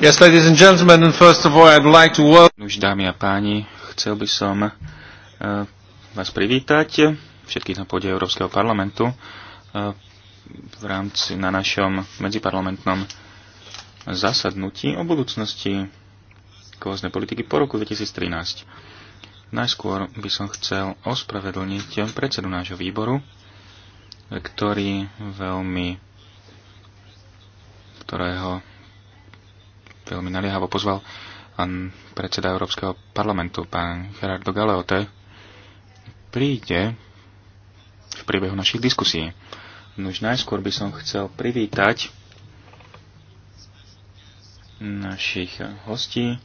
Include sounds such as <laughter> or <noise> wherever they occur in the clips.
Yes, ladies and gentlemen, and first of all, I'd like to welcome... Už dámy a páni, chcel by som uh, vás privítať, všetkých na pôde Európskeho parlamentu, uh, v rámci na našom medziparlamentnom zasadnutí o budúcnosti kôznej politiky po roku 2013. Najskôr by som chcel ospravedlniť predsedu nášho výboru, ktorý veľmi ktorého veľmi naliehavo pozval pán predseda Európskeho parlamentu, pán Gerardo Galeote, príde v priebehu našich diskusí. No už najskôr by som chcel privítať našich hostí,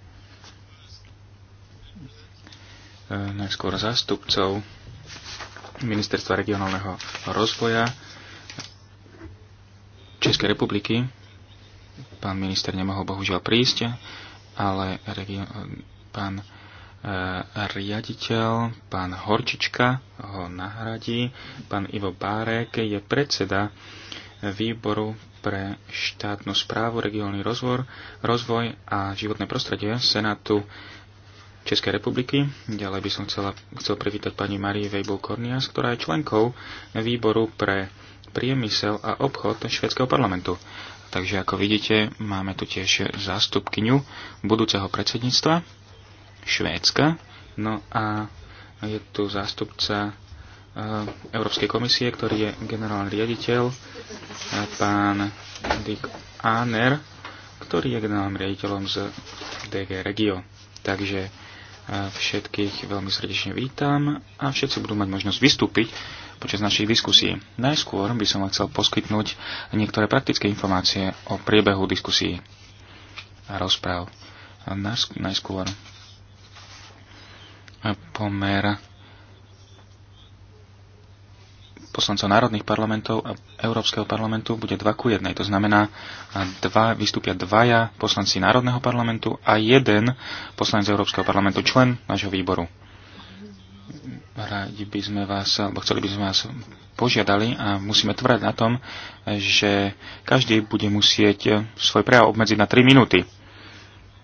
najskôr zástupcov Ministerstva regionálneho rozvoja Českej republiky, Pán minister nemohol bohužiaľ prísť, ale pán e, riaditeľ, pán Horčička ho nahradí, pán Ivo Bárek je predseda výboru pre štátnu správu, regionálny rozvoj, rozvoj a životné prostredie Senátu Českej republiky. Ďalej by som chcela, chcel privítať pani Marie Weibel Kornias, ktorá je členkou výboru pre priemysel a obchod Švedského parlamentu. Takže ako vidíte, máme tu tiež zástupkyňu budúceho predsedníctva Švédska. No a je tu zástupca e, Európskej komisie, ktorý je generálny riaditeľ, e, pán Dick Aner, ktorý je generálnym riaditeľom z DG Regio. Takže e, všetkých veľmi srdečne vítam a všetci budú mať možnosť vystúpiť počas našich diskusí. Najskôr by som vám chcel poskytnúť niektoré praktické informácie o priebehu diskusí a rozpráv. Najskôr pomer poslancov národných parlamentov a Európskeho parlamentu bude 2 ku 1. To znamená, dva, vystúpia dvaja poslanci národného parlamentu a jeden poslanec Európskeho parlamentu, člen nášho výboru. Radi by sme vás, alebo chceli by sme vás požiadali a musíme tvrdať na tom, že každý bude musieť svoj prejav obmedziť na 3 minúty.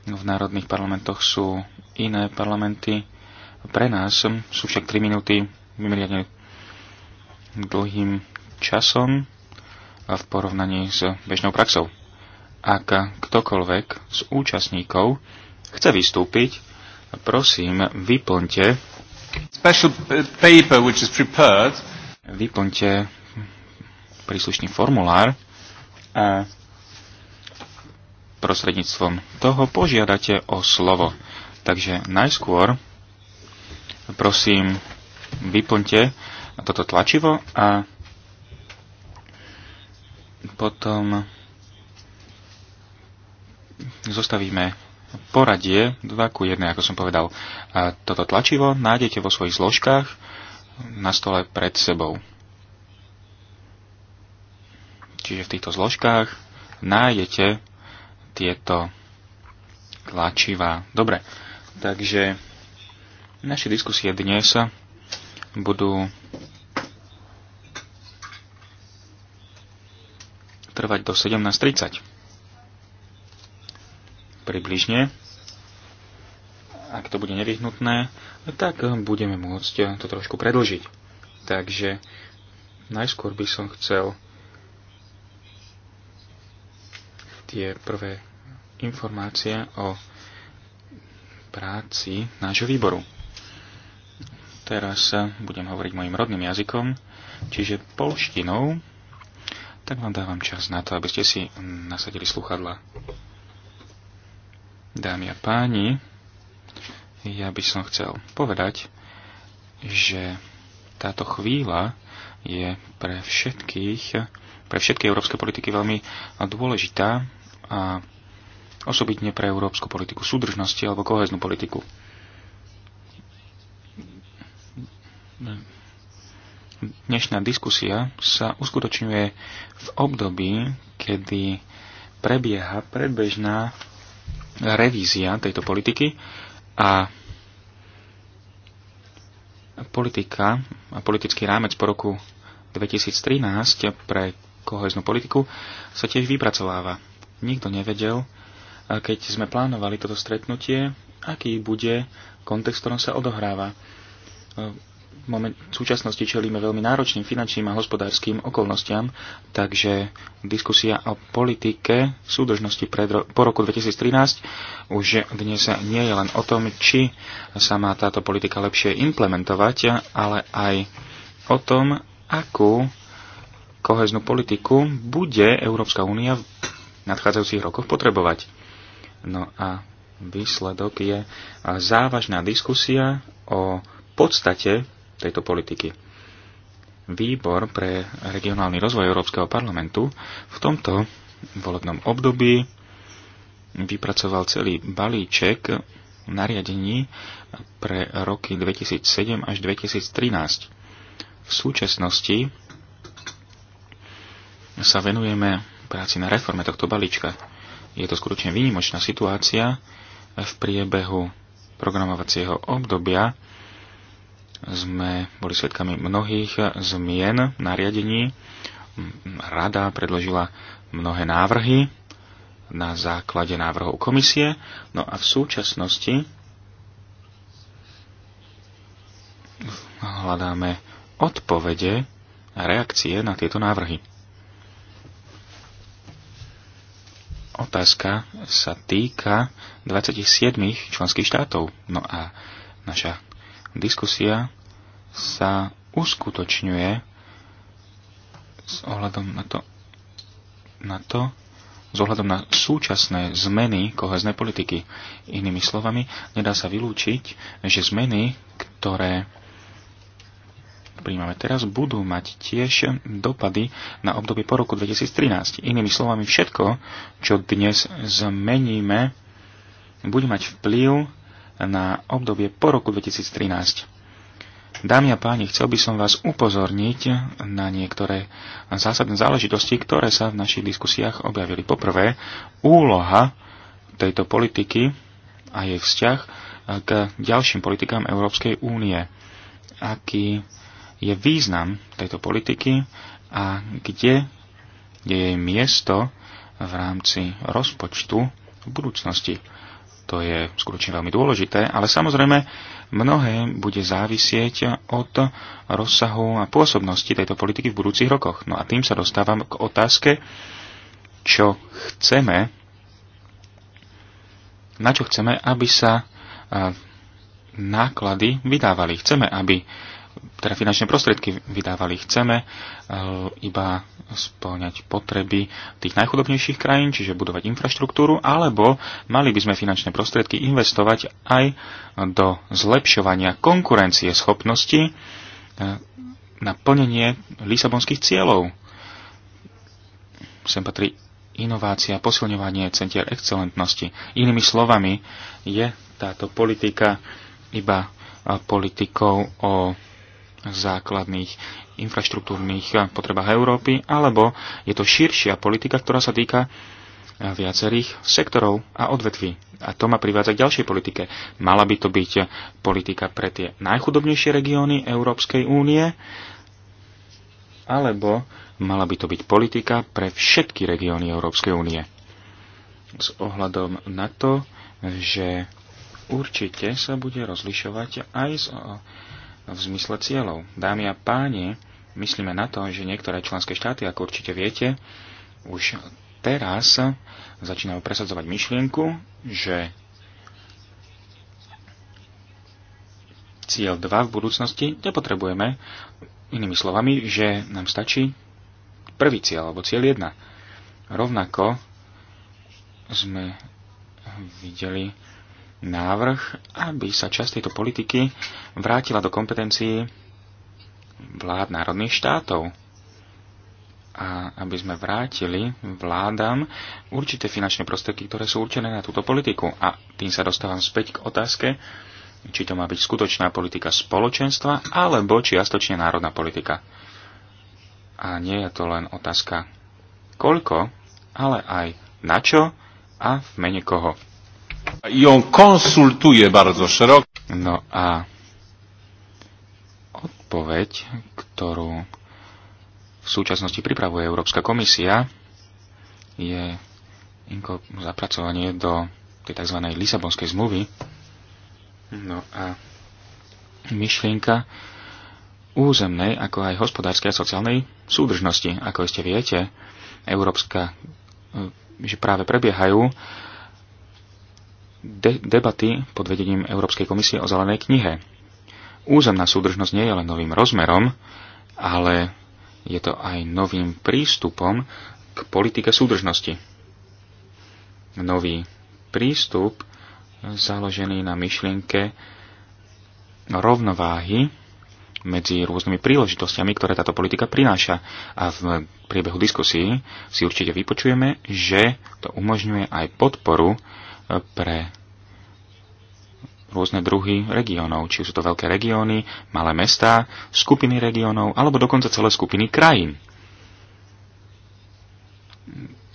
V národných parlamentoch sú iné parlamenty. Pre nás sú však 3 minúty mimoriadne dlhým časom v porovnaní s bežnou praxou. Ak ktokoľvek z účastníkov chce vystúpiť, prosím, vyplňte Vyplňte príslušný formulár a prostredníctvom toho požiadate o slovo. Takže najskôr prosím vyplňte toto tlačivo a potom zostavíme poradie 2 ku 1, ako som povedal. A toto tlačivo nájdete vo svojich zložkách na stole pred sebou. Čiže v týchto zložkách nájdete tieto tlačiva. Dobre, takže naše diskusie dnes budú trvať do 17.30 približne. Ak to bude nevyhnutné, tak budeme môcť to trošku predlžiť. Takže najskôr by som chcel tie prvé informácie o práci nášho výboru. Teraz budem hovoriť mojim rodným jazykom, čiže polštinou, tak vám dávam čas na to, aby ste si nasadili sluchadla dámy a páni, ja by som chcel povedať, že táto chvíľa je pre všetkých, pre všetky európske politiky veľmi dôležitá a osobitne pre európsku politiku súdržnosti alebo koheznú politiku. Dnešná diskusia sa uskutočňuje v období, kedy prebieha predbežná revízia tejto politiky a politika a politický rámec po roku 2013 pre koheznú politiku sa tiež vypracováva. Nikto nevedel, keď sme plánovali toto stretnutie, aký bude kontext, v ktorom sa odohráva v súčasnosti čelíme veľmi náročným finančným a hospodárským okolnostiam, takže diskusia o politike súdržnosti pred, po roku 2013 už dnes nie je len o tom, či sa má táto politika lepšie implementovať, ale aj o tom, akú koheznú politiku bude Európska únia v nadchádzajúcich rokoch potrebovať. No a výsledok je závažná diskusia o podstate tejto politiky. Výbor pre regionálny rozvoj Európskeho parlamentu v tomto volebnom období vypracoval celý balíček nariadení pre roky 2007 až 2013. V súčasnosti sa venujeme práci na reforme tohto balíčka. Je to skutočne výnimočná situácia v priebehu programovacieho obdobia sme boli svedkami mnohých zmien nariadení. Rada predložila mnohé návrhy na základe návrhov komisie. No a v súčasnosti hľadáme odpovede a reakcie na tieto návrhy. Otázka sa týka 27 členských štátov. No a naša Diskusia sa uskutočňuje s ohľadom na to, na to, s ohľadom na súčasné zmeny koheznej politiky. Inými slovami, nedá sa vylúčiť, že zmeny, ktoré príjmame teraz, budú mať tiež dopady na obdobie po roku 2013. Inými slovami, všetko, čo dnes zmeníme, bude mať vplyv na obdobie po roku 2013. Dámy a páni, chcel by som vás upozorniť na niektoré zásadné záležitosti, ktoré sa v našich diskusiách objavili. Poprvé, úloha tejto politiky a jej vzťah k ďalším politikám Európskej únie. Aký je význam tejto politiky a kde je jej miesto v rámci rozpočtu v budúcnosti. To je skutočne veľmi dôležité, ale samozrejme mnohé bude závisieť od rozsahu a pôsobnosti tejto politiky v budúcich rokoch. No a tým sa dostávam k otázke, čo chceme, na čo chceme, aby sa náklady vydávali. Chceme, aby teda finančné prostriedky vydávali. Chceme e, iba spĺňať potreby tých najchudobnejších krajín, čiže budovať infraštruktúru, alebo mali by sme finančné prostriedky investovať aj do zlepšovania konkurencie schopnosti e, na plnenie lisabonských cieľov. Sem patrí inovácia, posilňovanie centier excelentnosti. Inými slovami, je táto politika iba e, politikou o základných infraštruktúrnych eh, potrebách Európy, alebo je to širšia politika, ktorá sa týka eh, viacerých sektorov a odvetví. A to ma privádza k ďalšej politike. Mala by to byť eh, politika pre tie najchudobnejšie regióny Európskej únie, alebo mala by to byť politika pre všetky regióny Európskej únie. S ohľadom na to, že určite sa bude rozlišovať aj s v zmysle cieľov. Dámy a páni, myslíme na to, že niektoré členské štáty, ako určite viete, už teraz začínajú presadzovať myšlienku, že cieľ 2 v budúcnosti nepotrebujeme. Inými slovami, že nám stačí prvý cieľ, alebo cieľ 1. Rovnako sme videli návrh, aby sa časť tejto politiky vrátila do kompetencií vlád národných štátov a aby sme vrátili vládam určité finančné prostriedky, ktoré sú určené na túto politiku. A tým sa dostávam späť k otázke, či to má byť skutočná politika spoločenstva alebo čiastočne národná politika. A nie je to len otázka koľko, ale aj na čo a v mene koho. Ją konsultuje bardzo szeroko. No a odpoveď, ktorú v súčasnosti pripravuje Európska komisia, je inko zapracovanie do tej tzv. Lisabonskej zmluvy. No a myšlienka územnej, ako aj hospodárskej a sociálnej súdržnosti. Ako ste viete, Európska, e, že práve prebiehajú de- debaty pod vedením Európskej komisie o zelenej knihe. Územná súdržnosť nie je len novým rozmerom, ale je to aj novým prístupom k politike súdržnosti. Nový prístup založený na myšlienke rovnováhy medzi rôznymi príležitostiami, ktoré táto politika prináša. A v priebehu diskusí si určite vypočujeme, že to umožňuje aj podporu pre rôzne druhy regiónov, či sú to veľké regióny, malé mestá, skupiny regiónov, alebo dokonca celé skupiny krajín.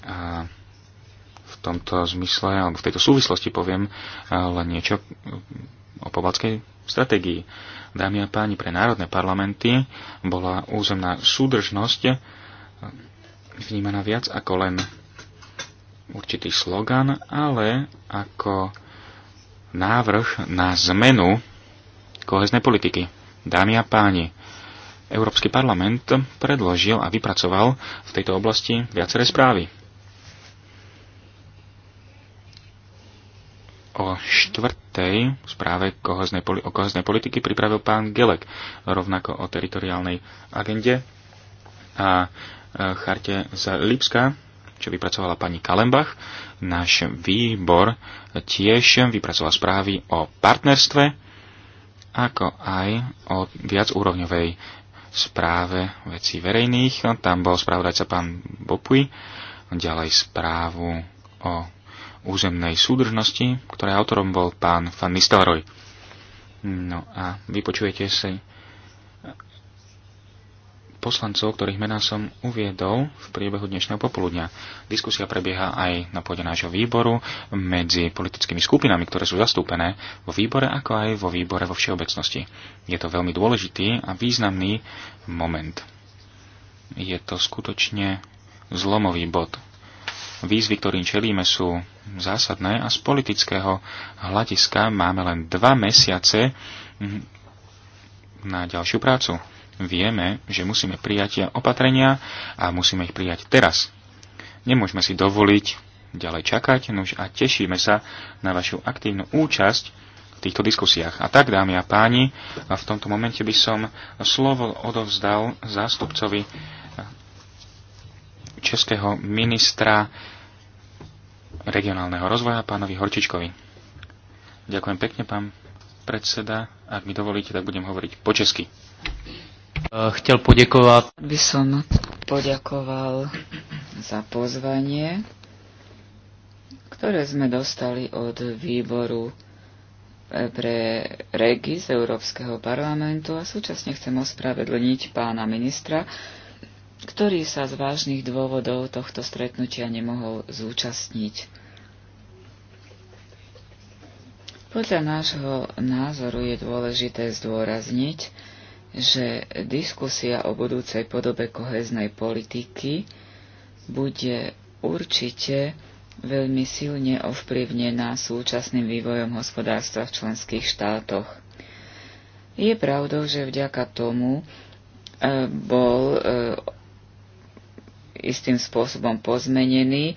A v tomto zmysle, alebo v tejto súvislosti poviem e, len niečo o pobalskej stratégii. Dámy a páni, pre národné parlamenty bola územná súdržnosť e, vnímaná viac ako len určitý slogan, ale ako návrh na zmenu koheznej politiky. Dámy a páni, Európsky parlament predložil a vypracoval v tejto oblasti viaceré správy. O štvrtej správe kohoznej, o kohoznej politiky pripravil pán Gelek, rovnako o teritoriálnej agende a e, charte z Lipska čo vypracovala pani Kalembach. Náš výbor tiež vypracoval správy o partnerstve, ako aj o viacúrovňovej správe vecí verejných. Tam bol správodajca pán Bopuj, ďalej správu o územnej súdržnosti, ktoré autorom bol pán Fan Nistelrooy. No a vypočujete si poslancov, ktorých mená som uviedol v priebehu dnešného popoludňa. Diskusia prebieha aj na pôde nášho výboru medzi politickými skupinami, ktoré sú zastúpené vo výbore, ako aj vo výbore vo všeobecnosti. Je to veľmi dôležitý a významný moment. Je to skutočne zlomový bod. Výzvy, ktorým čelíme, sú zásadné a z politického hľadiska máme len dva mesiace na ďalšiu prácu vieme, že musíme prijať opatrenia a musíme ich prijať teraz. Nemôžeme si dovoliť ďalej čakať, nož a tešíme sa na vašu aktívnu účasť v týchto diskusiách. A tak, dámy a páni, v tomto momente by som slovo odovzdal zástupcovi českého ministra regionálneho rozvoja, pánovi Horčičkovi. Ďakujem pekne, pán predseda. Ak mi dovolíte, tak budem hovoriť po česky. Eh, Chcel poďakovať. By som poďakoval za pozvanie, ktoré sme dostali od výboru pre regi z Európskeho parlamentu a súčasne chcem ospravedlniť pána ministra, ktorý sa z vážnych dôvodov tohto stretnutia nemohol zúčastniť. Podľa nášho názoru je dôležité zdôrazniť, že diskusia o budúcej podobe koheznej politiky bude určite veľmi silne ovplyvnená súčasným vývojom hospodárstva v členských štátoch. Je pravdou, že vďaka tomu e, bol e, istým spôsobom pozmenený e,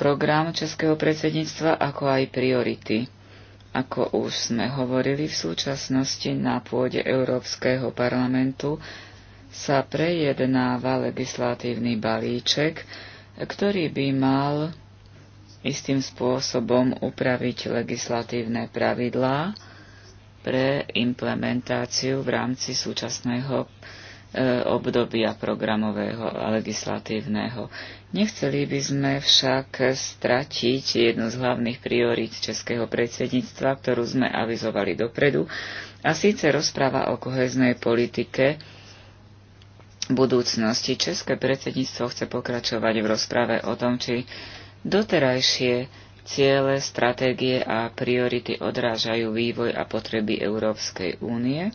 program Českého predsedníctva, ako aj priority. Ako už sme hovorili, v súčasnosti na pôde Európskeho parlamentu sa prejednáva legislatívny balíček, ktorý by mal istým spôsobom upraviť legislatívne pravidlá pre implementáciu v rámci súčasného e, obdobia programového a legislatívneho. Nechceli by sme však stratiť jednu z hlavných priorít českého predsedníctva, ktorú sme avizovali dopredu, a síce rozpráva o koheznej politike budúcnosti. České predsedníctvo chce pokračovať v rozprave o tom, či doterajšie ciele, stratégie a priority odrážajú vývoj a potreby Európskej únie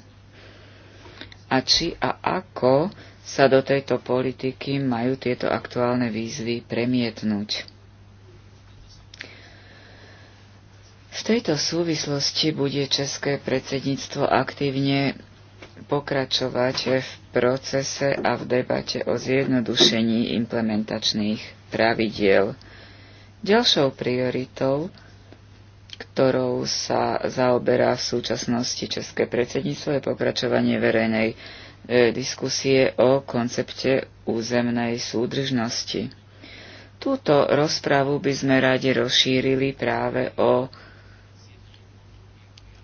a či a ako sa do tejto politiky majú tieto aktuálne výzvy premietnúť. V tejto súvislosti bude české predsedníctvo aktívne pokračovať v procese a v debate o zjednodušení implementačných pravidiel. Ďalšou prioritou, ktorou sa zaoberá v súčasnosti České predsedníctvo, je pokračovanie verejnej E, diskusie o koncepte územnej súdržnosti. Túto rozpravu by sme radi rozšírili práve o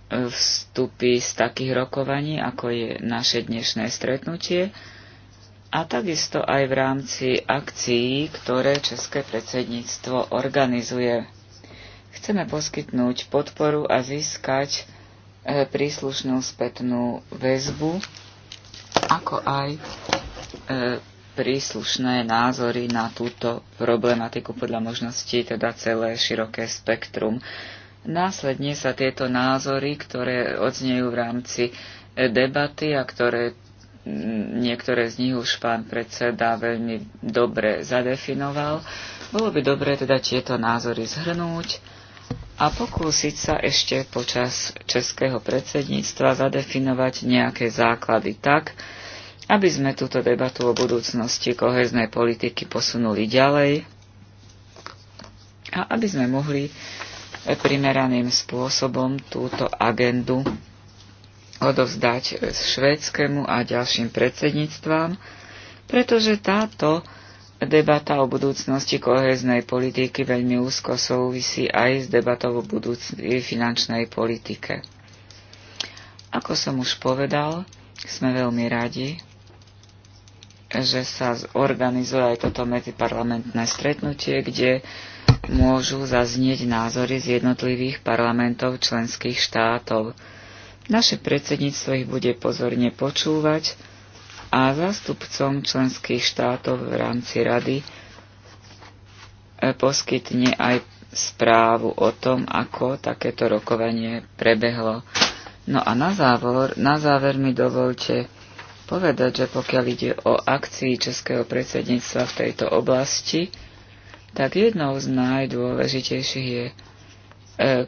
vstupy z takých rokovaní, ako je naše dnešné stretnutie, a takisto aj v rámci akcií, ktoré České predsedníctvo organizuje. Chceme poskytnúť podporu a získať e, príslušnú spätnú väzbu ako aj e, príslušné názory na túto problematiku podľa možností, teda celé široké spektrum. Následne sa tieto názory, ktoré odznejú v rámci e, debaty a ktoré niektoré z nich už pán predseda veľmi dobre zadefinoval, bolo by dobré teda tieto názory zhrnúť a pokúsiť sa ešte počas českého predsedníctva zadefinovať nejaké základy tak, aby sme túto debatu o budúcnosti koheznej politiky posunuli ďalej a aby sme mohli primeraným spôsobom túto agendu odovzdať švédskému a ďalším predsedníctvám, pretože táto debata o budúcnosti koheznej politiky veľmi úzko súvisí aj s debatou o budúcnej finančnej politike. Ako som už povedal, sme veľmi radi, že sa zorganizuje aj toto medziparlamentné stretnutie, kde môžu zaznieť názory z jednotlivých parlamentov členských štátov. Naše predsedníctvo ich bude pozorne počúvať a zástupcom členských štátov v rámci rady e, poskytne aj správu o tom, ako takéto rokovanie prebehlo. No a na záver, na záver mi dovolte povedať, že pokiaľ ide o akcii českého predsedníctva v tejto oblasti, tak jednou z najdôležitejších je e,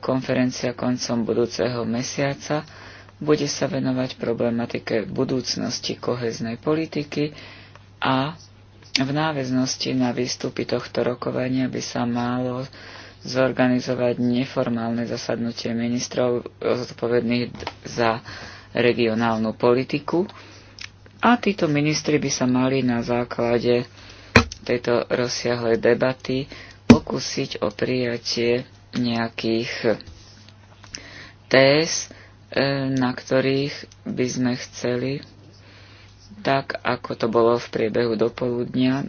konferencia koncom budúceho mesiaca. Bude sa venovať problematike budúcnosti koheznej politiky a v náväznosti na výstupy tohto rokovania by sa malo zorganizovať neformálne zasadnutie ministrov zodpovedných za regionálnu politiku a títo ministri by sa mali na základe tejto rozsiahlej debaty pokúsiť o prijatie nejakých téz, e, na ktorých by sme chceli, tak ako to bolo v priebehu dopoludnia,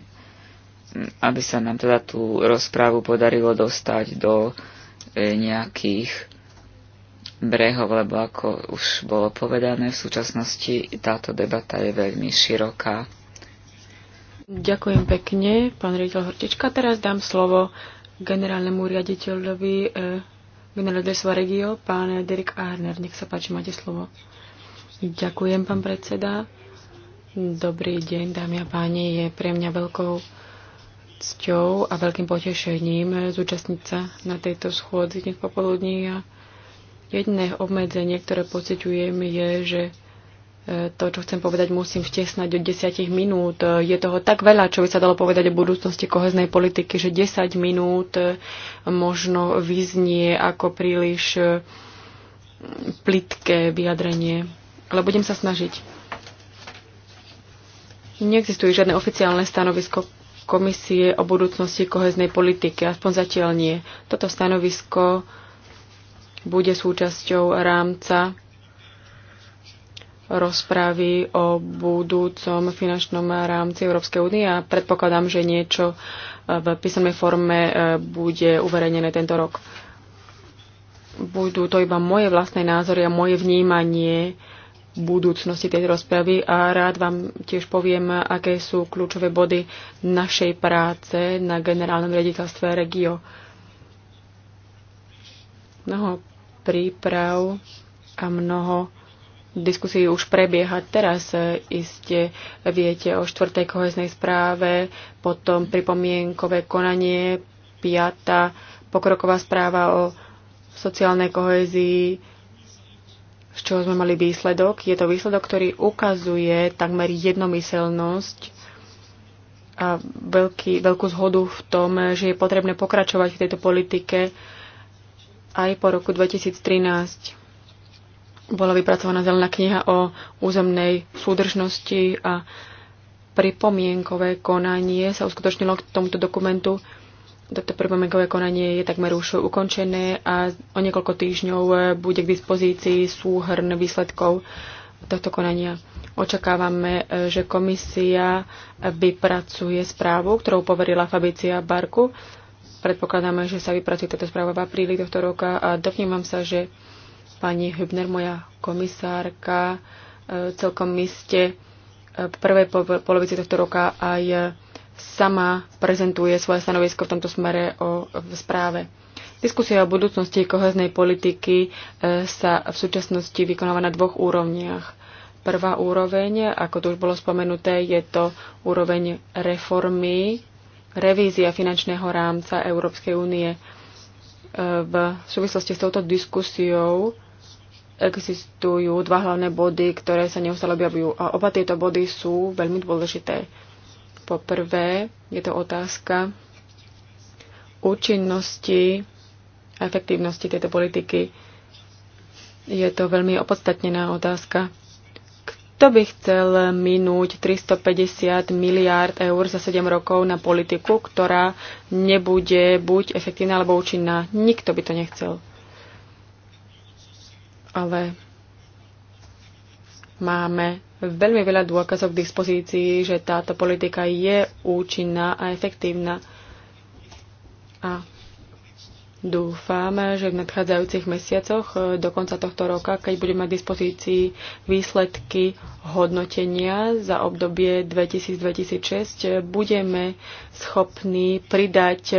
aby sa nám teda tú rozprávu podarilo dostať do e, nejakých brehov, lebo ako už bolo povedané, v súčasnosti táto debata je veľmi široká. Ďakujem pekne, pán riaditeľ Hortička. Teraz dám slovo generálnemu riaditeľovi e, eh, generálneho regio, pán Derek Arner. Nech sa páči, máte slovo. Ďakujem, pán predseda. Dobrý deň, dámy a páni. Je pre mňa veľkou cťou a veľkým potešením eh, zúčastniť sa na tejto schôdzi dnes popoludní a Jediné obmedzenie, ktoré pociťujem, je, že e, to, čo chcem povedať, musím vtesnať do 10 minút. Je toho tak veľa, čo by sa dalo povedať o budúcnosti koheznej politiky, že 10 minút e, možno vyznie ako príliš e, plitké vyjadrenie. Ale budem sa snažiť. Neexistuje žiadne oficiálne stanovisko komisie o budúcnosti koheznej politiky, aspoň zatiaľ nie. Toto stanovisko bude súčasťou rámca rozpravy o budúcom finančnom rámci Európskej únie a predpokladám, že niečo e, v písomnej forme e, bude uverejnené tento rok. Budú to iba moje vlastné názory a moje vnímanie budúcnosti tej rozpravy a rád vám tiež poviem, aké sú kľúčové body našej práce na generálnom riaditeľstve Regio. Mnoho príprav a mnoho diskusí už prebieha teraz. E, iste viete o štvrtej koheznej správe, potom pripomienkové konanie, piata pokroková správa o sociálnej kohezii, z čoho sme mali výsledok. Je to výsledok, ktorý ukazuje takmer jednomyselnosť a veľký, veľkú zhodu v tom, že je potrebné pokračovať v tejto politike aj po roku 2013. Bola vypracovaná zelená kniha o územnej súdržnosti a pripomienkové konanie sa uskutočnilo k tomuto dokumentu. Toto pripomienkové konanie je takmer už ukončené a o niekoľko týždňov bude k dispozícii súhrn výsledkov tohto konania. Očakávame, že komisia vypracuje správu, ktorou poverila Fabicia Barku Predpokladáme, že sa vypracuje táto správa v apríli tohto roka a dovnímam sa, že pani Hübner, moja komisárka, e, celkom iste e, v prvej polovici tohto roka aj e, sama prezentuje svoje stanovisko v tomto smere o, v správe. Diskusia o budúcnosti koheznej politiky sa v súčasnosti vykonáva na dvoch úrovniach. Prvá úroveň, ako to už bolo spomenuté, je to úroveň reformy revízia finančného rámca Európskej únie. E, v súvislosti s touto diskusiou existujú dva hlavné body, ktoré sa neustále objavujú. A oba tieto body sú veľmi dôležité. Po prvé, je to otázka účinnosti a efektívnosti tejto politiky. Je to veľmi opodstatnená otázka. Kto by chcel minúť 350 miliárd eur za 7 rokov na politiku, ktorá nebude buď efektívna alebo účinná? Nikto by to nechcel. Ale máme veľmi veľa dôkazov k dispozícii, že táto politika je účinná a efektívna. A Dúfam, že v nadchádzajúcich mesiacoch e, do konca tohto roka, keď budeme mať dispozícii výsledky hodnotenia za obdobie 2000-2006, e, budeme schopní pridať e,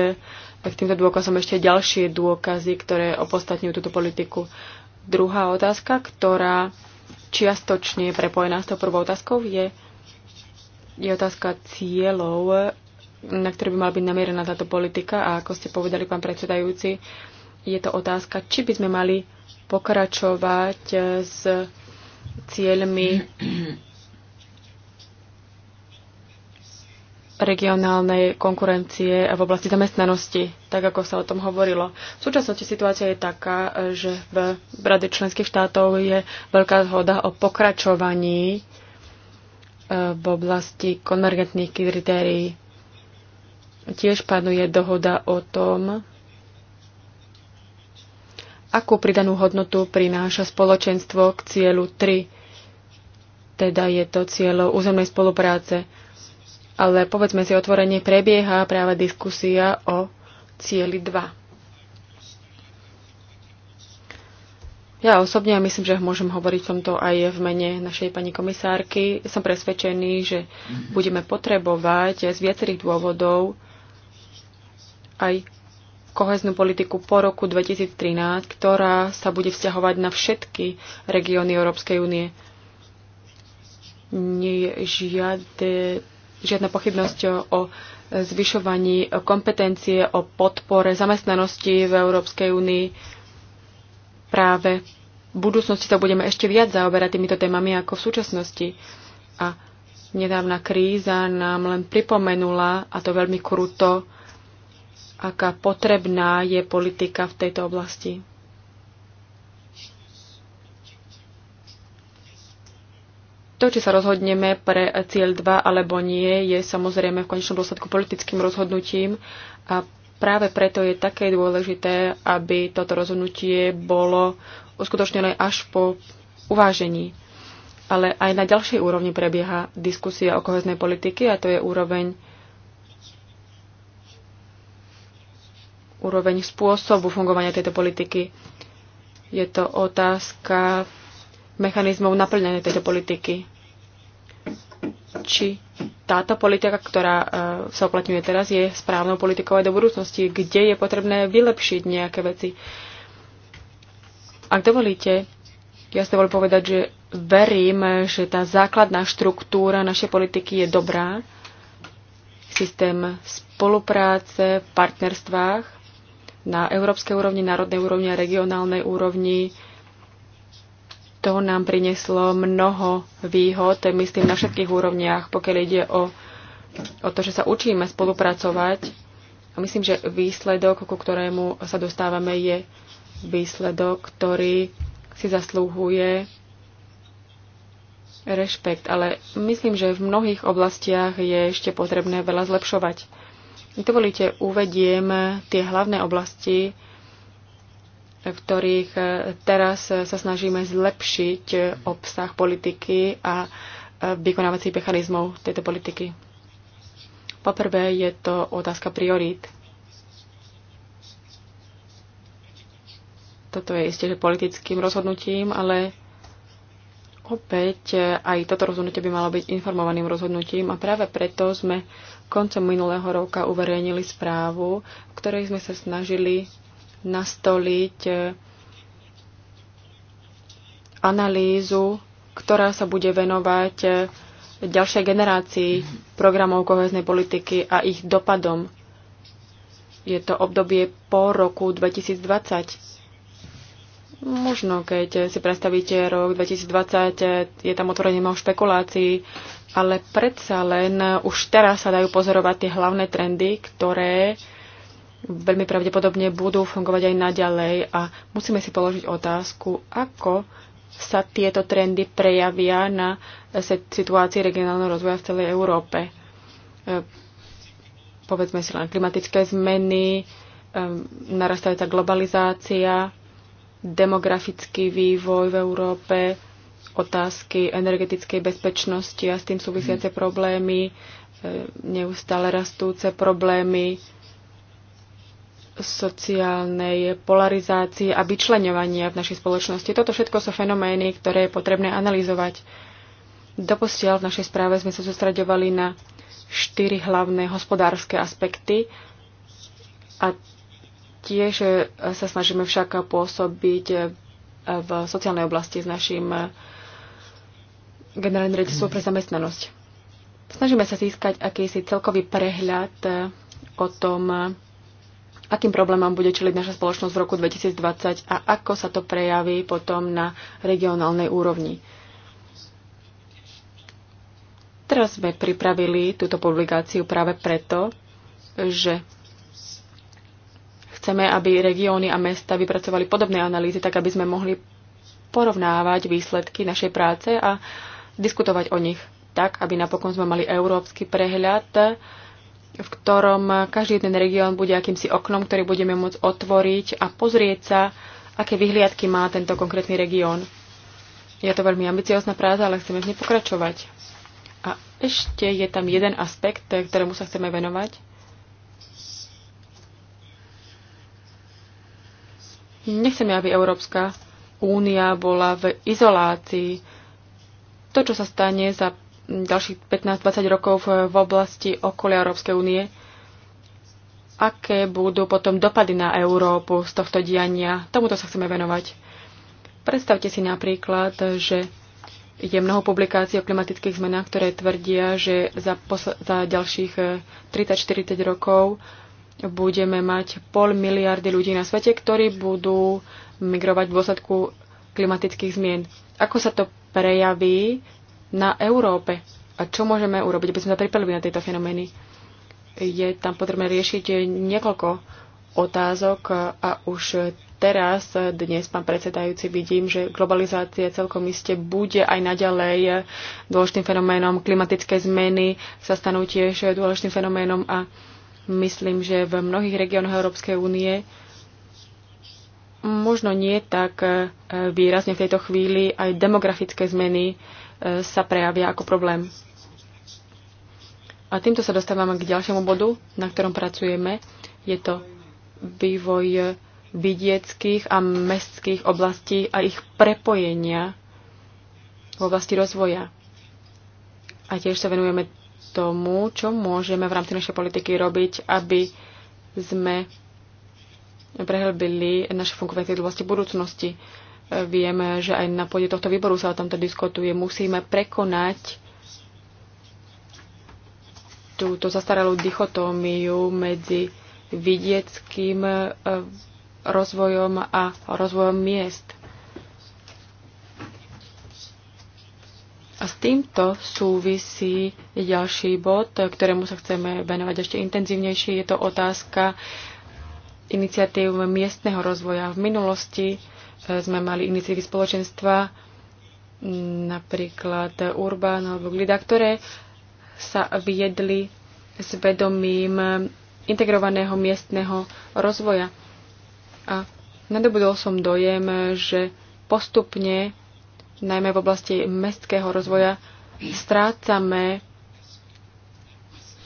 k týmto dôkazom ešte ďalšie dôkazy, ktoré opostatňujú túto politiku. Druhá otázka, ktorá čiastočne je prepojená s tou prvou otázkou, je, je otázka cieľov na ktoré by mala byť namierená táto politika a ako ste povedali, pán predsedajúci, je to otázka, či by sme mali pokračovať s cieľmi regionálnej konkurencie v oblasti zamestnanosti, tak ako sa o tom hovorilo. V súčasnosti situácia je taká, že v Rade členských štátov je veľká zhoda o pokračovaní eh, v oblasti konvergentných kritérií tiež panuje dohoda o tom, akú pridanú hodnotu prináša spoločenstvo k cieľu 3. Teda je to cieľo územnej spolupráce. Ale povedzme si otvorene, prebieha práve diskusia o cieli 2. Ja osobne, a myslím, že môžem hovoriť v tomto aj v mene našej pani komisárky, som presvedčený, že budeme potrebovať z viacerých dôvodov aj koheznú politiku po roku 2013, ktorá sa bude vzťahovať na všetky regióny Európskej únie. Nie je žiadne, žiadna pochybnosť o zvyšovaní kompetencie, o podpore zamestnanosti v Európskej únii. Práve v budúcnosti sa budeme ešte viac zaoberať týmito témami ako v súčasnosti. A nedávna kríza nám len pripomenula, a to veľmi kruto, aká potrebná je politika v tejto oblasti. To, či sa rozhodneme pre cieľ 2 alebo nie, je samozrejme v konečnom dôsledku politickým rozhodnutím a práve preto je také dôležité, aby toto rozhodnutie bolo uskutočnené až po uvážení. Ale aj na ďalšej úrovni prebieha diskusia o koheznej politiky a to je úroveň úroveň spôsobu fungovania tejto politiky. Je to otázka mechanizmov naplňania tejto politiky. Či táto politika, ktorá e, sa uplatňuje teraz, je správnou politikou aj do budúcnosti, kde je potrebné vylepšiť nejaké veci. Ak dovolíte, ja ste boli povedať, že verím, že tá základná štruktúra našej politiky je dobrá. Systém spolupráce v partnerstvách na európskej úrovni, národnej úrovni a regionálnej úrovni. To nám prinieslo mnoho výhod, myslím, na všetkých úrovniach, pokiaľ ide o, o to, že sa učíme spolupracovať. A myslím, že výsledok, ku ktorému sa dostávame, je výsledok, ktorý si zaslúhuje rešpekt. Ale myslím, že v mnohých oblastiach je ešte potrebné veľa zlepšovať dovolíte, uvediem tie hlavné oblasti, v ktorých eh, teraz eh, sa snažíme zlepšiť eh, obsah politiky a vykonávacích mechanizmov tejto politiky. Poprvé je to otázka priorít. Toto je isté, že politickým rozhodnutím, ale opäť aj toto rozhodnutie by malo byť informovaným rozhodnutím a práve preto sme koncom minulého roka uverejnili správu, v ktorej sme sa snažili nastoliť e, analýzu, ktorá sa bude venovať e, ďalšej generácii programov koheznej politiky a ich dopadom. Je to obdobie po roku 2020. Možno, keď si predstavíte rok 2020, je tam otvorenie mnoho špekulácií, ale predsa len eh, už teraz sa dajú pozorovať tie hlavné trendy, ktoré veľmi pravdepodobne budú fungovať aj naďalej a musíme si položiť otázku, ako sa tieto trendy prejavia na eh, situácii regionálneho rozvoja v celej Európe. Eh, povedzme si len klimatické zmeny, narastajúca globalizácia, demografický vývoj v Európe, otázky energetickej bezpečnosti a s tým súvisiace mhm. problémy, e, neustále rastúce problémy sociálnej polarizácie a vyčleňovania v našej spoločnosti. Toto všetko sú fenomény, ktoré je potrebné analyzovať. Doposiaľ v našej správe sme sa sústraďovali na štyri hlavné hospodárske aspekty a tiež e, sa snažíme však pôsobiť v sociálnej oblasti s našim e, generálne rediteľstvo pre zamestnanosť. Snažíme sa získať akýsi celkový prehľad e, o tom, e, akým problémom bude čeliť naša spoločnosť v roku 2020 a ako sa to prejaví potom na regionálnej úrovni. Teraz sme pripravili túto publikáciu práve preto, že chceme, aby regióny a mesta vypracovali podobné analýzy, tak aby sme mohli porovnávať výsledky našej práce a diskutovať o nich tak, aby napokon sme mali európsky prehľad, v ktorom každý jeden región bude akýmsi oknom, ktorý budeme môcť otvoriť a pozrieť sa, aké vyhliadky má tento konkrétny región. Je to veľmi ambiciózna práca, ale chceme v nej pokračovať. A ešte je tam jeden aspekt, ktorému sa chceme venovať. Nechceme, aby Európska únia bola v izolácii to, čo sa stane za ďalších 15-20 rokov v oblasti okolia Európskej únie, aké budú potom dopady na Európu z tohto diania. Tomuto sa chceme venovať. Predstavte si napríklad, že je mnoho publikácií o klimatických zmenách, ktoré tvrdia, že za, za ďalších 30-40 eh, rokov budeme mať pol miliardy ľudí na svete, ktorí budú migrovať v dôsledku klimatických zmien. Ako sa to prejaví na Európe? A čo môžeme urobiť, aby sme sa pripravili na tieto fenomény? Je tam potrebné riešiť niekoľko otázok a už teraz, dnes, pán predsedajúci, vidím, že globalizácia celkom iste bude aj naďalej dôležitým fenoménom. Klimatické zmeny sa stanú tiež dôležitým fenoménom a myslím, že v mnohých regiónoch Európskej únie možno nie tak e, výrazne v tejto chvíli aj demografické zmeny e, sa prejavia ako problém. A týmto sa dostávame k ďalšiemu bodu, na ktorom pracujeme. Je to vývoj vidieckých a mestských oblastí a ich prepojenia v oblasti rozvoja. A tiež sa venujeme tomu, čo môžeme v rámci našej politiky robiť, aby sme prehlbili naše fungovanie v oblasti budúcnosti. E, vieme, že aj na pôde tohto výboru sa o tomto diskutuje. Musíme prekonať túto zastaralú dichotómiu medzi vidieckým e, rozvojom a rozvojom miest. A s týmto súvisí ďalší bod, ktorému sa chceme venovať ešte intenzívnejšie. Je to otázka iniciatív miestneho rozvoja. V minulosti e, sme mali iniciatívy spoločenstva, napríklad Urban alebo Glida, ktoré sa viedli s vedomím integrovaného miestneho rozvoja. A nadobudol som dojem, že postupne, najmä v oblasti mestského rozvoja, strácame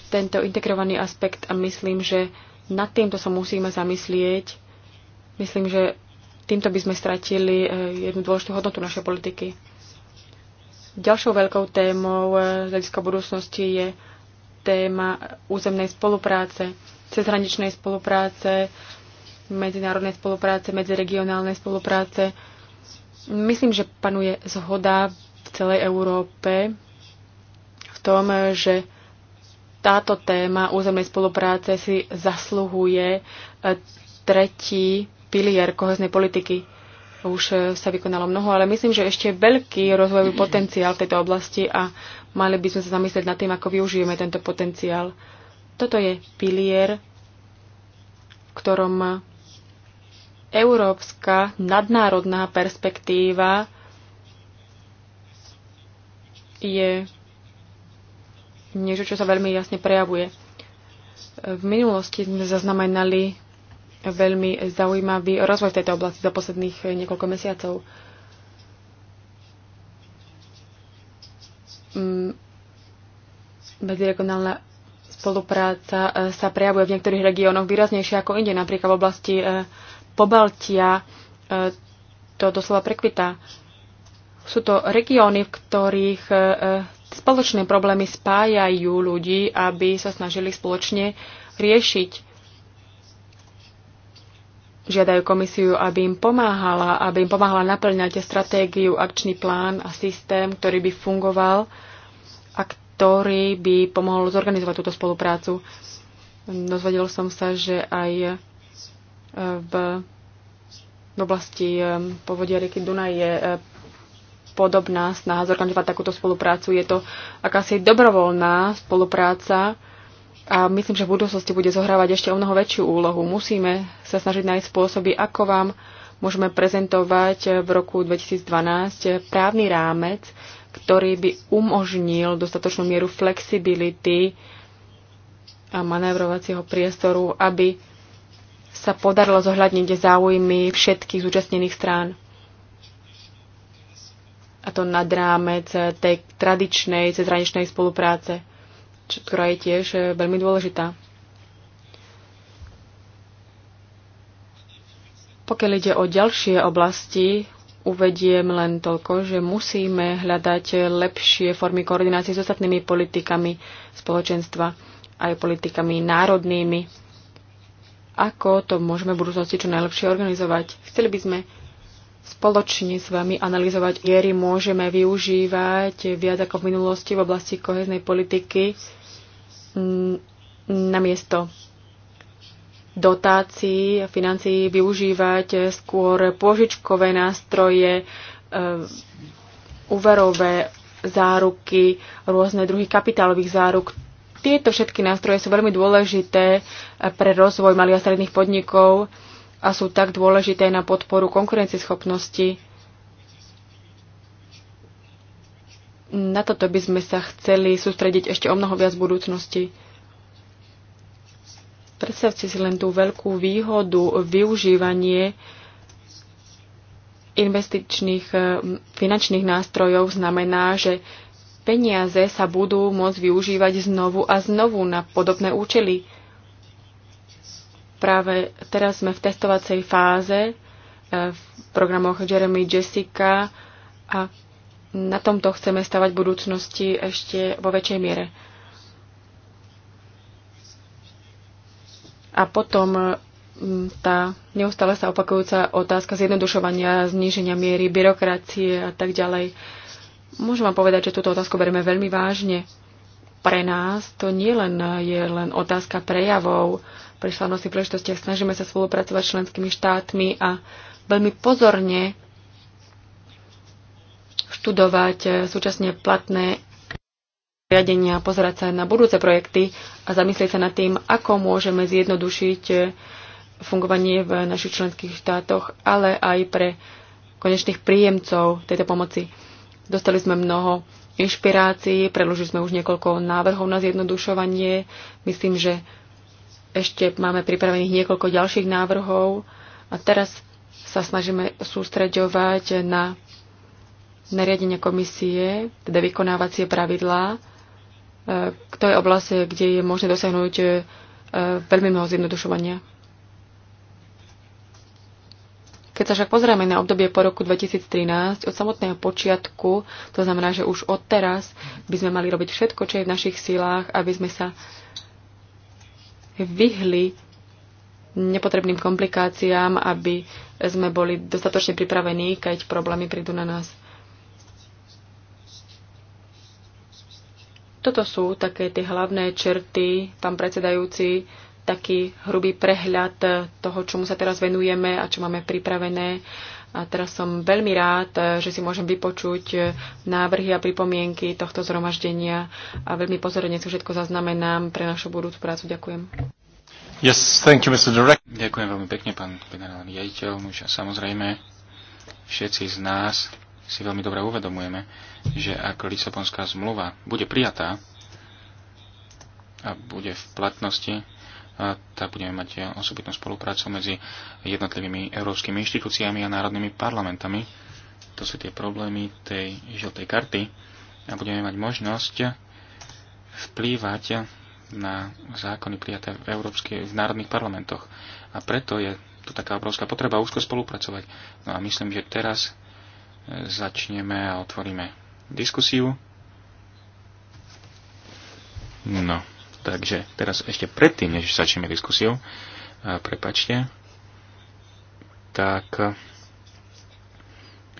tento integrovaný aspekt a myslím, že nad týmto sa musíme zamyslieť. Myslím, že týmto by sme stratili eh, jednu dôležitú hodnotu našej politiky. Ďalšou veľkou témou eh, z hľadiska budúcnosti je téma územnej spolupráce, cezhraničnej spolupráce, medzinárodnej spolupráce, medziregionálnej spolupráce. Myslím, že panuje zhoda v celej Európe v tom, eh, že táto téma územnej spolupráce si zasluhuje e, tretí pilier koheznej politiky. Už e, sa vykonalo mnoho, ale myslím, že ešte veľký rozvojový potenciál v tejto oblasti a mali by sme sa zamyslieť nad tým, ako využijeme tento potenciál. Toto je pilier, v ktorom európska nadnárodná perspektíva je niečo, čo sa veľmi jasne prejavuje. V minulosti sme zaznamenali veľmi zaujímavý rozvoj v tejto oblasti za posledných eh, niekoľko mesiacov. Mm, medziregionálna spolupráca eh, sa prejavuje v niektorých regiónoch výraznejšie ako inde, napríklad v oblasti eh, Pobaltia. To doslova prekvita. Sú to regióny, v ktorých Spoločné problémy spájajú ľudí, aby sa snažili spoločne riešiť. Žiadajú komisiu, aby im pomáhala, aby im pomáhala naplňať stratégiu, akčný plán a systém, ktorý by fungoval a ktorý by pomohol zorganizovať túto spoluprácu. Dozvedel som sa, že aj e, v, oblasti e, povodia rieky Dunaj je e, podobná snaha zorganizovať takúto spoluprácu. Je to akási dobrovoľná spolupráca a myslím, že v budúcnosti bude zohrávať ešte o mnoho väčšiu úlohu. Musíme sa snažiť nájsť spôsoby, ako vám môžeme prezentovať v roku 2012 právny rámec, ktorý by umožnil dostatočnú mieru flexibility a manévrovacieho priestoru, aby sa podarilo zohľadniť záujmy všetkých zúčastnených strán a to nad rámec tej tradičnej cezhraničnej spolupráce, čo, ktorá je tiež e, veľmi dôležitá. Pokiaľ ide o ďalšie oblasti, uvediem len toľko, že musíme hľadať lepšie formy koordinácie s ostatnými politikami spoločenstva, aj politikami národnými. Ako to môžeme v budúcnosti čo najlepšie organizovať? Chceli by sme spoločne s vami analyzovať miery môžeme využívať viac ako v minulosti v oblasti koheznej politiky mm, namiesto dotácií a financií využívať skôr pôžičkové nástroje, e, úverové záruky, rôzne druhy kapitálových záruk. Tieto všetky nástroje sú veľmi dôležité pre rozvoj malých a stredných podnikov a sú tak dôležité na podporu konkurencieschopnosti. Na toto by sme sa chceli sústrediť ešte o mnoho viac v budúcnosti. Predstavte si len tú veľkú výhodu využívanie investičných eh, finančných nástrojov znamená, že peniaze sa budú môcť využívať znovu a znovu na podobné účely práve teraz sme v testovacej fáze e, v programoch Jeremy, Jessica a na tomto chceme stavať v budúcnosti ešte vo väčšej miere. A potom e, tá neustále sa opakujúca otázka zjednodušovania, zníženia miery byrokracie a tak ďalej. Môžem vám povedať, že túto otázku berieme veľmi vážne. Pre nás to nie len je len otázka prejavov pri slavnosti príležitostiach. Snažíme sa spolupracovať s členskými štátmi a veľmi pozorne študovať e, súčasne platné riadenia, pozerať sa na budúce projekty a zamyslieť sa nad tým, ako môžeme zjednodušiť e, fungovanie v našich členských štátoch, ale aj pre konečných príjemcov tejto pomoci. Dostali sme mnoho inšpirácií, predložili sme už niekoľko návrhov na zjednodušovanie. Myslím, že ešte máme pripravených niekoľko ďalších návrhov a teraz sa snažíme sústreďovať na nariadenie komisie, teda vykonávacie pravidlá, k e, tej oblasti, kde je možné dosiahnuť e, veľmi mnoho zjednodušovania. Keď sa však pozrieme na obdobie po roku 2013, od samotného počiatku, to znamená, že už od teraz by sme mali robiť všetko, čo je v našich silách, aby sme sa vyhli nepotrebným komplikáciám, aby sme boli dostatočne pripravení, keď problémy prídu na nás. Toto sú také tie hlavné črty, pán predsedajúci, taký hrubý prehľad toho, čomu sa teraz venujeme a čo máme pripravené a teraz som veľmi rád, že si môžem vypočuť návrhy a pripomienky tohto zhromaždenia a veľmi pozorne si všetko zaznamenám pre našu budúcu prácu. Ďakujem. Yes, thank you, Mr. Direct. Ďakujem veľmi pekne, pán generálny riaditeľ. Už samozrejme, všetci z nás si veľmi dobre uvedomujeme, že ak Lisabonská zmluva bude prijatá a bude v platnosti, tak budeme mať osobitnú spoluprácu medzi jednotlivými európskymi inštitúciami a národnými parlamentami. To sú tie problémy tej žltej karty a budeme mať možnosť vplývať na zákony prijaté v, európskej, v národných parlamentoch. A preto je tu taká obrovská potreba úzko spolupracovať. No a myslím, že teraz začneme a otvoríme diskusiu. No. Takže teraz ešte predtým, než začneme diskusiu, prepačte, tak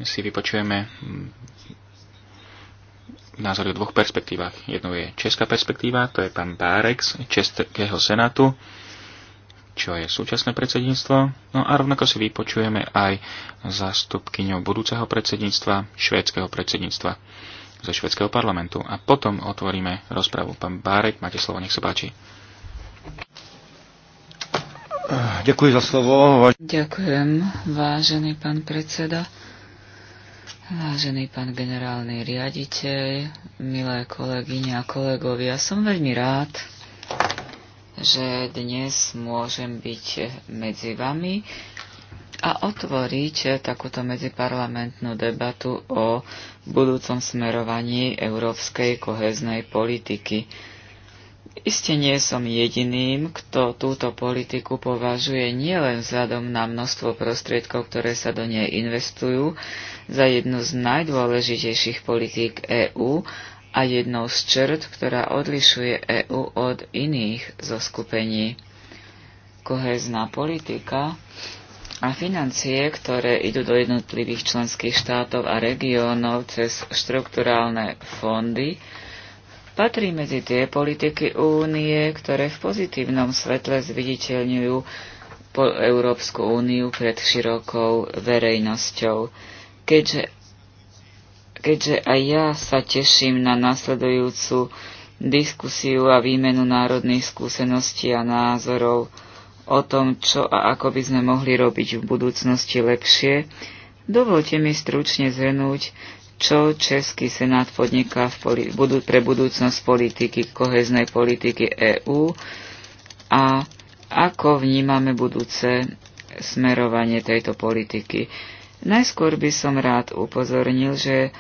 si vypočujeme mm, názory o dvoch perspektívach. Jednou je česká perspektíva, to je pán Bárek z Českého senátu, čo je súčasné predsedníctvo. No a rovnako si vypočujeme aj zástupkyňou budúceho predsedníctva, švédskeho predsedníctva zo švedského parlamentu. A potom otvoríme rozpravu. Pán Bárek, máte slovo, nech sa páči. Ďakujem za slovo. Ďakujem, vážený pán predseda, vážený pán generálny riaditeľ, milé kolegyne a kolegovia. Som veľmi rád, že dnes môžem byť medzi vami a otvoriť eh, takúto medziparlamentnú debatu o budúcom smerovaní európskej koheznej politiky. Iste nie som jediným, kto túto politiku považuje nielen vzhľadom na množstvo prostriedkov, ktoré sa do nej investujú, za jednu z najdôležitejších politík EÚ a jednou z črt, ktorá odlišuje EÚ od iných zoskupení. Kohezná politika a financie, ktoré idú do jednotlivých členských štátov a regiónov cez štrukturálne fondy, patrí medzi tie politiky únie, ktoré v pozitívnom svetle zviditeľňujú po Európsku úniu pred širokou verejnosťou. Keďže, keďže aj ja sa teším na nasledujúcu diskusiu a výmenu národných skúseností a názorov, o tom, čo a ako by sme mohli robiť v budúcnosti lepšie, dovolte mi stručne zhrnúť, čo Český senát podniká v budú- pre budúcnosť politiky, koheznej politiky EÚ a ako vnímame budúce smerovanie tejto politiky. Najskôr by som rád upozornil, že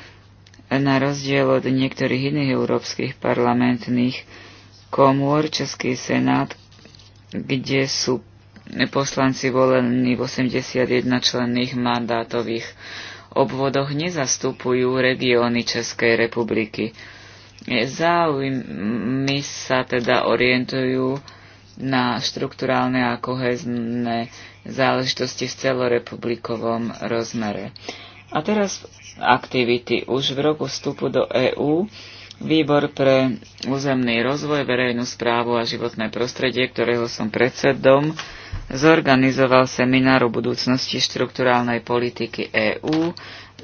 na rozdiel od niektorých iných európskych parlamentných komôr Český senát kde sú poslanci volení v 81 členných mandátových obvodoch nezastupujú regióny Českej republiky. Záujmy sa teda orientujú na štruktúrálne a kohezné záležitosti v celorepublikovom rozmere. A teraz aktivity. Už v roku vstupu do EÚ Výbor pre územný rozvoj, verejnú správu a životné prostredie, ktorého som predsedom, zorganizoval seminár o budúcnosti štrukturálnej politiky EÚ,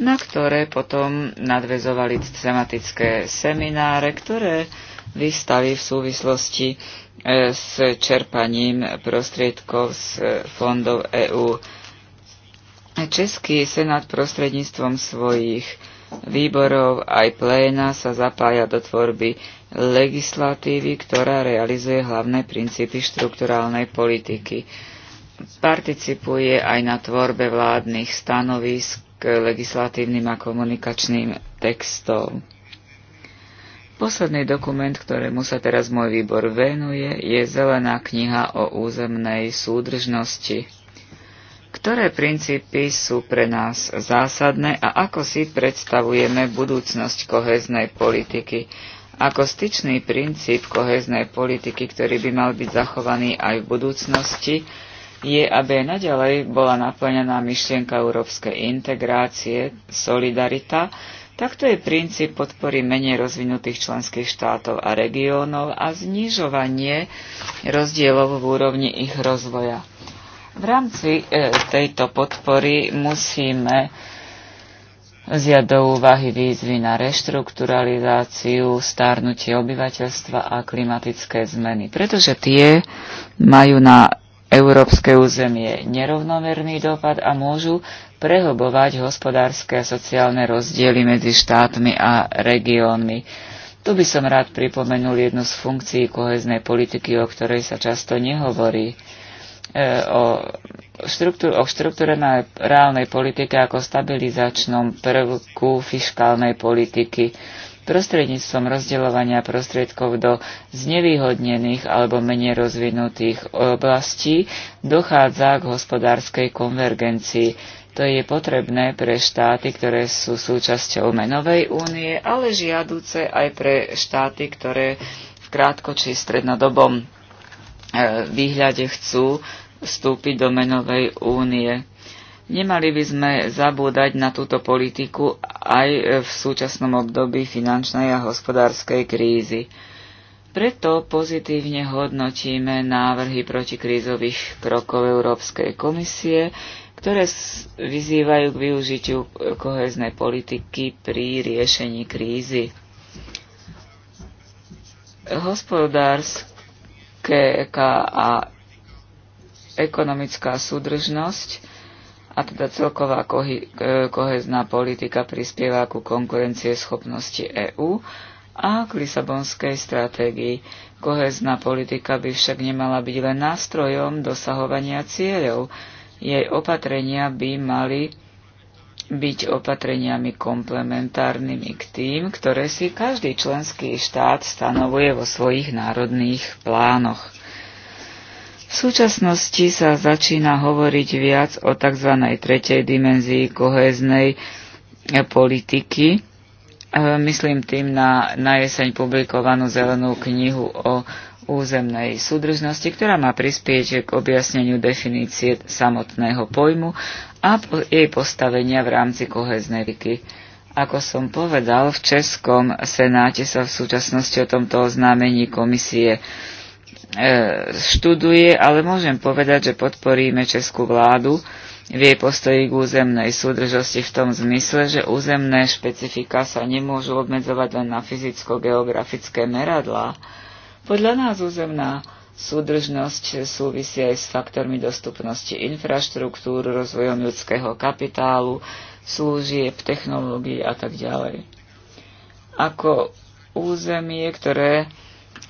na ktoré potom nadvezovali tematické semináre, ktoré vystali v súvislosti e, s čerpaním prostriedkov z e, fondov EÚ. Český senát prostredníctvom svojich výborov aj pléna sa zapája do tvorby legislatívy, ktorá realizuje hlavné princípy štrukturálnej politiky. Participuje aj na tvorbe vládnych stanovisk k legislatívnym a komunikačným textom. Posledný dokument, ktorému sa teraz môj výbor venuje, je Zelená kniha o územnej súdržnosti. Ktoré princípy sú pre nás zásadné a ako si predstavujeme budúcnosť koheznej politiky? Ako styčný princíp koheznej politiky, ktorý by mal byť zachovaný aj v budúcnosti, je, aby naďalej bola naplnená myšlienka európskej integrácie, solidarita, takto je princíp podpory menej rozvinutých členských štátov a regiónov a znižovanie rozdielov v úrovni ich rozvoja. V rámci e, tejto podpory musíme vziať do úvahy výzvy na reštrukturalizáciu, stárnutie obyvateľstva a klimatické zmeny, pretože tie majú na európske územie nerovnomerný dopad a môžu prehlbovať hospodárske a sociálne rozdiely medzi štátmi a regiónmi. Tu by som rád pripomenul jednu z funkcií koheznej politiky, o ktorej sa často nehovorí. E, o, štruktúr, o reálnej politike ako stabilizačnom prvku fiskálnej politiky prostredníctvom rozdeľovania prostriedkov do znevýhodnených alebo menej rozvinutých oblastí dochádza k hospodárskej konvergencii. To je potrebné pre štáty, ktoré sú súčasťou menovej únie, ale žiaduce aj pre štáty, ktoré v krátko či strednodobom E, výhľade chcú vstúpiť do menovej únie. Nemali by sme zabúdať na túto politiku aj v súčasnom období finančnej a hospodárskej krízy. Preto pozitívne hodnotíme návrhy protikrízových krokov Európskej komisie, ktoré vyzývajú k využitiu koheznej politiky pri riešení krízy. Hospodársk politika a ekonomická súdržnosť a teda celková kohezná politika prispieva ku konkurencie schopnosti EÚ a k Lisabonskej stratégii. Kohezná politika by však nemala byť len nástrojom dosahovania cieľov. Jej opatrenia by mali byť opatreniami komplementárnymi k tým, ktoré si každý členský štát stanovuje vo svojich národných plánoch. V súčasnosti sa začína hovoriť viac o tzv. tretej dimenzii koheznej politiky, e, myslím tým na, na jeseň publikovanú zelenú knihu o územnej súdržnosti, ktorá má prispieť k objasneniu definície samotného pojmu a jej postavenia v rámci koheznej ryky. Ako som povedal, v Českom senáte sa v súčasnosti o tomto oznámení komisie e, študuje, ale môžem povedať, že podporíme českú vládu v jej postoji k územnej súdržosti v tom zmysle, že územné špecifika sa nemôžu obmedzovať len na fyzicko-geografické meradlá. Podľa nás územná Súdržnosť súvisí aj s faktormi dostupnosti infraštruktúr, rozvojom ľudského kapitálu, služieb, technológií a tak ďalej. Ako územie, ktoré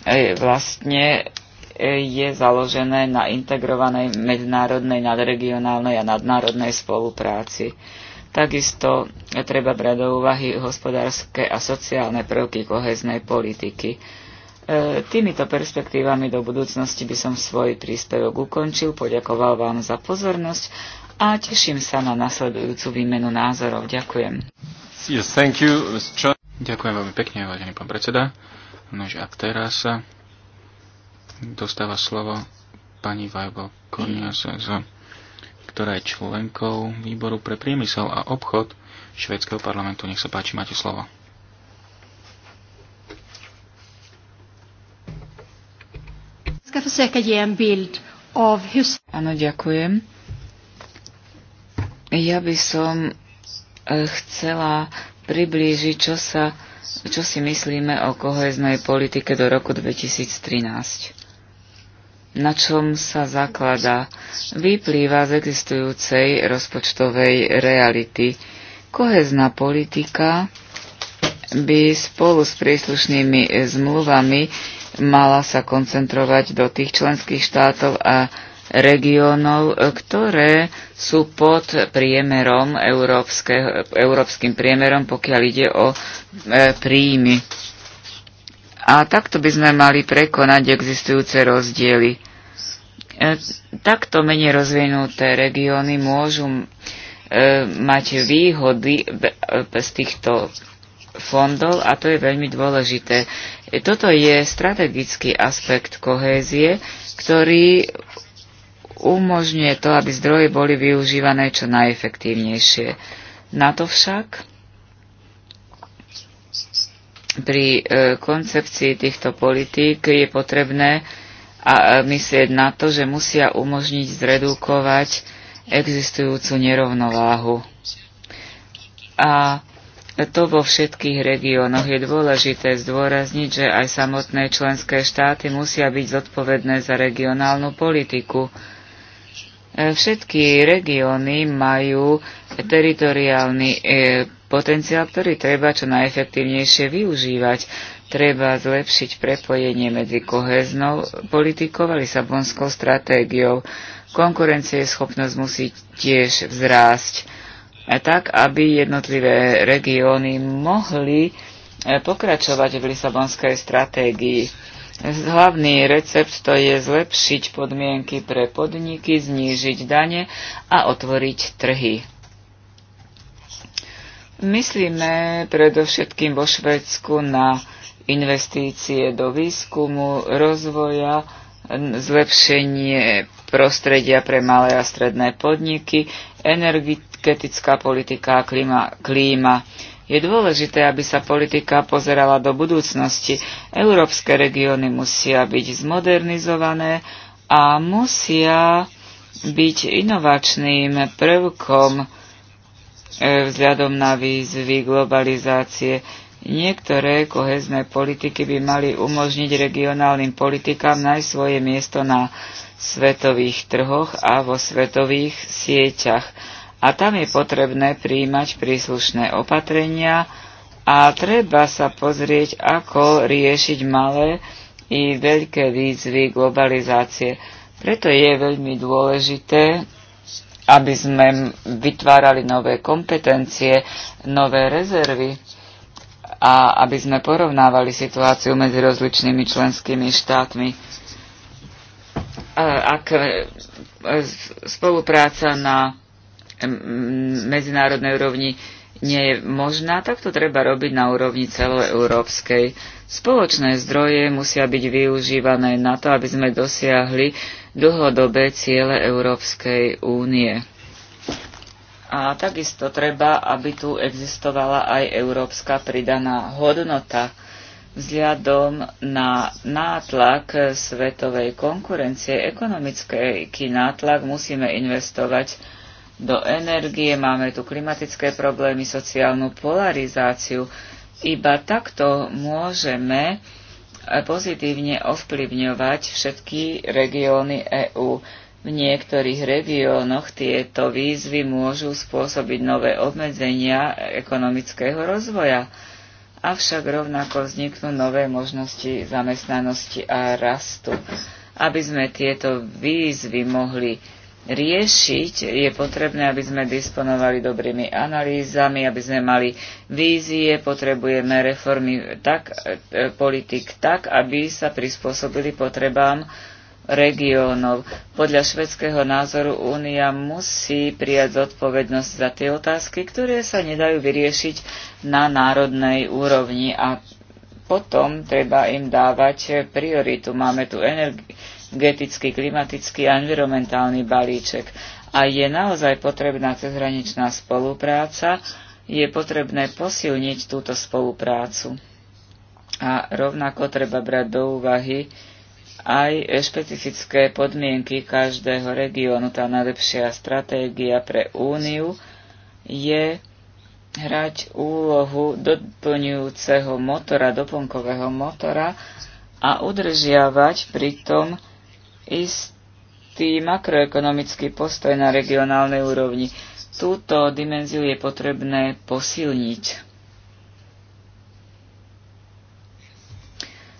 e, vlastne e, je založené na integrovanej medzinárodnej, nadregionálnej a nadnárodnej spolupráci. Takisto treba brať do úvahy hospodárske a sociálne prvky koheznej politiky. E, týmito perspektívami do budúcnosti by som svoj príspevok ukončil. Poďakoval vám za pozornosť a teším sa na nasledujúcu výmenu názorov. Ďakujem. Yes, thank you, Ďakujem veľmi pekne, vážený pán predseda. Nož a teraz sa dostáva slovo pani Vajbo Kornias, ktorá je členkou výboru pre priemysel a obchod Švedského parlamentu. Nech sa páči, máte slovo. försöka ge en bild av hur... Áno, ďakujem. Ja by som e, chcela priblížiť, čo, sa, čo si myslíme o koheznej politike do roku 2013. Na čom sa zaklada Vyplýva z existujúcej rozpočtovej reality. Kohezná politika by spolu s príslušnými zmluvami mala sa koncentrovať do tých členských štátov a regiónov, ktoré sú pod priemerom európskym priemerom, pokiaľ ide o e, príjmy. A takto by sme mali prekonať existujúce rozdiely. E, takto menej rozvinuté regióny môžu e, mať výhody e, z týchto fondov a to je veľmi dôležité. Toto je strategický aspekt kohézie, ktorý umožňuje to, aby zdroje boli využívané čo najefektívnejšie. Na to však pri e, koncepcii týchto politík je potrebné a e, myslieť na to, že musia umožniť zredukovať existujúcu nerovnováhu. A to vo všetkých regiónoch je dôležité zdôrazniť, že aj samotné členské štáty musia byť zodpovedné za regionálnu politiku. E, všetky regióny majú teritoriálny e, potenciál, ktorý treba čo najefektívnejšie využívať. Treba zlepšiť prepojenie medzi koheznou politikou a Lisabonskou stratégiou. Konkurencieschopnosť musí tiež vzrásť tak aby jednotlivé regióny mohli e, pokračovať v Lisabonskej stratégii. Hlavný recept to je zlepšiť podmienky pre podniky, znížiť dane a otvoriť trhy. Myslíme predovšetkým vo Švedsku na investície do výskumu, rozvoja, zlepšenie prostredia pre malé a stredné podniky, energetická politika a klíma. klíma. Je dôležité, aby sa politika pozerala do budúcnosti. Európske regióny musia byť zmodernizované a musia byť inovačným prvkom e, vzhľadom na výzvy globalizácie. Niektoré kohezné politiky by mali umožniť regionálnym politikám nájsť svoje miesto na svetových trhoch a vo svetových sieťach. A tam je potrebné príjmať príslušné opatrenia a treba sa pozrieť, ako riešiť malé i veľké výzvy globalizácie. Preto je veľmi dôležité aby sme vytvárali nové kompetencie, nové rezervy a aby sme porovnávali situáciu medzi rozličnými členskými štátmi. Ak e, spolupráca na medzinárodnej úrovni nie je možná, tak to treba robiť na úrovni celoeurópskej. Spoločné zdroje musia byť využívané na to, aby sme dosiahli dlhodobé ciele Európskej únie. A takisto treba, aby tu existovala aj európska pridaná hodnota vzhľadom na nátlak svetovej konkurencie, ekonomický nátlak, musíme investovať do energie, máme tu klimatické problémy, sociálnu polarizáciu. Iba takto môžeme pozitívne ovplyvňovať všetky regióny EÚ. V niektorých regiónoch tieto výzvy môžu spôsobiť nové obmedzenia ekonomického rozvoja, avšak rovnako vzniknú nové možnosti zamestnanosti a rastu. Aby sme tieto výzvy mohli riešiť, je potrebné, aby sme disponovali dobrými analýzami, aby sme mali vízie, potrebujeme reformy tak, e, politik tak, aby sa prispôsobili potrebám regiónov. Podľa švedského názoru Únia musí prijať zodpovednosť za tie otázky, ktoré sa nedajú vyriešiť na národnej úrovni a potom treba im dávať prioritu. Máme tu energetický, klimatický a environmentálny balíček. A je naozaj potrebná cezhraničná spolupráca, je potrebné posilniť túto spoluprácu. A rovnako treba brať do úvahy, aj špecifické podmienky každého regiónu. Tá najlepšia stratégia pre úniu je hrať úlohu doplňujúceho motora, doplnkového motora a udržiavať pritom istý makroekonomický postoj na regionálnej úrovni. Túto dimenziu je potrebné posilniť.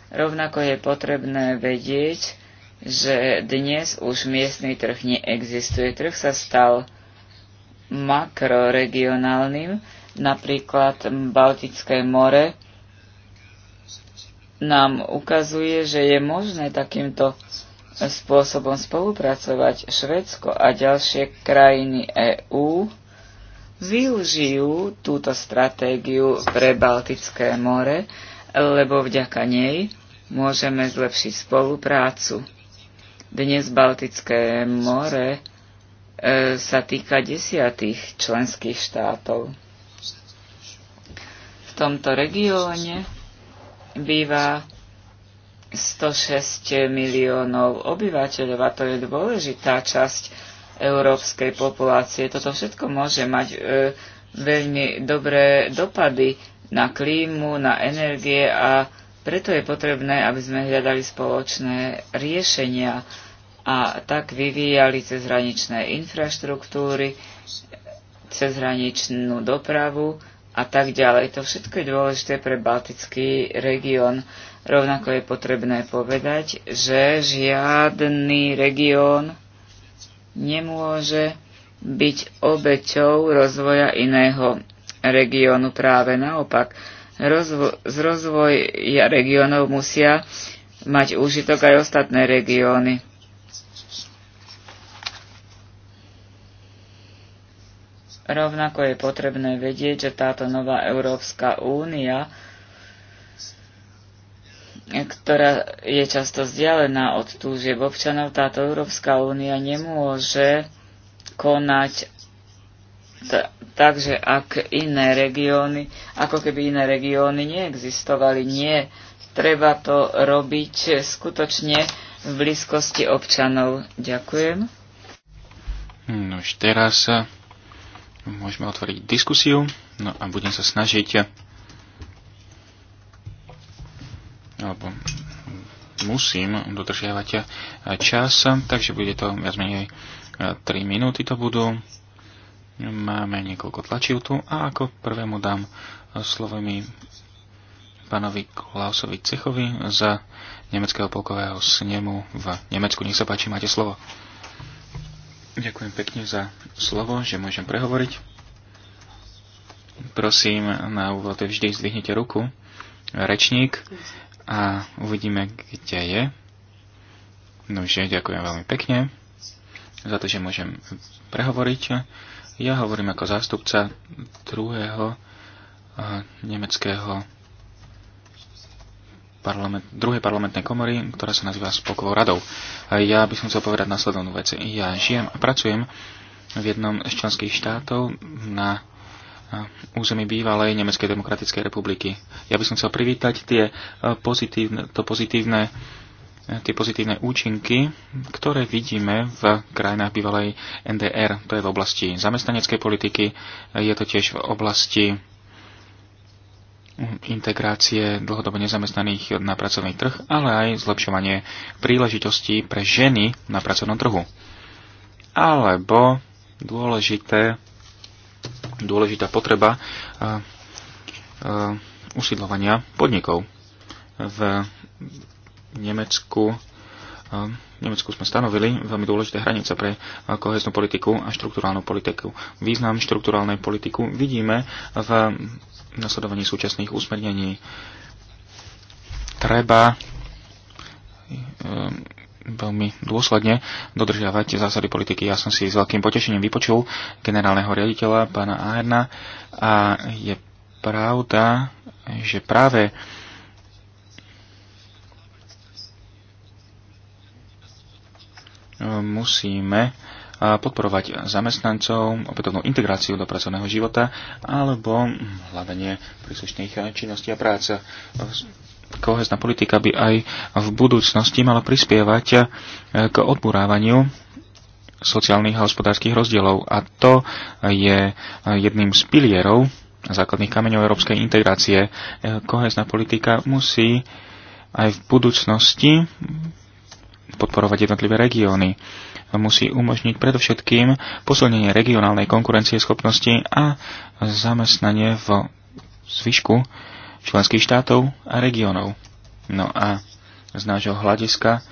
Rovnako je potrebné vedieť, že dnes už miestny trh neexistuje. Trh sa stal makroregionálnym, napríklad Baltické more nám ukazuje, že je možné takýmto spôsobom spolupracovať Švedsko a ďalšie krajiny EÚ využijú túto stratégiu pre Baltické more, lebo vďaka nej môžeme zlepšiť spoluprácu. Dnes Baltické more e, sa týka desiatých členských štátov. V tomto regióne býva 106 miliónov obyvateľov a to je dôležitá časť európskej populácie. Toto všetko môže mať e, veľmi dobré dopady na klímu, na energie a preto je potrebné, aby sme hľadali spoločné riešenia a tak vyvíjali cezhraničné infraštruktúry, cezhraničnú dopravu a tak ďalej. To všetko je dôležité pre Baltický región. Rovnako je potrebné povedať, že žiadny región nemôže byť obeťou rozvoja iného regiónu. Práve naopak, rozvo- z rozvoja regiónov musia mať úžitok aj ostatné regióny. Rovnako je potrebné vedieť, že táto nová Európska únia, ktorá je často vzdialená od túžieb občanov, táto Európska únia nemôže konať takže ak iné regióny, ako keby iné regióny neexistovali, nie. Treba to robiť skutočne v blízkosti občanov. Ďakujem. No už teraz eh, môžeme otvoriť diskusiu. No a budem sa snažiť eh, alebo musím dodržiavať eh, čas, takže bude to viac menej 3 minúty to budú. Máme niekoľko tlačiv tu a ako prvému dám slovami pánovi Klausovi Cechovi za Nemeckého polkového snemu v Nemecku. Nech sa páči, máte slovo. Ďakujem pekne za slovo, že môžem prehovoriť. Prosím, na úvod vždy zdvihnite ruku, rečník, a uvidíme, kde je. Nože, ďakujem veľmi pekne za to, že môžem prehovoriť. Ja hovorím ako zástupca druhého eh, nemeckého parlament, druhej parlamentnej komory, ktorá sa nazýva Spolkovou radou. Ja by som chcel povedať následovnú vec. Ja žijem a pracujem v jednom z členských štátov na eh, území bývalej Nemeckej demokratickej republiky. Ja by som chcel privítať tie eh, pozitívne, to pozitívne tie pozitívne účinky, ktoré vidíme v krajinách bývalej NDR. To je v oblasti zamestnaneckej politiky, je to tiež v oblasti integrácie dlhodobo nezamestnaných na pracovný trh, ale aj zlepšovanie príležitostí pre ženy na pracovnom trhu. Alebo dôležité, dôležitá potreba uh, uh, usidlovania podnikov v Nemecku v Nemecku sme stanovili veľmi dôležité hranice pre koheznú politiku a štruktúrálnu politiku. Význam štruktúrálnej politiku vidíme v nasledovaní súčasných usmernení. Treba e, veľmi dôsledne dodržiavať zásady politiky. Ja som si s veľkým potešením vypočul generálneho riaditeľa pána Aherna a je pravda, že práve musíme podporovať zamestnancov, opätovnú integráciu do pracovného života alebo hľadanie príslušných činností a práce. Kohezná politika by aj v budúcnosti mala prispievať k odburávaniu sociálnych a hospodárskych rozdielov a to je jedným z pilierov základných kameňov európskej integrácie. Kohezná politika musí aj v budúcnosti podporovať jednotlivé regióny. Musí umožniť predovšetkým posilnenie regionálnej konkurencieschopnosti a zamestnanie v zvyšku členských štátov a regiónov. No a z nášho hľadiska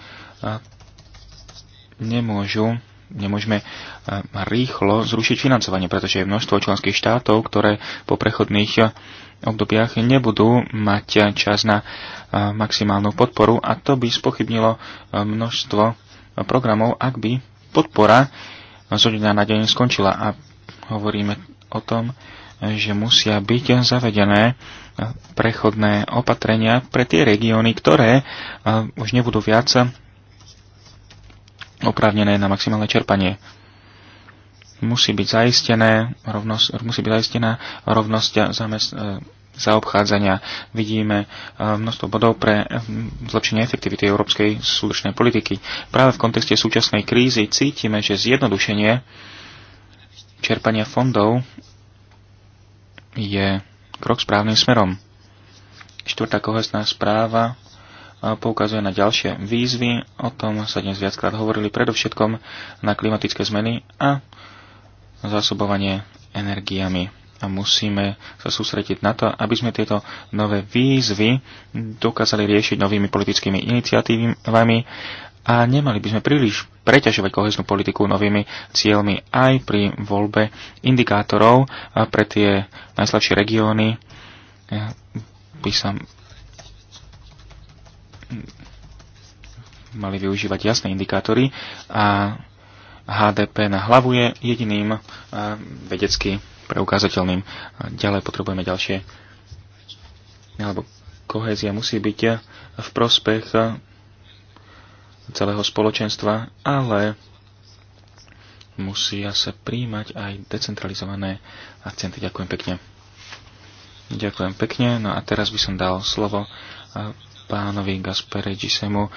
nemôžu nemôžeme e, rýchlo zrušiť financovanie, pretože je množstvo členských štátov, ktoré po prechodných e, obdobiach nebudú mať čas na e, maximálnu podporu a to by spochybnilo množstvo programov, ak by podpora z dňa na deň skončila. A hovoríme o tom, že musia byť zavedené prechodné opatrenia pre tie regióny, ktoré už nebudú viac oprávnené na maximálne čerpanie. Musí byť, zaistené, rovnosť, musí byť zaistená rovnosť zamest, e, zaobchádzania. Vidíme e, množstvo bodov pre e, zlepšenie efektivity európskej súdržnej politiky. Práve v kontexte súčasnej krízy cítime, že zjednodušenie čerpania fondov je krok správnym smerom. Štvrtá kohesná správa poukazuje na ďalšie výzvy. O tom sa dnes viackrát hovorili predovšetkom na klimatické zmeny a zásobovanie energiami. A musíme sa sústrediť na to, aby sme tieto nové výzvy dokázali riešiť novými politickými iniciatívami a nemali by sme príliš preťažovať koheznú politiku novými cieľmi aj pri voľbe indikátorov pre tie najslabšie regióny eh, by sa mali využívať jasné indikátory a HDP na hlavu je jediným vedecky preukázateľným. Ďalej potrebujeme ďalšie, alebo kohézia musí byť v prospech celého spoločenstva, ale musia sa príjmať aj decentralizované akcenty. Ďakujem pekne. Ďakujem pekne. No a teraz by som dal slovo pánovi Gaspere Gisemu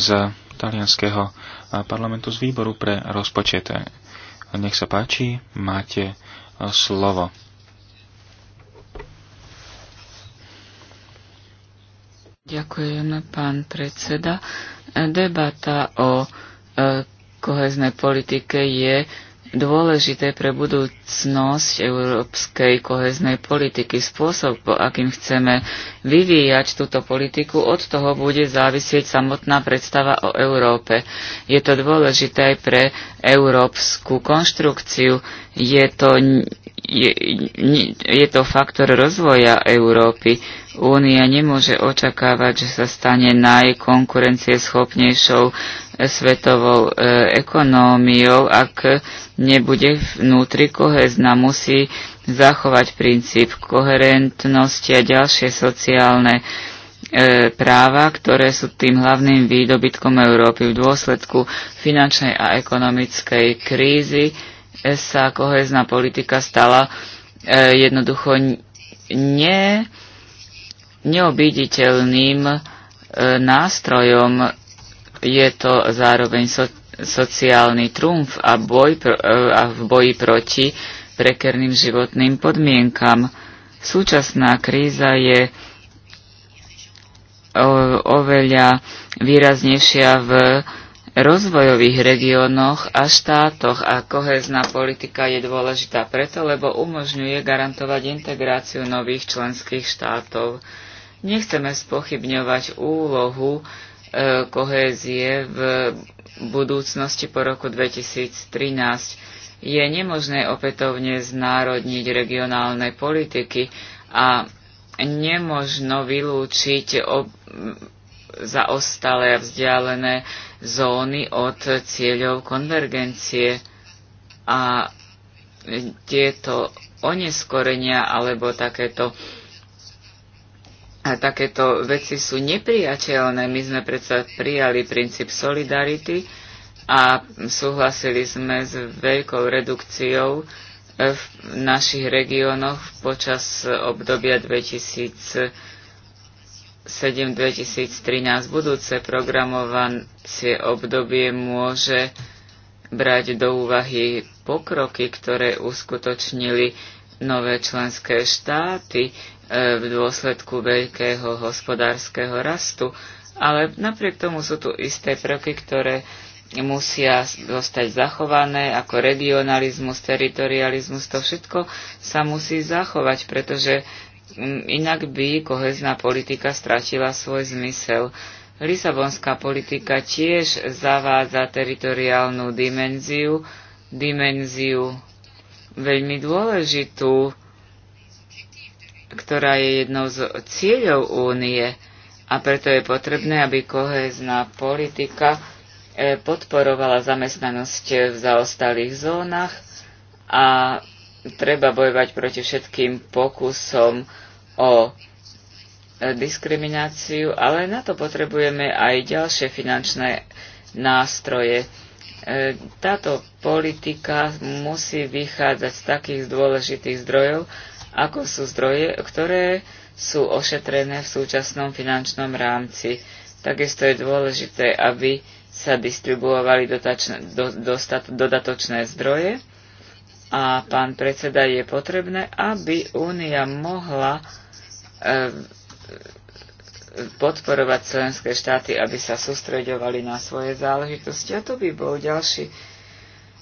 z talianského eh, parlamentu z výboru pre rozpočet. Nech sa páči, máte eh, slovo. Ďakujem, pán predseda. Debata o eh, koheznej politike je dôležité pre budúcnosť európskej koheznej politiky. Spôsob, akým chceme vyvíjať túto politiku, od toho bude závisieť samotná predstava o Európe. Je to dôležité aj pre európsku konštrukciu. Je to, je, je to faktor rozvoja Európy. Únia nemôže očakávať, že sa stane najkonkurencieschopnejšou svetovou e, ekonómiou, ak nebude vnútri kohezna, musí zachovať princíp koherentnosti a ďalšie sociálne e, práva, ktoré sú tým hlavným výdobytkom Európy. V dôsledku finančnej a ekonomickej krízy sa kohezná politika stala e, jednoducho ne, neobiditeľným e, nástrojom je to zároveň so, sociálny trumf a, boj, e, a v boji proti prekerným životným podmienkam. Súčasná kríza je o, e, oveľa výraznejšia v rozvojových regiónoch a štátoch a kohezná politika je dôležitá preto, lebo umožňuje garantovať integráciu nových členských štátov. Nechceme spochybňovať úlohu kohézie v budúcnosti po roku 2013. Je nemožné opätovne znárodniť regionálne politiky a nemožno vylúčiť ob- zaostalé a vzdialené zóny od cieľov konvergencie a tieto oneskorenia alebo takéto a takéto veci sú nepriateľné. My sme predsa prijali princíp solidarity a súhlasili sme s veľkou redukciou eh, v našich regiónoch počas obdobia 2007-2013. Budúce programovacie obdobie môže brať do úvahy pokroky, ktoré uskutočnili nové členské štáty E, v dôsledku veľkého hospodárskeho rastu, ale napriek tomu sú tu isté prvky, ktoré musia zostať zachované, ako regionalizmus, teritorializmus, to všetko sa musí zachovať, pretože inak by kohezná politika stratila svoj zmysel. Lisabonská politika tiež zavádza teritoriálnu dimenziu, dimenziu veľmi dôležitú, ktorá je jednou z cieľov únie a preto je potrebné, aby kohezná politika e, podporovala zamestnanosť v zaostalých zónach a treba bojovať proti všetkým pokusom o e, diskrimináciu, ale na to potrebujeme aj ďalšie finančné nástroje. E, táto politika musí vychádzať z takých dôležitých zdrojov, ako sú zdroje, ktoré sú ošetrené v súčasnom finančnom rámci. Takisto je dôležité, aby sa distribuovali dotačne, do, dostat, dodatočné zdroje a pán predseda je potrebné, aby únia mohla e, podporovať členské štáty, aby sa sústreďovali na svoje záležitosti. A to by bol ďalší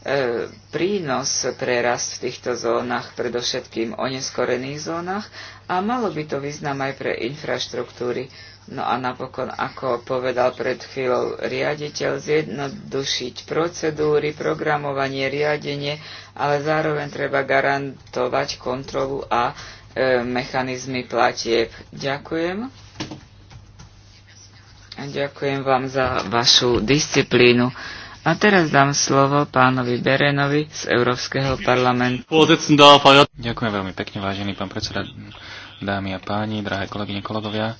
E, prínos pre rast v týchto zónach, predovšetkým oneskorených zónach a malo by to význam aj pre infraštruktúry. No a napokon, ako povedal pred chvíľou riaditeľ, zjednodušiť procedúry, programovanie, riadenie, ale zároveň treba garantovať kontrolu a e, mechanizmy platieb. Ďakujem. A ďakujem vám za vašu disciplínu. A teraz dám slovo pánovi Berenovi z Európskeho parlamentu. Ďakujem veľmi pekne, vážený pán predseda, dámy a páni, drahé kolegyne, kolegovia.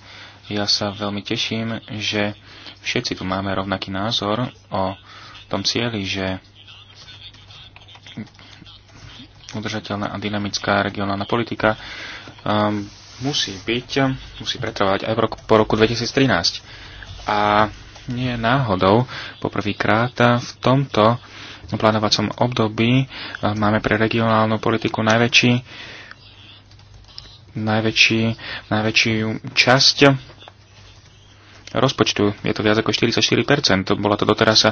Ja sa veľmi teším, že všetci tu máme rovnaký názor o tom cieli, že udržateľná a dynamická regionálna politika um, musí byť, musí pretrvať aj po roku 2013. A nie je náhodou poprvýkrát v tomto plánovacom období e, máme pre regionálnu politiku najväčší, najväčší, najväčšiu časť rozpočtu. Je to viac ako 44%. Bola to doteraz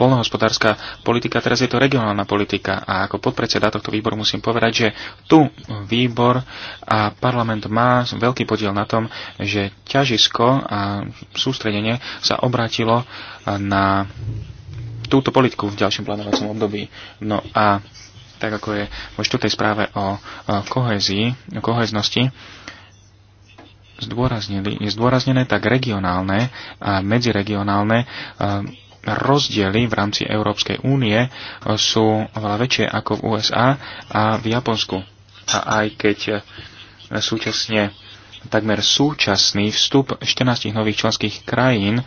polnohospodárska politika, teraz je to regionálna politika. A ako podpredseda tohto výboru musím povedať, že tu výbor a parlament má veľký podiel na tom, že ťažisko a sústredenie sa obrátilo na túto politiku v ďalšom plánovacom období. No a tak ako je vo štutej správe o kohezii, o koheznosti, zdôraznené tak regionálne a medziregionálne e, rozdiely v rámci Európskej únie e, sú oveľa väčšie ako v USA a v Japonsku. A aj keď e, súčasne takmer súčasný vstup 14 nových členských krajín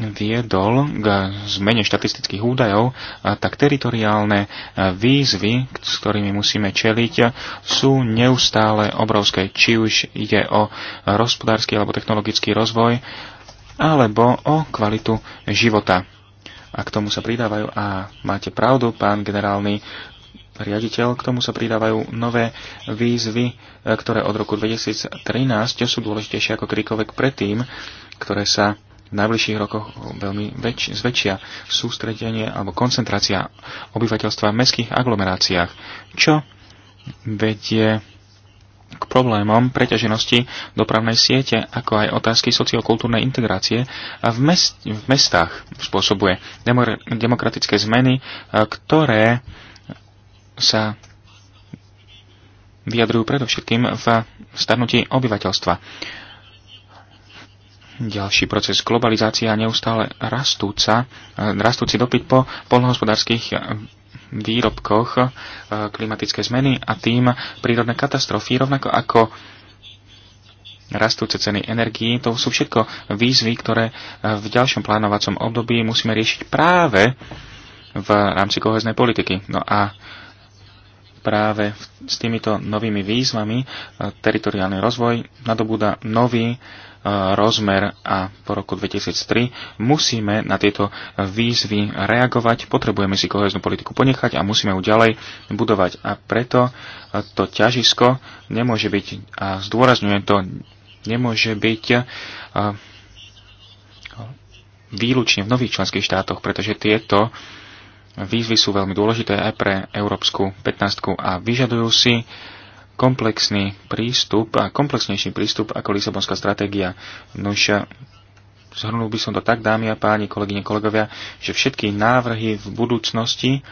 viedol k zmene štatistických údajov, tak teritoriálne e, výzvy, s ktorými musíme čeliť, sú neustále obrovské. Či už ide o hospodársky alebo technologický rozvoj, alebo o kvalitu života. A k tomu sa pridávajú, a máte pravdu, pán generálny riaditeľ, k tomu sa pridávajú nové výzvy, e, ktoré od roku 2013 sú dôležitejšie ako kedykoľvek predtým, ktoré sa v najbližších rokoch veľmi väč- zväčšia sústredenie alebo koncentrácia obyvateľstva v mestských aglomeráciách, čo vedie k problémom preťaženosti dopravnej siete, ako aj otázky sociokultúrnej integrácie a v, mest- v mestách spôsobuje demor- demokratické zmeny, e, ktoré sa vyjadrujú predovšetkým v starnutí obyvateľstva ďalší proces globalizácia a neustále rastúca, eh, rastúci dopyt po polnohospodárských eh, výrobkoch, eh, klimatické zmeny a tým prírodné katastrofy, rovnako ako rastúce ceny energií. To sú všetko výzvy, ktoré v ďalšom plánovacom období musíme riešiť práve v rámci koheznej politiky. No a práve s týmito novými výzvami e, teritoriálny rozvoj nadobúda nový e, rozmer a po roku 2003 musíme na tieto výzvy reagovať, potrebujeme si koheznú politiku ponechať a musíme ju ďalej budovať. A preto e, to ťažisko nemôže byť, a zdôrazňujem to, nemôže byť výlučne v nových členských štátoch, pretože tieto výzvy sú veľmi dôležité aj pre Európsku 15 a vyžadujú si komplexný prístup a komplexnejší prístup ako Lisabonská stratégia. Nož eh, zhrnul by som to tak, dámy a páni, kolegyne, kolegovia, že všetky návrhy v budúcnosti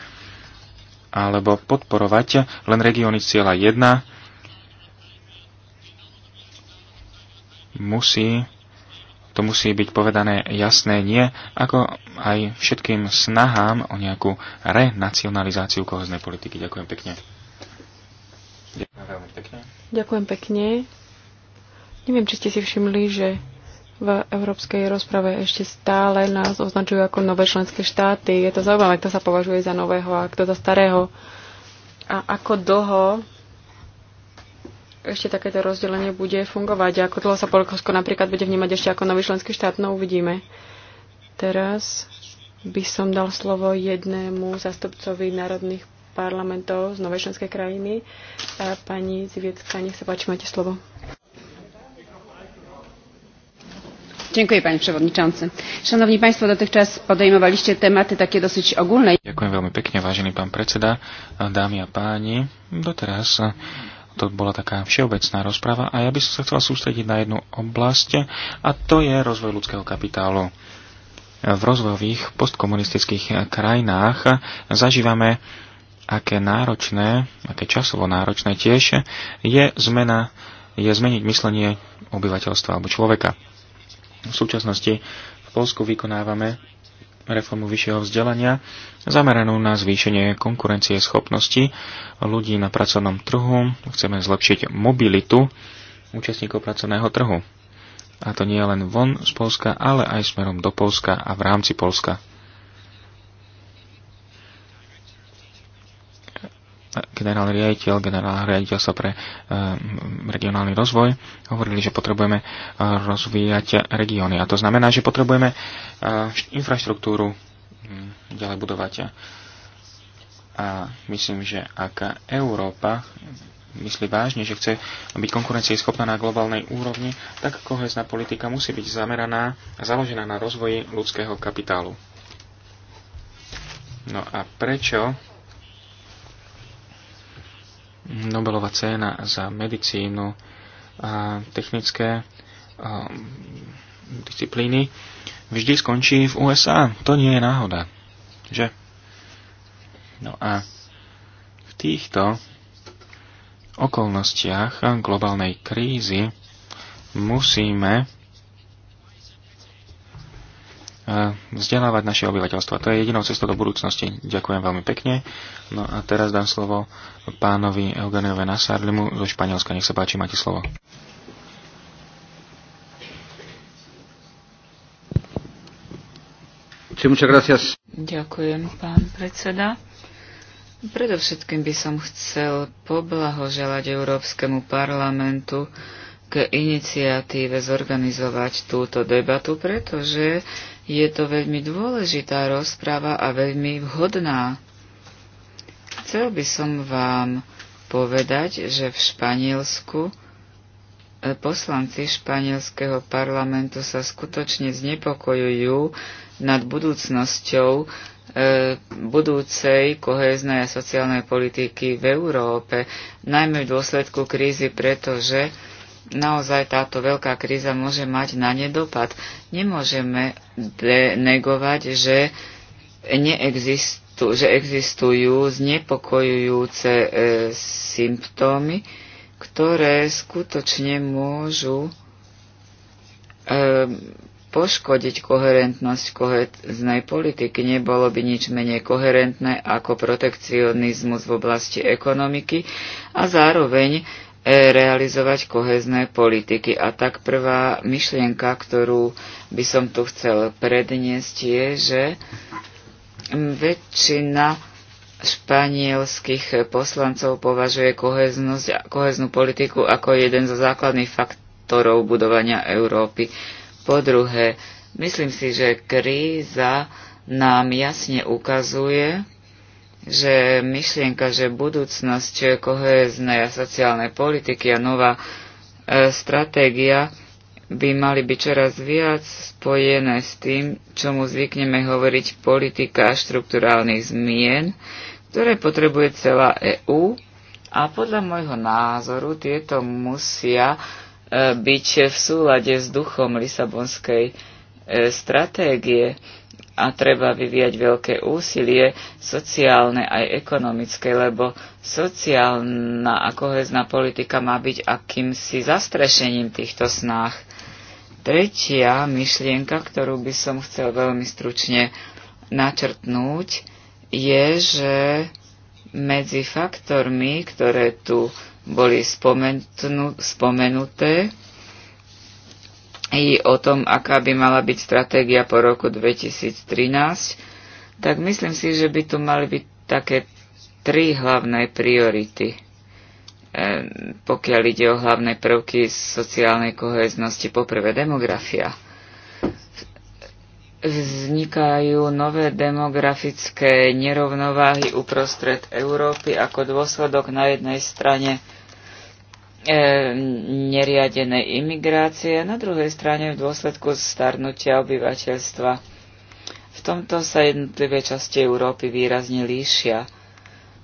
alebo podporovať len regióny cieľa 1 musí to musí byť povedané jasné nie, ako aj všetkým snahám o nejakú renacionalizáciu kohoznej politiky. Ďakujem pekne. Ďakujem veľmi pekne. Ďakujem pekne. Neviem, či ste si všimli, že v európskej rozprave ešte stále nás označujú ako nové členské štáty. Je to zaujímavé, kto sa považuje za nového a kto za starého. A ako dlho ešte takéto rozdelenie bude fungovať. Ako dlho sa Polsko napríklad bude vnímať ešte ako nový členský štát, no uvidíme. Teraz by som dal slovo jednému zastupcovi národných parlamentov z novej členskej krajiny. A pani Zviecka, nech sa páči, máte slovo. Ďakujem, pani przewodniczący. Szanowni państwo, dotychczas podejmowaliście tematy takie dosyć ogólne. Ďakujem veľmi pekne, vážený pán predseda, dámy a páni. Doteraz to bola taká všeobecná rozprava a ja by som sa chcela sústrediť na jednu oblasť a to je rozvoj ľudského kapitálu. V rozvojových postkomunistických krajinách zažívame aké náročné, aké časovo náročné tiež je zmena, je zmeniť myslenie obyvateľstva alebo človeka. V súčasnosti v Polsku vykonávame reformu vyššieho vzdelania zameranú na zvýšenie konkurencie schopnosti ľudí na pracovnom trhu. Chceme zlepšiť mobilitu účastníkov pracovného trhu. A to nie len von z Polska, ale aj smerom do Polska a v rámci Polska. generálny riaditeľ, generálna riaditeľstva pre eh, regionálny rozvoj hovorili, že potrebujeme eh, rozvíjať regióny. A to znamená, že potrebujeme eh, infraštruktúru hm, ďalej budovať. A myslím, že ak Európa myslí vážne, že chce byť konkurencieschopná na globálnej úrovni, tak kohezná politika musí byť zameraná a založená na rozvoji ľudského kapitálu. No a prečo Nobelová cena za medicínu a technické disciplíny vždy skončí v USA. To nie je náhoda, že? No a v týchto okolnostiach globálnej krízy musíme vzdelávať naše obyvateľstvo. To je jedinou cestou do budúcnosti. Ďakujem veľmi pekne. No a teraz dám slovo pánovi Eugeniovi Nasarlimu zo Španielska. Nech sa páči, máte slovo. Ďakujem, pán predseda. Predovšetkým by som chcel poblahoželať Európskemu parlamentu k iniciatíve zorganizovať túto debatu, pretože je to veľmi dôležitá rozprava a veľmi vhodná. Chcel by som vám povedať, že v Španielsku e, poslanci španielského parlamentu sa skutočne znepokojujú nad budúcnosťou e, budúcej kohéznej a sociálnej politiky v Európe, najmä v dôsledku krízy, pretože naozaj táto veľká kríza môže mať na ne dopad. Nemôžeme negovať, že, neexistu, že existujú znepokojujúce e, symptómy, ktoré skutočne môžu e, poškodiť koherentnosť koheznej politiky. Nebolo by nič menej koherentné ako protekcionizmus v oblasti ekonomiky a zároveň realizovať kohezné politiky. A tak prvá myšlienka, ktorú by som tu chcel predniesť, je, že väčšina španielských poslancov považuje koheznú politiku ako jeden zo základných faktorov budovania Európy. Po druhé, myslím si, že kríza nám jasne ukazuje, že myšlienka, že budúcnosť kohéznej a sociálnej politiky a nová e, stratégia by mali byť čoraz viac spojené s tým, čomu zvykneme hovoriť politika štruktúrálnych zmien, ktoré potrebuje celá EÚ a podľa môjho názoru tieto musia e, byť v súlade s duchom Lisabonskej e, stratégie a treba vyvíjať veľké úsilie sociálne aj ekonomické, lebo sociálna a kohezná politika má byť akýmsi zastrešením týchto snách. Tretia myšlienka, ktorú by som chcel veľmi stručne načrtnúť, je, že medzi faktormi, ktoré tu boli spomenuté, i o tom, aká by mala byť stratégia po roku 2013, tak myslím si, že by tu mali byť také tri hlavné priority, e, pokiaľ ide o hlavné prvky sociálnej koheznosti. Poprvé, demografia. Vznikajú nové demografické nerovnováhy uprostred Európy ako dôsledok na jednej strane E, neriadenej imigrácie a na druhej strane v dôsledku starnutia obyvateľstva. V tomto sa jednotlivé časti Európy výrazne líšia.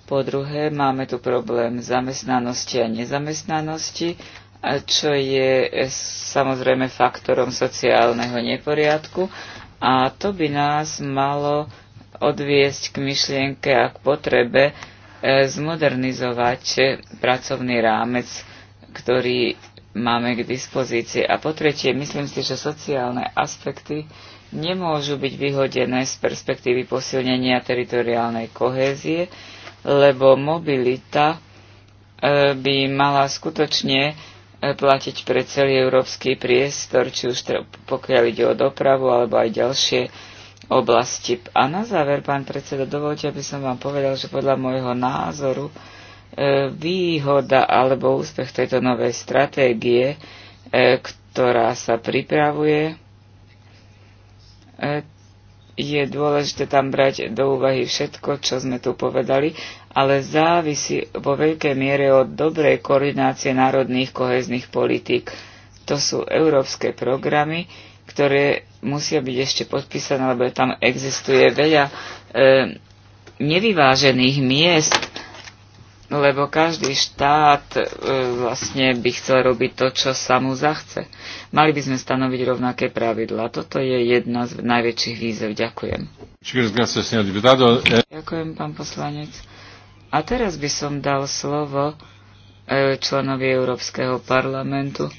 Po druhé, máme tu problém zamestnanosti a nezamestnanosti, čo je samozrejme faktorom sociálneho neporiadku a to by nás malo odviesť k myšlienke a k potrebe e, zmodernizovať pracovný rámec ktorý máme k dispozícii. A po tretie, myslím si, že sociálne aspekty nemôžu byť vyhodené z perspektívy posilnenia teritoriálnej kohézie, lebo mobilita e, by mala skutočne e, platiť pre celý európsky priestor, či už pokiaľ ide o dopravu alebo aj ďalšie oblasti. A na záver, pán predseda, dovolte, aby som vám povedal, že podľa môjho názoru E, výhoda alebo úspech tejto novej stratégie, e, ktorá sa pripravuje, e, je dôležité tam brať do úvahy všetko, čo sme tu povedali, ale závisí vo veľkej miere od dobrej koordinácie národných kohezných politík. To sú európske programy, ktoré musia byť ešte podpísané, lebo tam existuje veľa e, nevyvážených miest No, lebo každý štát e, vlastne by chcel robiť to, čo sa mu zachce. Mali by sme stanoviť rovnaké pravidlá. Toto je jedna z najväčších výzev. Ďakujem. Eh, ďakujem, pán poslanec. A teraz by som dal slovo e, členovi Európskeho parlamentu,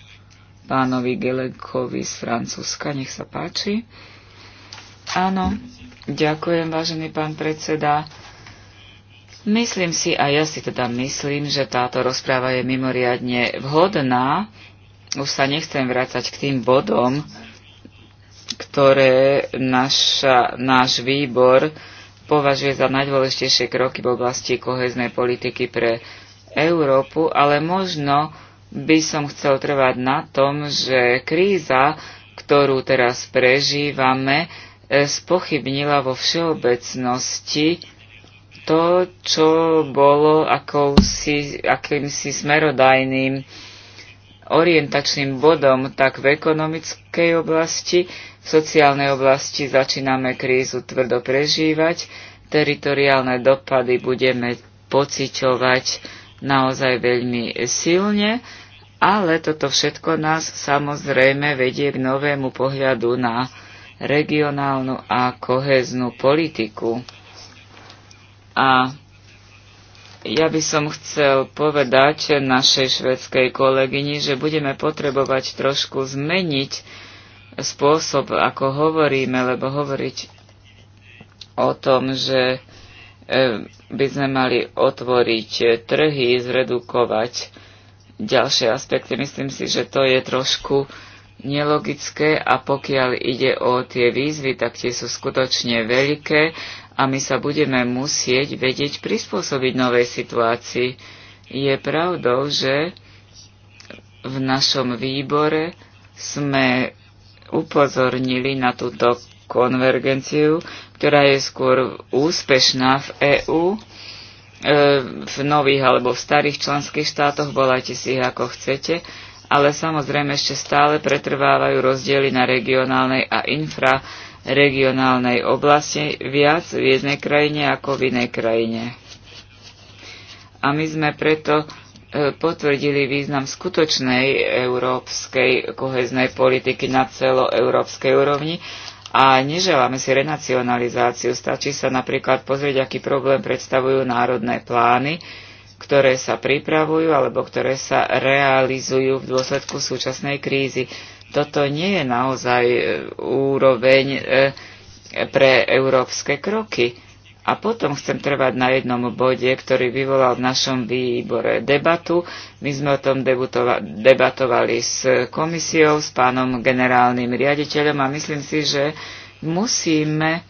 pánovi Gelekovi z Francúzska. Nech sa páči. Áno, ďakujem, vážený pán predseda. Myslím si, a ja si teda myslím, že táto rozpráva je mimoriadne vhodná. Už sa nechcem vrácať k tým bodom, ktoré naša, náš výbor považuje za najdôležitejšie kroky v oblasti koheznej politiky pre Európu, ale možno by som chcel trvať na tom, že kríza, ktorú teraz prežívame, spochybnila vo všeobecnosti to, čo bolo akousi, akýmsi smerodajným orientačným bodom, tak v ekonomickej oblasti, v sociálnej oblasti začíname krízu tvrdo prežívať, teritoriálne dopady budeme pociťovať naozaj veľmi silne, ale toto všetko nás samozrejme vedie k novému pohľadu na regionálnu a koheznú politiku. A ja by som chcel povedať našej švedskej kolegyni, že budeme potrebovať trošku zmeniť spôsob, ako hovoríme, lebo hovoriť o tom, že e, by sme mali otvoriť trhy, zredukovať ďalšie aspekty. Myslím si, že to je trošku nelogické a pokiaľ ide o tie výzvy, tak tie sú skutočne veľké a my sa budeme musieť vedieť prispôsobiť novej situácii. Je pravdou, že v našom výbore sme upozornili na túto konvergenciu, ktorá je skôr úspešná v EÚ, e, v nových alebo v starých členských štátoch, volajte si ich ako chcete, ale samozrejme ešte stále pretrvávajú rozdiely na regionálnej a infra regionálnej oblasti viac v jednej krajine ako v inej krajine. A my sme preto e, potvrdili význam skutočnej európskej koheznej politiky na celoeurópskej úrovni a neželáme si renacionalizáciu. Stačí sa napríklad pozrieť, aký problém predstavujú národné plány, ktoré sa pripravujú alebo ktoré sa realizujú v dôsledku súčasnej krízy. Toto nie je naozaj e, úroveň e, pre európske kroky. A potom chcem trvať na jednom bode, ktorý vyvolal v našom výbore debatu. My sme o tom debatovali s komisiou, s pánom generálnym riaditeľom a myslím si, že musíme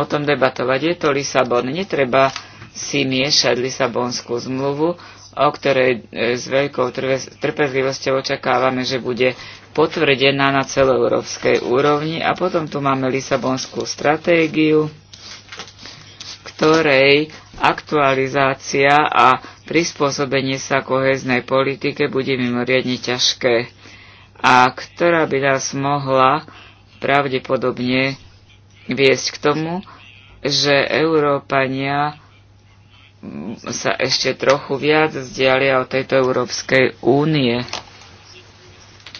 o tom debatovať. Je to Lisabon. Netreba si miešať Lisabonskú zmluvu, o ktorej e, s veľkou trpezlivosťou očakávame, že bude potvrdená na celoeurópskej úrovni. A potom tu máme Lisabonskú stratégiu, ktorej aktualizácia a prispôsobenie sa koheznej politike bude mimoriadne ťažké a ktorá by nás mohla pravdepodobne viesť k tomu, že Európania sa ešte trochu viac vzdialia od tejto Európskej únie.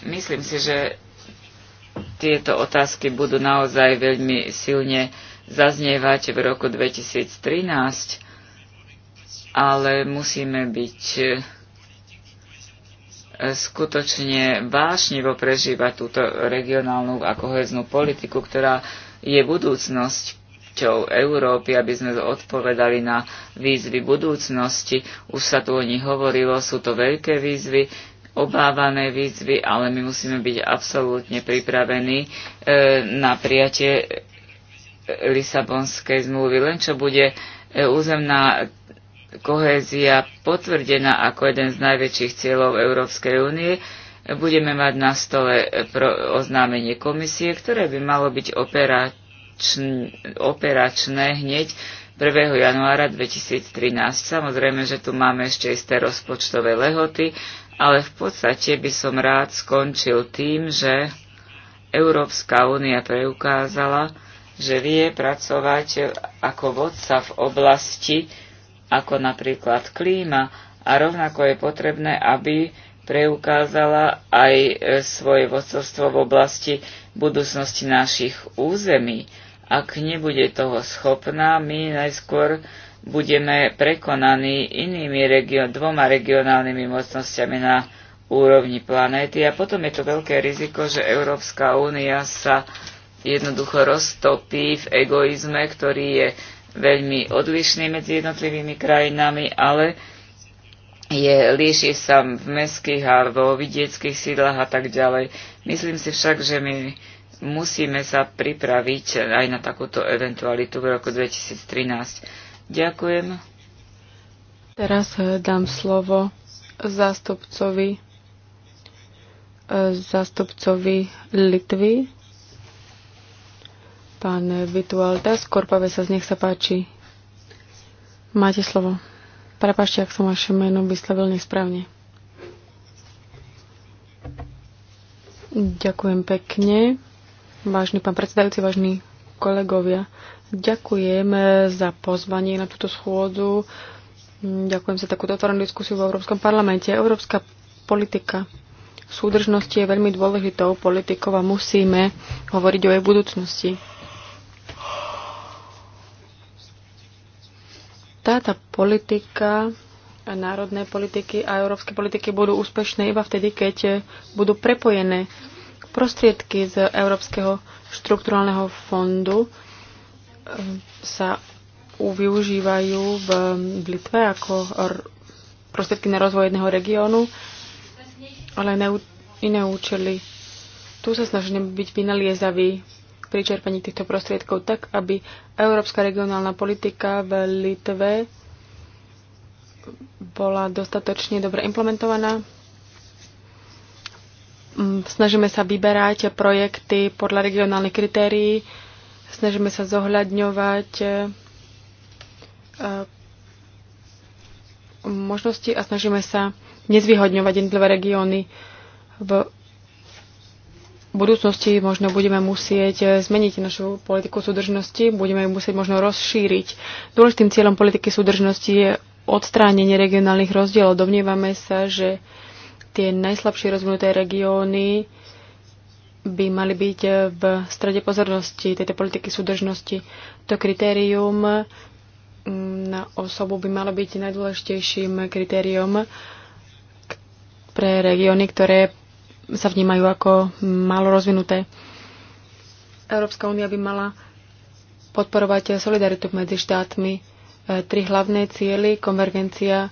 Myslím si, že tieto otázky budú naozaj veľmi silne zaznievať v roku 2013, ale musíme byť e, skutočne vášnivo prežívať túto regionálnu a koheznú politiku, ktorá je budúcnosťou Európy, aby sme odpovedali na výzvy budúcnosti. Už sa tu o nich hovorilo, sú to veľké výzvy, obávané výzvy, ale my musíme byť absolútne pripravení e, na prijatie e, Lisabonskej zmluvy. Len čo bude e, územná kohézia potvrdená ako jeden z najväčších cieľov Európskej únie, budeme mať na stole e, oznámenie komisie, ktoré by malo byť operačn, operačné hneď 1. januára 2013. Samozrejme, že tu máme ešte isté rozpočtové lehoty, ale v podstate by som rád skončil tým, že Európska únia preukázala, že vie pracovať ako vodca v oblasti, ako napríklad klíma, a rovnako je potrebné, aby preukázala aj e, svoje vodcovstvo v oblasti budúcnosti našich území. Ak nebude toho schopná, my najskôr budeme prekonaní inými region, dvoma regionálnymi mocnosťami na úrovni planéty a potom je to veľké riziko, že Európska únia sa jednoducho roztopí v egoizme, ktorý je veľmi odlišný medzi jednotlivými krajinami, ale je, líši sa v mestských a vo vidieckých sídlach a tak ďalej. Myslím si však, že my musíme sa pripraviť aj na takúto eventualitu v roku 2013. Ďakujem. Teraz eh, dám slovo zástupcovi eh, zástupcovi Litvy. Pán Vitualda z Korpavesa, nech sa páči. Máte slovo. Prepašte, ak som vaše meno vyslovil nesprávne. Ďakujem pekne. Vážny pán predsedajúci, vážni kolegovia. Ďakujem eh, za pozvanie na túto schôdzu. Ďakujem za takúto otvorenú diskusiu v Európskom parlamente. Európska politika súdržnosti je veľmi dôležitou politikou a musíme hovoriť o jej budúcnosti. Táto politika, národné politiky a európske politiky budú úspešné iba vtedy, keď budú prepojené prostriedky z Európskeho štrukturálneho fondu sa využívajú v, v Litve ako prostriedky na rozvoj jedného regiónu, ale aj iné účely. Tu sa snažíme byť vynaliezavý pri čerpaní týchto prostriedkov tak, aby európska regionálna politika v Litve bola dostatočne dobre implementovaná. Mm, snažíme sa vyberať projekty podľa regionálnych kritérií, Snažíme sa zohľadňovať e, e, možnosti a snažíme sa nezvyhodňovať jednotlivé regióny. V budúcnosti možno budeme musieť e, zmeniť našu politiku súdržnosti, budeme ju musieť možno rozšíriť. Dôležitým cieľom politiky súdržnosti je odstránenie regionálnych rozdielov. Domnievame sa, že tie najslabšie rozvinuté regióny by mali byť eh, v strede pozornosti tejto politiky súdržnosti. To kritérium mm, na osobu by malo byť najdôležitejším kritériom pre regióny, ktoré sa vnímajú ako málo rozvinuté. Európska únia by mala podporovať solidaritu medzi štátmi. Eh, tri hlavné cieľy, konvergencia,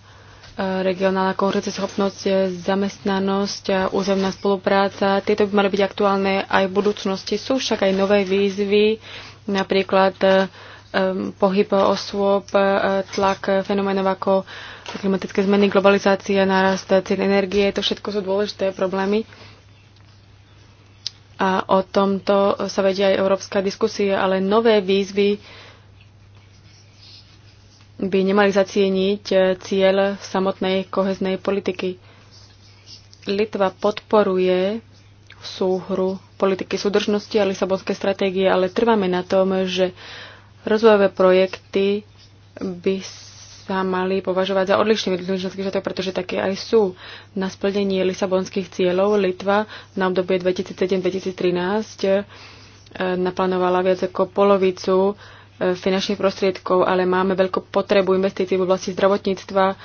regionálna konkurenceschopnosť, zamestnanosť územná spolupráca. Tieto by mali byť aktuálne aj v budúcnosti. Sú však aj nové výzvy, napríklad um, pohyb osôb, e, tlak fenoménov ako klimatické zmeny, globalizácia, nárast cien energie. To všetko sú dôležité problémy. A o tomto sa vedia aj európska diskusia, ale nové výzvy by nemali zacieniť e, cieľ samotnej koheznej politiky. Litva podporuje súhru politiky súdržnosti a Lisabonskej stratégie, ale trváme na tom, že rozvojové projekty by sa mali považovať za odlišné od členských štátov, pretože také aj sú. Na splnenie lisabonských cieľov Litva na obdobie 2007-2013 e, naplánovala viac ako polovicu finančných prostriedkov, ale máme veľkú potrebu investícií v oblasti zdravotníctva, e,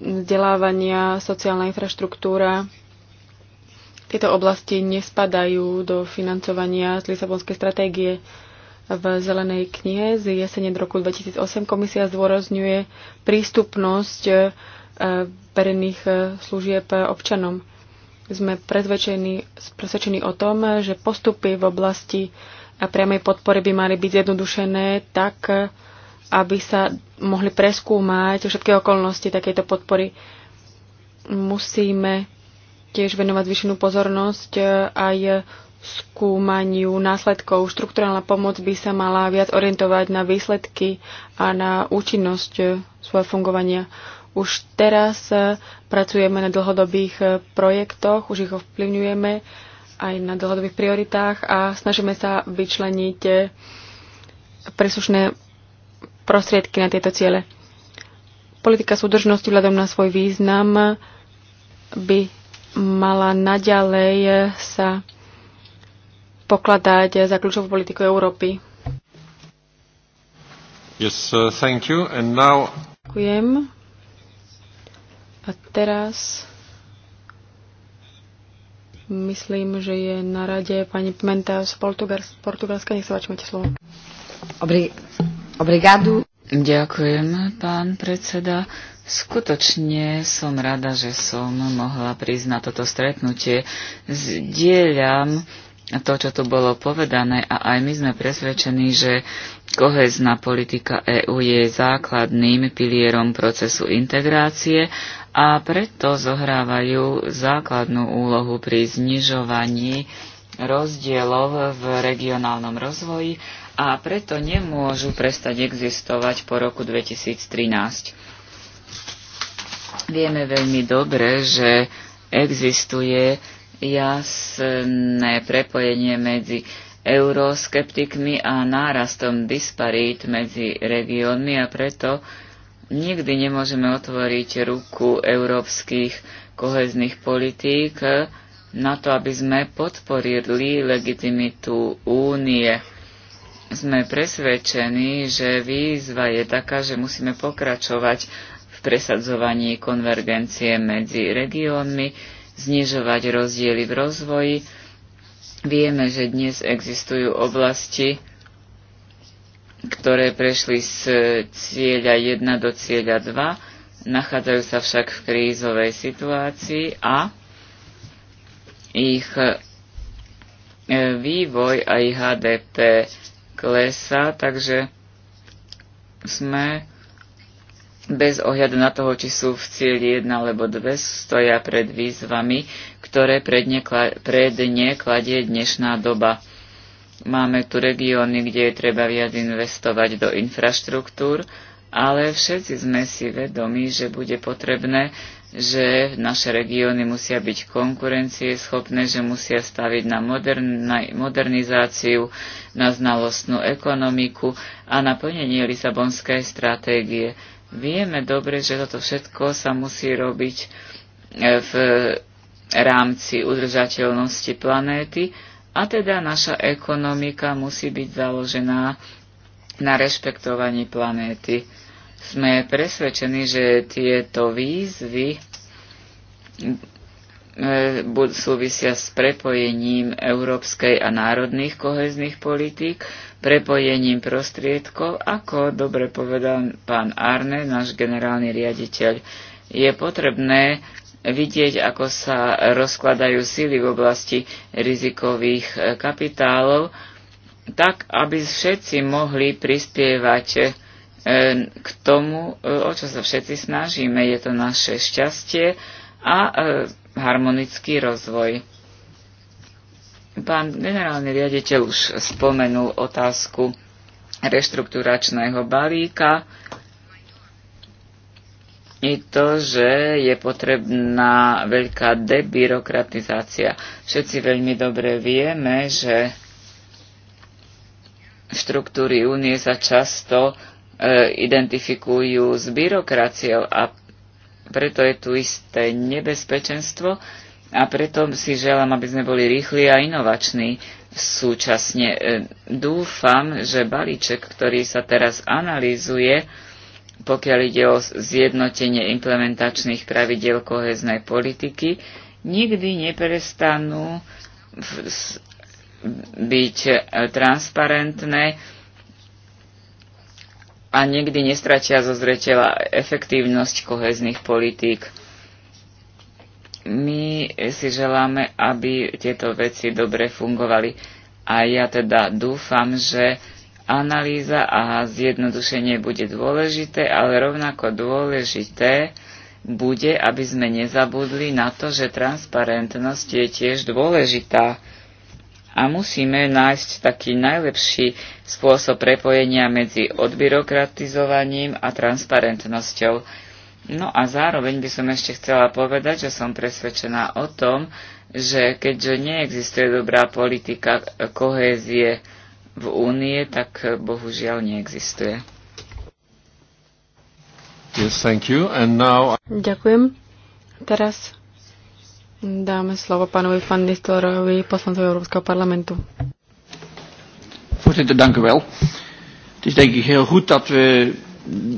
vzdelávania, sociálna infraštruktúra. Tieto oblasti nespadajú do financovania z Lisabonskej stratégie. V zelenej knihe z jesene roku 2008 komisia zdôrazňuje prístupnosť e, verejných e, služieb občanom. Sme presvedčení, presvedčení o tom, že postupy v oblasti a priamej podpory by mali byť zjednodušené tak, aby sa mohli preskúmať všetky okolnosti takejto podpory. Musíme tiež venovať zvyšenú pozornosť e, aj skúmaniu následkov. Štrukturálna pomoc by sa mala viac orientovať na výsledky a na účinnosť e, svojho fungovania. Už teraz e, pracujeme na dlhodobých projektoch, už ich ovplyvňujeme aj na dlhodobých prioritách a snažíme sa vyčleniť eh, preslušné prostriedky na tieto ciele. Politika súdržnosti vzhľadom na svoj význam by mala naďalej eh, sa pokladať eh, za kľúčovú politiku Európy. Yes, uh, thank you. And now... Ďakujem. A teraz Myslím, že je na rade pani Pimenta z Portugalska. Nech sa páči, máte slovo. obrigado. Ďakujem, pán predseda. Skutočne som rada, že som mohla prísť na toto stretnutie. Zdieľam to, čo tu bolo povedané a aj my sme presvedčení, že kohezná politika EÚ je základným pilierom procesu integrácie a preto zohrávajú základnú úlohu pri znižovaní rozdielov v regionálnom rozvoji a preto nemôžu prestať existovať po roku 2013. Vieme veľmi dobre, že existuje jasné prepojenie medzi euroskeptikmi a nárastom disparít medzi regiónmi a preto Nikdy nemôžeme otvoriť ruku európskych kohezných politík na to, aby sme podporili legitimitu únie. Sme presvedčení, že výzva je taká, že musíme pokračovať v presadzovaní konvergencie medzi regiónmi, znižovať rozdiely v rozvoji. Vieme, že dnes existujú oblasti, ktoré prešli z cieľa 1 do cieľa 2, nachádzajú sa však v krízovej situácii a ich e, vývoj a ich HDP klesá, takže sme bez ohľadu na toho, či sú v cieli 1 alebo 2, stoja pred výzvami, ktoré pred ne kladie dnešná doba. Máme tu regióny, kde je treba viac investovať do infraštruktúr, ale všetci sme si vedomi, že bude potrebné, že naše regióny musia byť konkurencieschopné, že musia staviť na modernizáciu, na znalostnú ekonomiku a na plnenie Lisabonskej stratégie. Vieme dobre, že toto všetko sa musí robiť e, v rámci udržateľnosti planéty, a teda naša ekonomika musí byť založená na rešpektovaní planéty. Sme presvedčení, že tieto výzvy mm, e, súvisia s prepojením európskej a národných kohezných politík, prepojením prostriedkov, ako dobre povedal pán Arne, náš generálny riaditeľ. Je potrebné vidieť, ako sa rozkladajú síly v oblasti rizikových e, kapitálov, tak aby všetci mohli prispievať e, k tomu, e, o čo sa všetci snažíme. Je to naše šťastie a harmonický rozvoj. Pán generálny riaditeľ už spomenul otázku reštrukturačného balíka, i to, že je potrebná veľká debyrokratizácia. Všetci veľmi dobre vieme, že štruktúry únie sa často e, identifikujú s byrokraciou a preto je tu isté nebezpečenstvo a preto si želám, aby sme boli rýchli a inovační. Súčasne e, dúfam, že balíček, ktorý sa teraz analýzuje, pokiaľ ide o zjednotenie implementačných pravidiel koheznej politiky, nikdy neprestanú byť e, transparentné a nikdy nestratia zo zreteľa efektívnosť kohezných politík. My si želáme, aby tieto veci dobre fungovali. A ja teda dúfam, že Analýza a zjednodušenie bude dôležité, ale rovnako dôležité bude, aby sme nezabudli na to, že transparentnosť je tiež dôležitá a musíme nájsť taký najlepší spôsob prepojenia medzi odbyrokratizovaním a transparentnosťou. No a zároveň by som ešte chcela povedať, že som presvedčená o tom, že keďže neexistuje dobrá politika kohézie, v únie, tak eh, bohužiaľ neexistuje. Yes, thank you. And now... Ďakujem. Teraz dáme slovo pánovi pán Nistorovi, poslancovi Európskeho parlamentu. Voorzitter, dank u wel. Het is denk ik heel goed dat we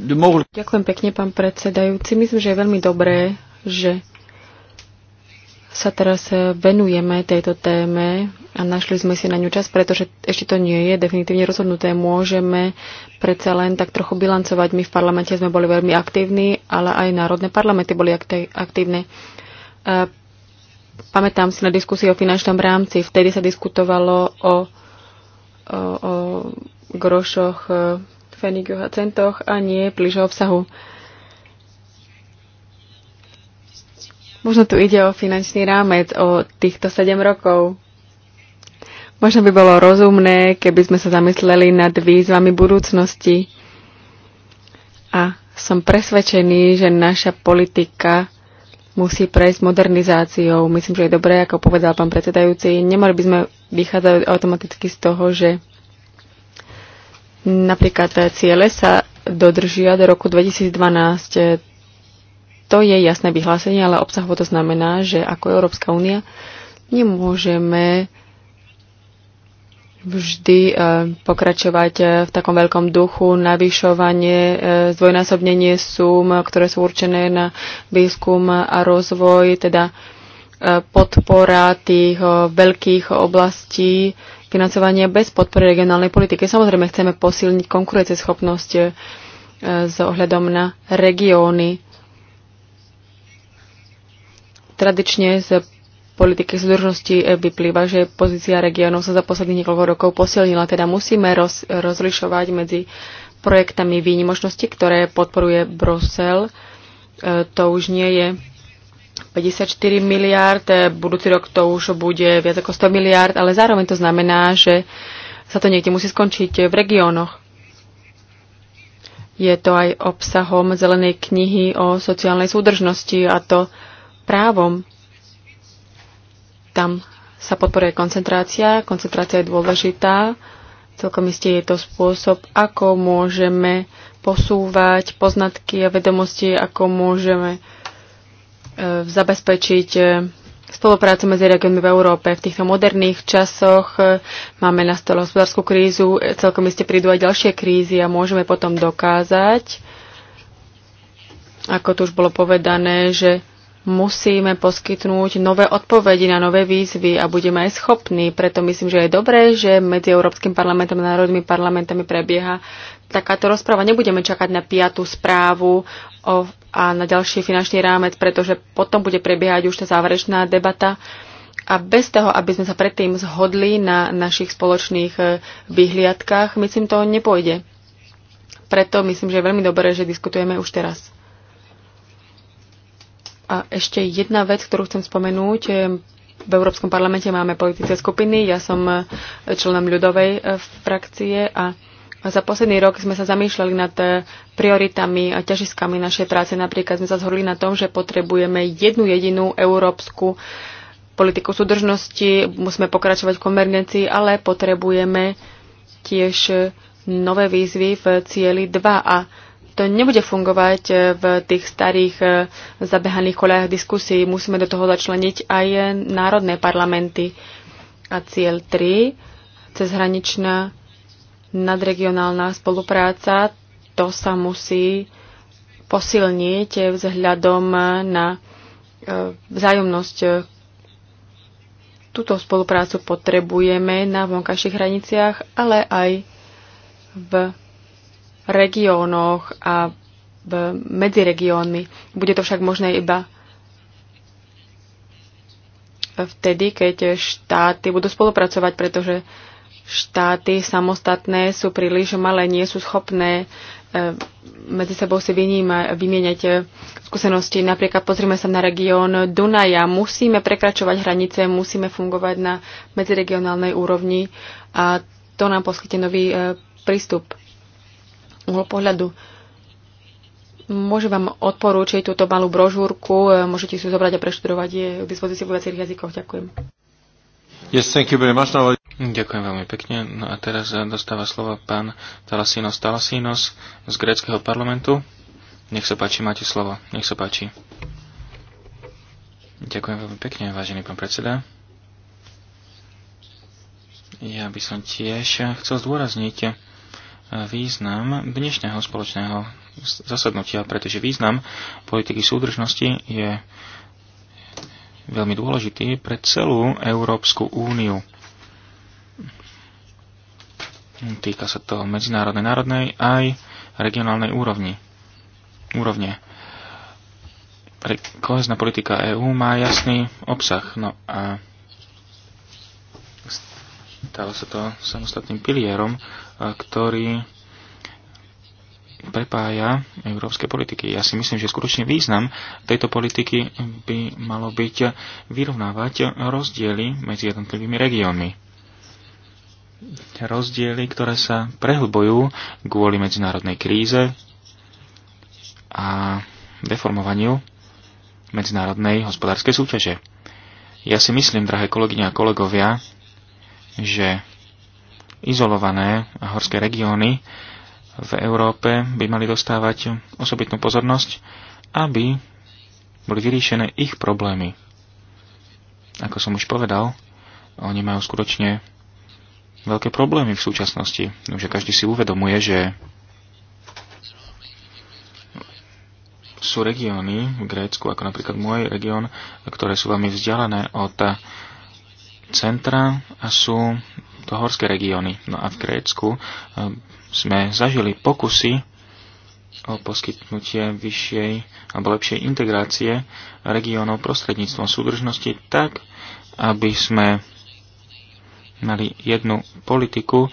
de mogelijkheid... Ďakujem pekne, pán predsedajúci. Myslím, že je veľmi dobré, že sa teraz eh, venujeme tejto téme a našli sme si na ňu čas, pretože ešte to nie je definitívne rozhodnuté. Môžeme predsa len tak trochu bilancovať. My v parlamente sme boli veľmi aktívni, ale aj národné parlamenty boli aktívne. E, pamätám si na diskusii o finančnom rámci. Vtedy sa diskutovalo o, o, o grošoch, e, fenigoch a centoch a nie bližšie obsahu. Možno tu ide o finančný rámec, o týchto 7 rokov Možno by bolo rozumné, keby sme sa zamysleli nad výzvami budúcnosti. A som presvedčený, že naša politika musí prejsť modernizáciou. Myslím, že je dobré, ako povedal pán predsedajúci, nemali by sme vychádzať automaticky z toho, že napríklad ciele sa dodržia do roku 2012. To je jasné vyhlásenie, ale obsahovo to znamená, že ako Európska únia nemôžeme vždy e, pokračovať e, v takom veľkom duchu, navyšovanie, e, zdvojnásobnenie sum, ktoré sú určené na výskum a rozvoj, teda podpora tých veľkých oblastí financovania bez podpory regionálnej politiky. Samozrejme, chceme posilniť konkurenceschopnosť s ohľadom na regióny. Tradične z politiky súdržnosti eh, vyplýva, že pozícia regiónov sa za posledných niekoľko rokov posilnila. Teda musíme roz, rozlišovať medzi projektami výnimočnosti, ktoré podporuje Brusel. Eh, to už nie je 54 miliárd, eh, budúci rok to už bude viac ako 100 miliárd, ale zároveň to znamená, že sa to niekde musí skončiť v regiónoch. Je to aj obsahom zelenej knihy o sociálnej súdržnosti a to právom. Tam sa podporuje koncentrácia. Koncentrácia je dôležitá. Celkom isté je to spôsob, ako môžeme posúvať poznatky a vedomosti, ako môžeme e, zabezpečiť e, spoluprácu medzi regiónmi v Európe. V týchto moderných časoch e, máme na stole hospodárskú krízu, celkom isté prídu aj ďalšie krízy a môžeme potom dokázať, ako tu už bolo povedané, že musíme poskytnúť nové odpovedi na nové výzvy a budeme aj schopní. Preto myslím, že je dobré, že medzi Európskym parlamentom a národnými parlamentami prebieha takáto rozpráva. Nebudeme čakať na piatú správu o, a na ďalší finančný rámec, pretože potom bude prebiehať už tá záverečná debata. A bez toho, aby sme sa predtým zhodli na našich spoločných e, vyhliadkách, myslím, to nepôjde. Preto myslím, že je veľmi dobré, že diskutujeme už teraz. A ešte jedna vec, ktorú chcem spomenúť. V Európskom parlamente máme politické skupiny. Ja som členom ľudovej e, frakcie a za posledný rok sme sa zamýšľali nad e, prioritami a ťažiskami našej práce. Napríklad sme sa zhodli na tom, že potrebujeme jednu jedinú európsku politiku súdržnosti, musíme pokračovať v konvergencii, ale potrebujeme tiež nové výzvy v cieli 2 a to nebude fungovať e, v tých starých e, zabehaných kolejach diskusí. Musíme do toho začleniť aj národné parlamenty. A cieľ 3, cezhraničná nadregionálna spolupráca, to sa musí posilniť e, vzhľadom na vzájomnosť. Túto spoluprácu potrebujeme na vonkajších hraniciach, ale aj v regiónoch a v, medzi regiónmi. Bude to však možné iba vtedy, keď štáty budú spolupracovať, pretože štáty samostatné sú príliš malé, nie sú schopné e, medzi sebou si vymieňať e, skúsenosti. Napríklad pozrime sa na región Dunaja. Musíme prekračovať hranice, musíme fungovať na medziregionálnej úrovni a to nám poskytne nový e, prístup pohľadu. Môžem vám odporúčiť túto malú brožúrku, môžete si ju zobrať a preštudovať, je k dispozícii vo viacerých jazykoch. Ďakujem. Yes, thank you very much. No, Ďakujem veľmi pekne. No a teraz dostáva slovo pán Talasinos Talasinos z gréckého parlamentu. Nech sa páči, máte slovo. Nech sa páči. Ďakujem veľmi pekne, vážený pán predseda. Ja by som tiež chcel zdôrazniť význam dnešného spoločného zasadnutia, pretože význam politiky súdržnosti je veľmi dôležitý pre celú Európsku úniu. Týka sa to medzinárodnej, národnej aj regionálnej úrovni. úrovne. Kohezná politika EÚ má jasný obsah. No a stalo sa to samostatným pilierom, ktorý prepája európske politiky. Ja si myslím, že skutočný význam tejto politiky by malo byť vyrovnávať rozdiely medzi jednotlivými regiónmi. Rozdiely, ktoré sa prehlbujú kvôli medzinárodnej kríze a deformovaniu medzinárodnej hospodárskej súťaže. Ja si myslím, drahé kolegyne a kolegovia, že izolované horské regióny v Európe by mali dostávať osobitnú pozornosť, aby boli vyriešené ich problémy. Ako som už povedal, oni majú skutočne veľké problémy v súčasnosti. Že každý si uvedomuje, že sú regióny v Grécku, ako napríklad môj región, ktoré sú veľmi vzdialené od centra a sú to horské regióny. No a v Grécku e, sme zažili pokusy o poskytnutie vyššej alebo lepšej integrácie regiónov prostredníctvom súdržnosti tak, aby sme mali jednu politiku e,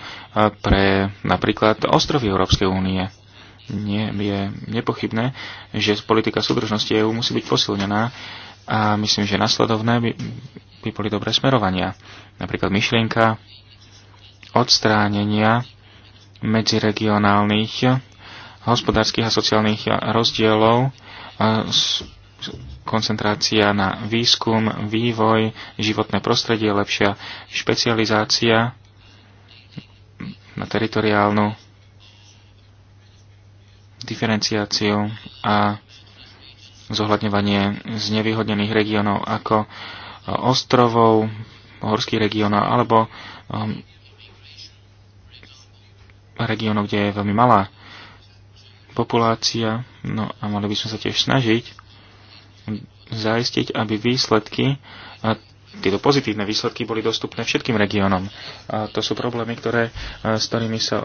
pre napríklad ostrovy Európskej únie. Nie, je nepochybné, že politika súdržnosti EÚ musí byť posilnená a myslím, že nasledovné by, by boli dobré smerovania. Napríklad myšlienka odstránenia medziregionálnych hospodárskych a sociálnych rozdielov, e, koncentrácia na výskum, vývoj, životné prostredie, lepšia špecializácia na teritoriálnu diferenciáciu a zohľadňovanie znevýhodnených regiónov ako e, ostrovov, horských regiónov alebo um, regiónov, kde je veľmi malá populácia. No a mali by sme sa tiež snažiť zaistiť, aby výsledky, a tieto pozitívne výsledky boli dostupné všetkým regiónom. A to sú problémy, ktoré, e, s ktorými sa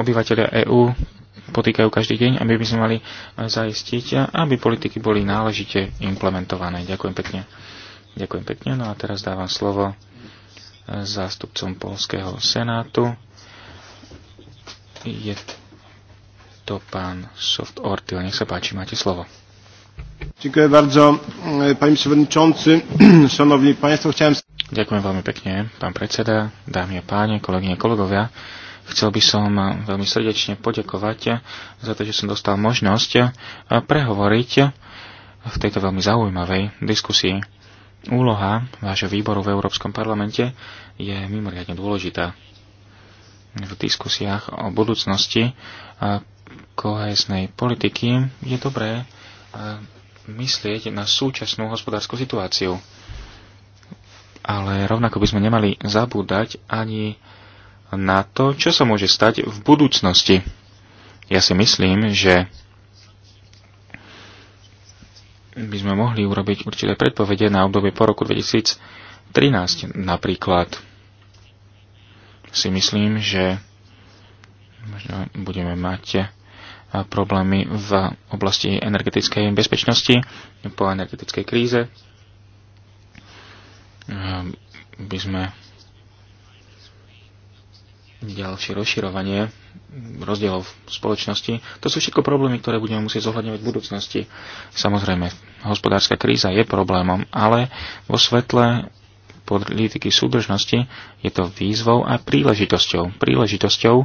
obyvateľia EÚ potýkajú každý deň aby by sme mali zaistiť, aby politiky boli náležite implementované. Ďakujem pekne. Ďakujem pekne. No a teraz dávam slovo zástupcom Polského senátu. Je to pán Soft Ortil. Nech sa páči, máte slovo. Ďakujem bardzo, pani przewodniczący, szanowni państwo. Chciałem... Ďakujem veľmi pekne, pán predseda, dámy a páni, kolegyne, kolegovia. Chcel by som eh, veľmi srdečne poďakovať eh, za to, že som dostal možnosť eh, prehovoriť v tejto veľmi zaujímavej diskusii. Úloha vášho výboru v Európskom parlamente je mimoriadne dôležitá. V diskusiách o budúcnosti kohesnej politiky je dobré myslieť na súčasnú hospodárskú situáciu. Ale rovnako by sme nemali zabúdať ani na to, čo sa môže stať v budúcnosti. Ja si myslím, že by sme mohli urobiť určité predpovede na obdobie po roku 2013 napríklad. Si myslím, že možno budeme mať problémy v oblasti energetickej bezpečnosti po energetickej kríze. Ehm, by sme ďalšie rozširovanie rozdielov v spoločnosti. To sú všetko problémy, ktoré budeme musieť zohľadňovať v budúcnosti. Samozrejme, hospodárska kríza je problémom, ale vo svetle politiky súdržnosti je to výzvou a príležitosťou. Príležitosťou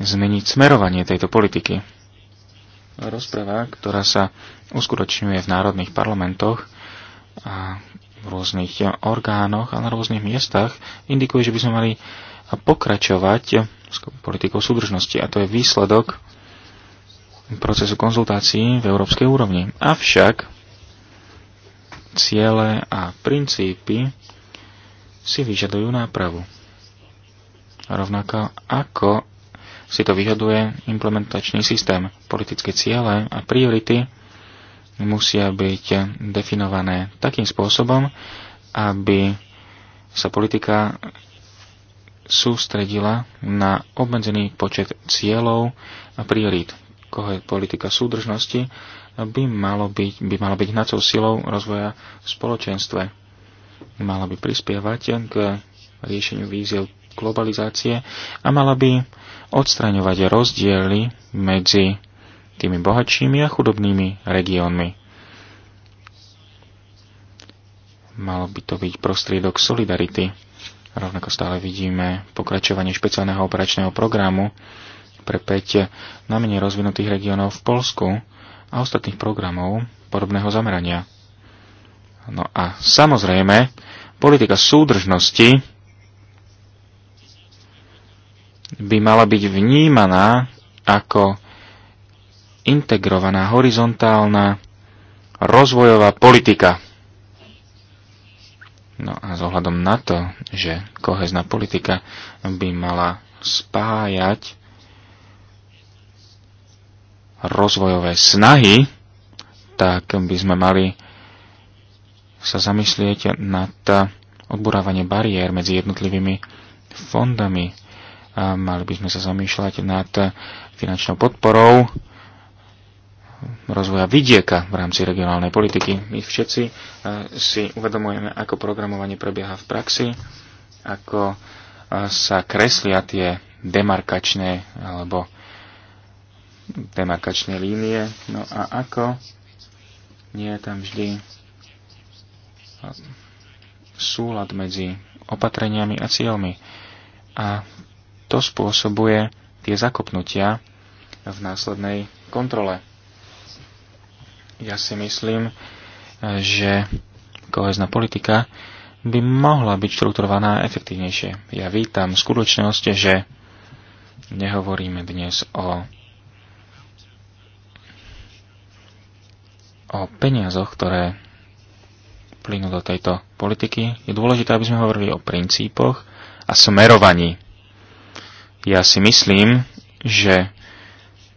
zmeniť smerovanie tejto politiky. Rozprava, ktorá sa uskutočňuje v národných parlamentoch a v rôznych orgánoch a na rôznych miestach, indikuje, že by sme mali a pokračovať s politikou súdržnosti. A to je výsledok procesu konzultácií v európskej úrovni. Avšak ciele a princípy si vyžadujú nápravu. Rovnako ako si to vyžaduje implementačný systém. Politické ciele a priority musia byť definované takým spôsobom, aby sa politika sústredila na obmedzený počet cieľov a priorít. Koho je politika súdržnosti by, malo byť, by mala byť hnacou silou rozvoja v spoločenstve. Mala by prispievať k riešeniu víziev globalizácie a mala by odstraňovať rozdiely medzi tými bohatšími a chudobnými regiónmi. Mal by to byť prostriedok solidarity Rovnako stále vidíme pokračovanie špeciálneho operačného programu pre 5 najmenej rozvinutých regiónov v Polsku a ostatných programov podobného zamerania. No a samozrejme, politika súdržnosti by mala byť vnímaná ako integrovaná horizontálna rozvojová politika. No a zohľadom na to, že kohezná politika by mala spájať rozvojové snahy, tak by sme mali sa zamyslieť nad odburávanie bariér medzi jednotlivými fondami. A mali by sme sa zamýšľať nad finančnou podporou rozvoja vidieka v rámci regionálnej politiky. My všetci e, si uvedomujeme, ako programovanie prebieha v praxi, ako e, sa kreslia tie demarkačné alebo demarkačné línie, no a ako nie je tam vždy e, súlad medzi opatreniami a cieľmi. A to spôsobuje tie zakopnutia v následnej kontrole. Ja si myslím, eh, že kohezná politika by mohla byť štruktúrovaná efektívnejšie. Ja vítam skutočnosť, že nehovoríme dnes o o peniazoch, ktoré plynú do tejto politiky. Je dôležité, aby sme hovorili o princípoch a smerovaní. Ja si myslím, že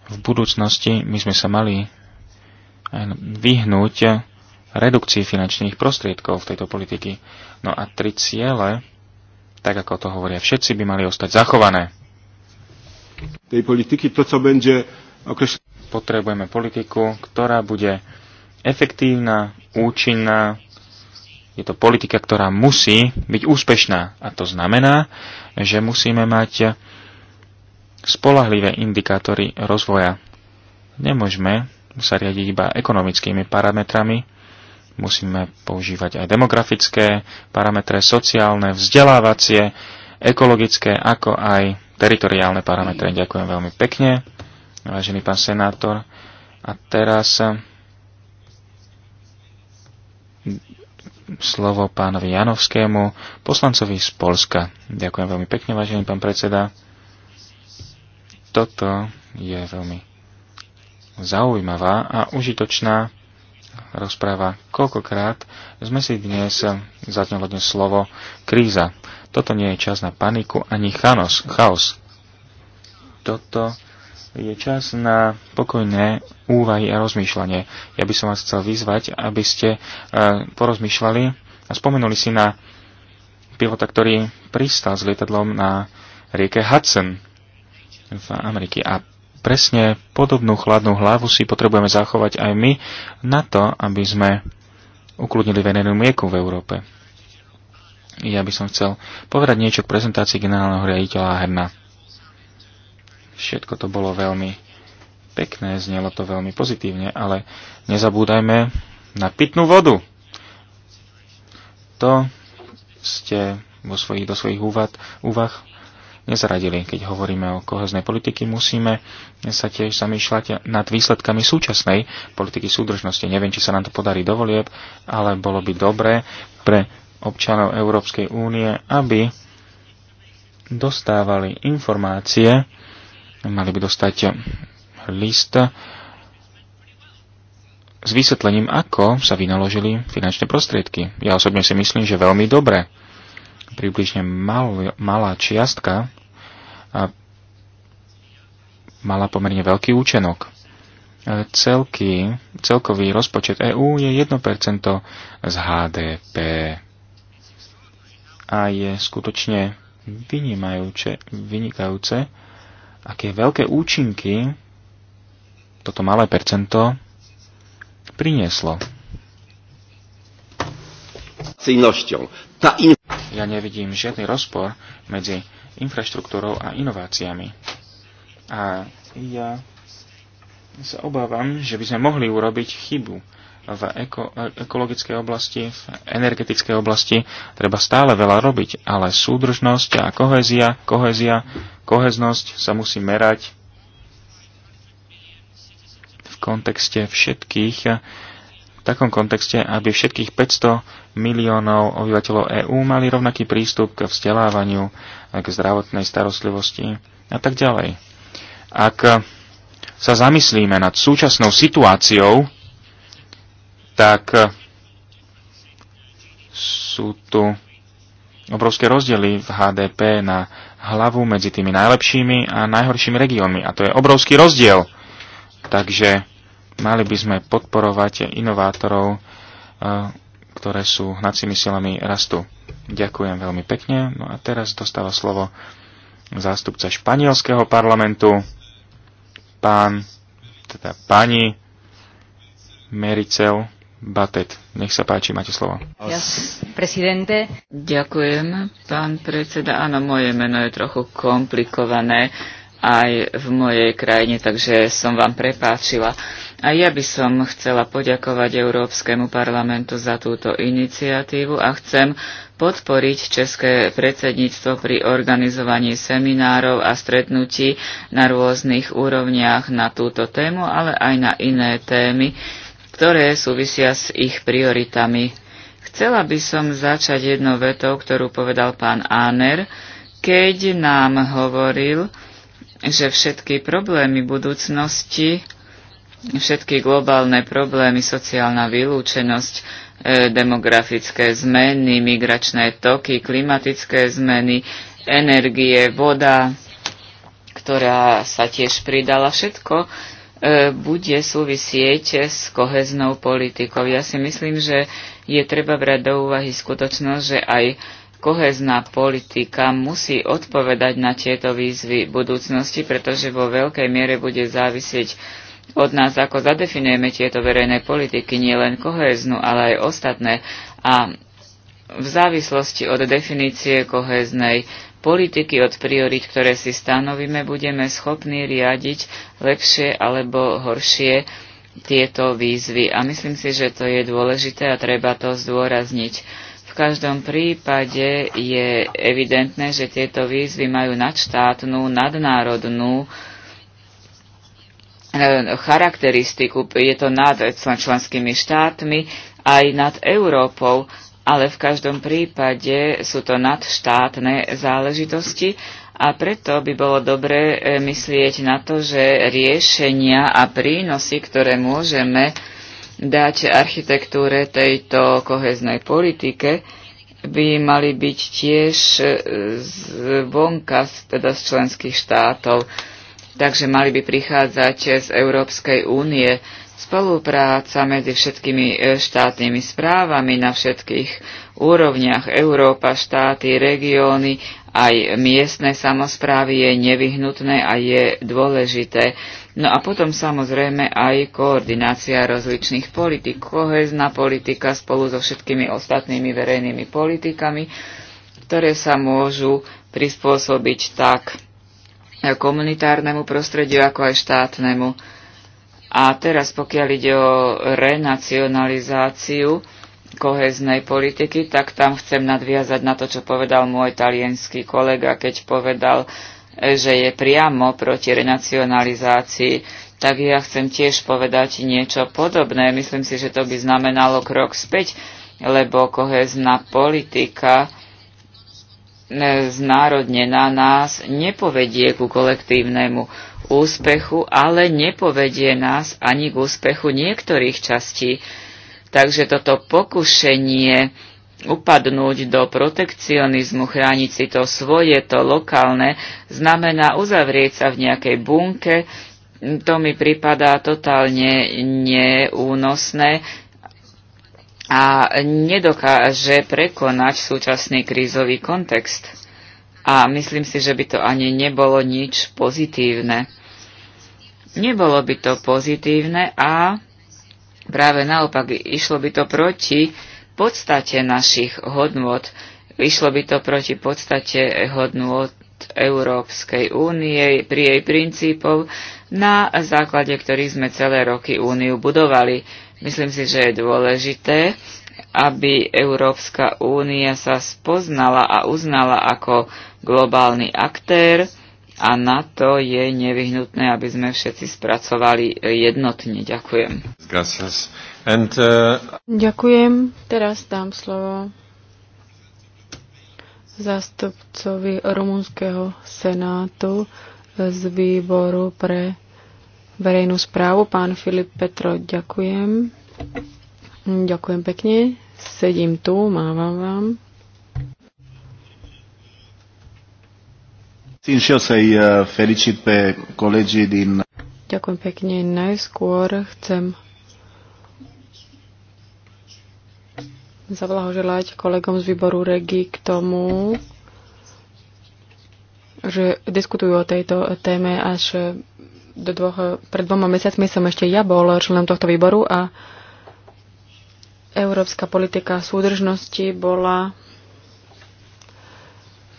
v budúcnosti my sme sa mali vyhnúť redukcii finančných prostriedkov v tejto politiky. No a tri ciele, tak ako to hovoria všetci, by mali ostať zachované. Tej politiky to, co bude Potrebujeme politiku, ktorá bude efektívna, účinná. Je to politika, ktorá musí byť úspešná. A to znamená, že musíme mať spolahlivé indikátory rozvoja. Nemôžeme sa riadiť iba ekonomickými parametrami, musíme používať aj demografické parametre, sociálne, vzdelávacie, ekologické, ako aj teritoriálne parametre. Ďakujem veľmi pekne, vážený pán senátor. A teraz slovo pánovi Janovskému, poslancovi z Polska. Ďakujem veľmi pekne, vážený pán predseda. Toto je veľmi zaujímavá a užitočná rozpráva. Koľkokrát sme si dnes zaznelo dnes slovo kríza. Toto nie je čas na paniku ani chaos. chaos. Toto je čas na pokojné úvahy a rozmýšľanie. Ja by som vás chcel vyzvať, aby ste e, porozmýšľali a spomenuli si na pilota, ktorý pristal s lietadlom na rieke Hudson v Amerike a presne podobnú chladnú hlavu si potrebujeme zachovať aj my na to, aby sme ukludnili venenú mieku v Európe. Ja by som chcel povedať niečo k prezentácii generálneho riaditeľa Herna. Všetko to bolo veľmi pekné, znelo to veľmi pozitívne, ale nezabúdajme na pitnú vodu. To ste vo svojich, do svojich úvah nezradili. Keď hovoríme o kohoznej politiky, musíme sa tiež zamýšľať nad výsledkami súčasnej politiky súdržnosti. Neviem, či sa nám to podarí dovolieb, ale bolo by dobré pre občanov Európskej únie, aby dostávali informácie, mali by dostať list s vysvetlením, ako sa vynaložili finančné prostriedky. Ja osobne si myslím, že veľmi dobre približne mal, malá čiastka a mala pomerne veľký účenok. E, celky, celkový rozpočet EÚ je 1% z HDP a je skutočne vynikajúce, aké veľké účinky toto malé percento prinieslo. Ja nevidím žiadny rozpor medzi infraštruktúrou a inováciami. A ja sa obávam, že by sme mohli urobiť chybu v eko, ekologickej oblasti, v energetickej oblasti. Treba stále veľa robiť, ale súdržnosť a kohézia, kohézia, koheznosť sa musí merať v kontexte všetkých takom kontexte, aby všetkých 500 miliónov obyvateľov EÚ mali rovnaký prístup k vzdelávaniu, k zdravotnej starostlivosti a tak ďalej. Ak sa zamyslíme nad súčasnou situáciou, tak sú tu obrovské rozdiely v HDP na hlavu medzi tými najlepšími a najhoršími regiónmi. A to je obrovský rozdiel. Takže Mali by sme podporovať inovátorov, eh, ktoré sú hnacími silami rastu. Ďakujem veľmi pekne. No a teraz dostáva slovo zástupca španielského parlamentu, pán, teda pani Mericel Batet. Nech sa páči, máte slovo. Yes, Ďakujem, pán predseda. Áno, moje meno je trochu komplikované aj v mojej krajine, takže som vám prepáčila. A ja by som chcela poďakovať Európskemu parlamentu za túto iniciatívu a chcem podporiť České predsedníctvo pri organizovaní seminárov a stretnutí na rôznych úrovniach na túto tému, ale aj na iné témy, ktoré súvisia s ich prioritami. Chcela by som začať jednou vetou, ktorú povedal pán Áner, keď nám hovoril, že všetky problémy budúcnosti všetky globálne problémy, sociálna vylúčenosť, e, demografické zmeny, migračné toky, klimatické zmeny, energie, voda, ktorá sa tiež pridala, všetko e, bude súvisieť s koheznou politikou. Ja si myslím, že je treba brať do úvahy skutočnosť, že aj kohezná politika musí odpovedať na tieto výzvy budúcnosti, pretože vo veľkej miere bude závisieť od nás, ako zadefinujeme tieto verejné politiky, nie len kohéznu, ale aj ostatné. A v závislosti od definície kohéznej politiky, od priorit, ktoré si stanovíme, budeme schopní riadiť lepšie alebo horšie tieto výzvy. A myslím si, že to je dôležité a treba to zdôrazniť. V každom prípade je evidentné, že tieto výzvy majú nadštátnu, nadnárodnú Eh, charakteristiku, je to nad členskými štátmi, aj nad Európou, ale v každom prípade sú to nadštátne záležitosti a preto by bolo dobré eh, myslieť na to, že riešenia a prínosy, ktoré môžeme dať architektúre tejto koheznej politike, by mali byť tiež eh, zvonka, teda z členských štátov takže mali by prichádzať z Európskej únie. Spolupráca medzi všetkými e, štátnymi správami na všetkých úrovniach Európa, štáty, regióny, aj miestne samozprávy je nevyhnutné a je dôležité. No a potom samozrejme aj koordinácia rozličných politik, kohezná politika spolu so všetkými ostatnými verejnými politikami, ktoré sa môžu prispôsobiť tak komunitárnemu prostrediu, ako aj štátnemu. A teraz, pokiaľ ide o renacionalizáciu koheznej politiky, tak tam chcem nadviazať na to, čo povedal môj talianský kolega, keď povedal, že je priamo proti renacionalizácii tak ja chcem tiež povedať niečo podobné. Myslím si, že to by znamenalo krok späť, lebo kohezná politika znárodnená nás nepovedie ku kolektívnemu úspechu, ale nepovedie nás ani k úspechu niektorých častí. Takže toto pokušenie upadnúť do protekcionizmu, chrániť si to svoje, to lokálne, znamená uzavrieť sa v nejakej bunke, to mi pripadá totálne neúnosné, a nedokáže prekonať súčasný krízový kontext. A myslím si, že by to ani nebolo nič pozitívne. Nebolo by to pozitívne a práve naopak išlo by to proti podstate našich hodnot. Išlo by to proti podstate hodnot Európskej únie, pri jej princípov, na základe ktorých sme celé roky úniu budovali Myslím si, že je dôležité, aby Európska únia sa spoznala a uznala ako globálny aktér a na to je nevyhnutné, aby sme všetci spracovali jednotne. Ďakujem. And, uh... Ďakujem. Teraz dám slovo zástupcovi Rumunského senátu z výboru pre verejnú správu. Pán Filip Petro, ďakujem. Ďakujem pekne. Sedím tu, mávam vám. Eh, ďakujem pekne. Najskôr chcem zablahoželať kolegom z výboru REGI k tomu, že diskutujú o tejto téme až do dvoch, pred dvoma mesiacmi som ešte ja bol členom tohto výboru a európska politika súdržnosti bola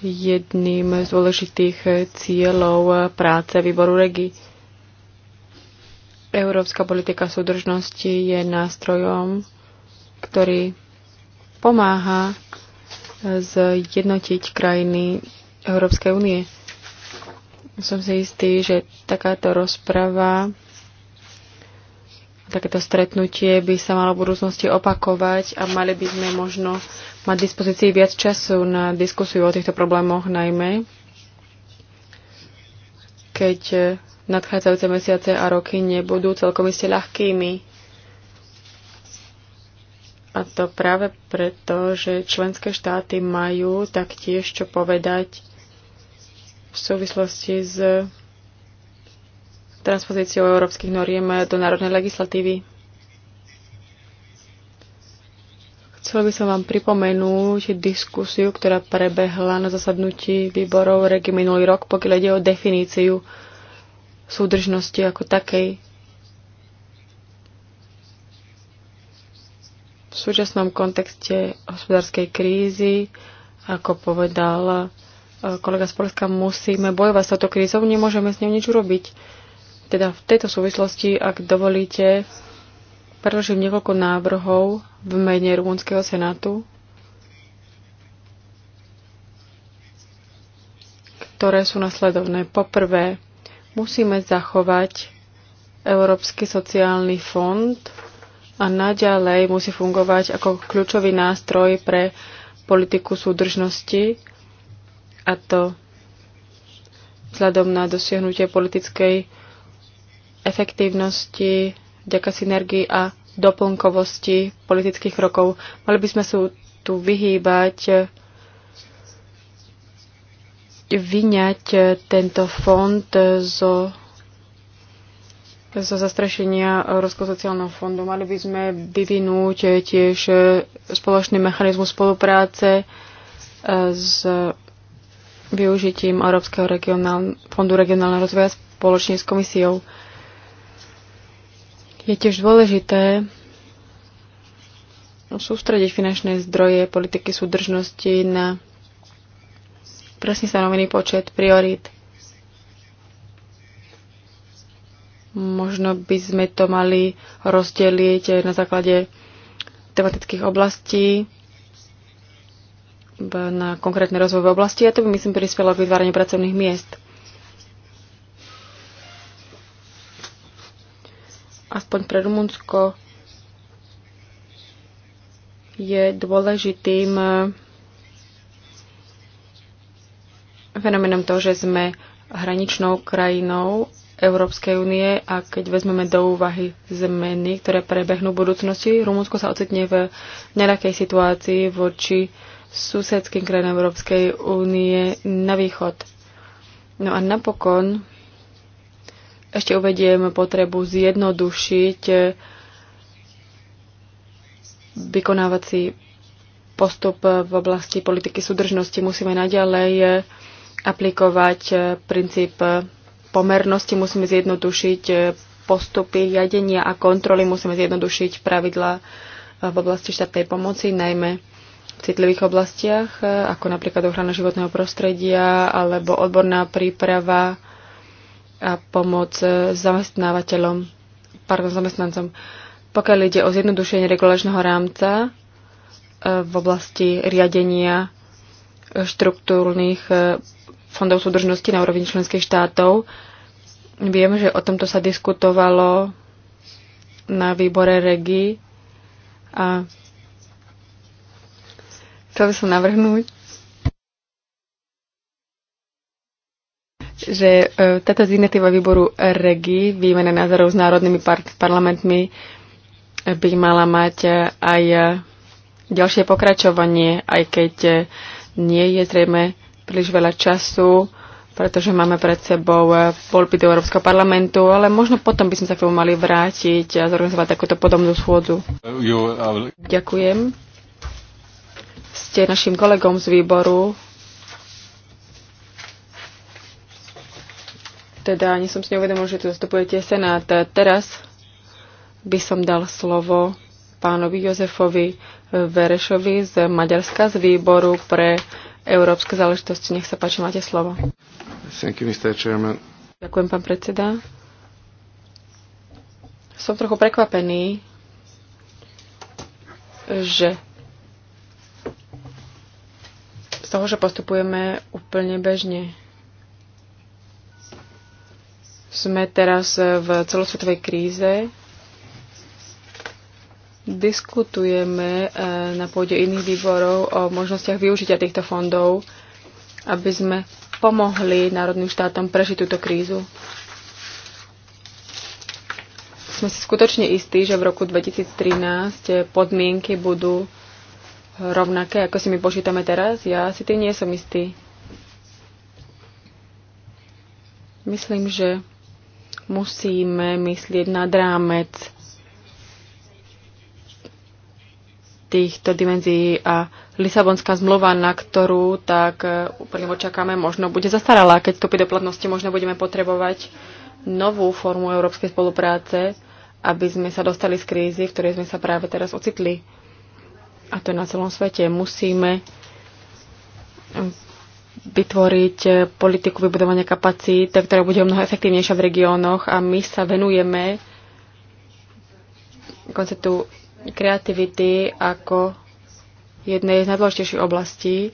jedným z dôležitých cieľov práce výboru REGI. Európska politika súdržnosti je nástrojom, ktorý pomáha zjednotiť krajiny Európskej únie. Som si istý, že takáto rozprava, takéto stretnutie by sa malo v budúcnosti opakovať a mali by sme možno mať dispozícii viac času na diskusiu o týchto problémoch, najmä keď nadchádzajúce mesiace a roky nebudú celkom iste ľahkými. A to práve preto, že členské štáty majú taktiež čo povedať v súvislosti s transpozíciou európskych noriem do národnej legislatívy. Chcel by som vám pripomenúť diskusiu, ktorá prebehla na zasadnutí výborov regi minulý rok, pokiaľ ide o definíciu súdržnosti ako takej. V súčasnom kontexte hospodárskej krízy, ako povedal kolega z Polska, musíme bojovať s touto krízou, nemôžeme s ňou nič urobiť. Teda v tejto súvislosti, ak dovolíte, predložím niekoľko návrhov v mene Rumunského senátu, ktoré sú nasledovné. Poprvé, musíme zachovať Európsky sociálny fond a naďalej musí fungovať ako kľúčový nástroj pre politiku súdržnosti a to vzhľadom na dosiahnutie politickej efektívnosti, vďaka synergii a doplnkovosti politických rokov. Mali by sme sa tu vyhýbať vyňať tento fond zo, zo zastrešenia Európskeho sociálneho fondu. Mali by sme vyvinúť tiež spoločný mechanizmus spolupráce s využitím Európskeho regionál, fondu regionálneho rozvoja spoločne s komisiou. Je tiež dôležité sústrediť finančné zdroje politiky súdržnosti na presne stanovený počet priorít. Možno by sme to mali rozdeliť na základe tematických oblastí na konkrétne rozvojové oblasti a to by myslím prispelo k vytváraniu pracovných miest. Aspoň pre Rumunsko je dôležitým eh, fenomenom to, že sme hraničnou krajinou Európskej únie a keď vezmeme do úvahy zmeny, ktoré prebehnú v budúcnosti, Rumunsko sa ocitne v nejakej situácii voči susedským krajinám Európskej únie na východ. No a napokon ešte uvediem potrebu zjednodušiť eh, vykonávací postup v oblasti politiky súdržnosti. Musíme naďalej eh, aplikovať eh, princíp pomernosti, musíme zjednodušiť postupy jadenia a kontroly, musíme zjednodušiť pravidla v oblasti štátnej pomoci, najmä citlivých oblastiach, e, ako napríklad ochrana životného prostredia alebo odborná príprava a pomoc e, zamestnávateľom, pardon, zamestnancom. Pokiaľ ide o zjednodušenie regulačného rámca e, v oblasti riadenia štruktúrnych fondov súdržnosti na úrovni členských štátov, viem, že o tomto sa diskutovalo na výbore REGI a chcela by som navrhnúť, že e, táto z výboru REGI, výmena názorov s národnými par- parlamentmi, e, by mala mať e, aj ďalšie pokračovanie, aj keď nie je zrejme príliš veľa času, pretože máme pred sebou voľby do Európskeho parlamentu, ale možno potom by sme sa k tomu mali vrátiť a zorganizovať takúto podobnú schôdzu. Ďakujem ste našim kolegom z výboru. Teda ani som si neuvedomil, že tu zastupujete Senát. Teraz by som dal slovo pánovi Jozefovi Verešovi z Maďarska z výboru pre európske záležitosti. Nech sa páči, máte slovo. Thank you, Mr. Chairman. Ďakujem, pán predseda. Som trochu prekvapený, že z toho, že postupujeme úplne bežne. Sme teraz v celosvetovej kríze. Diskutujeme e, na pôde iných výborov o možnostiach využitia týchto fondov, aby sme pomohli národným štátom prežiť túto krízu. Sme si skutočne istí, že v roku 2013 podmienky budú rovnaké, ako si my počítame teraz? Ja si tým nie som istý. Myslím, že musíme myslieť na rámec týchto dimenzií a Lisabonská zmluva, na ktorú tak e, úplne očakáme, možno bude zastaralá. Keď vstúpi do platnosti, možno budeme potrebovať novú formu európskej spolupráce, aby sme sa dostali z krízy, v ktorej sme sa práve teraz ocitli a to je na celom svete, musíme vytvoriť politiku vybudovania kapacít, ktorá bude mnoho efektívnejšia v regiónoch a my sa venujeme konceptu kreativity ako jednej z najdôležitejších oblastí.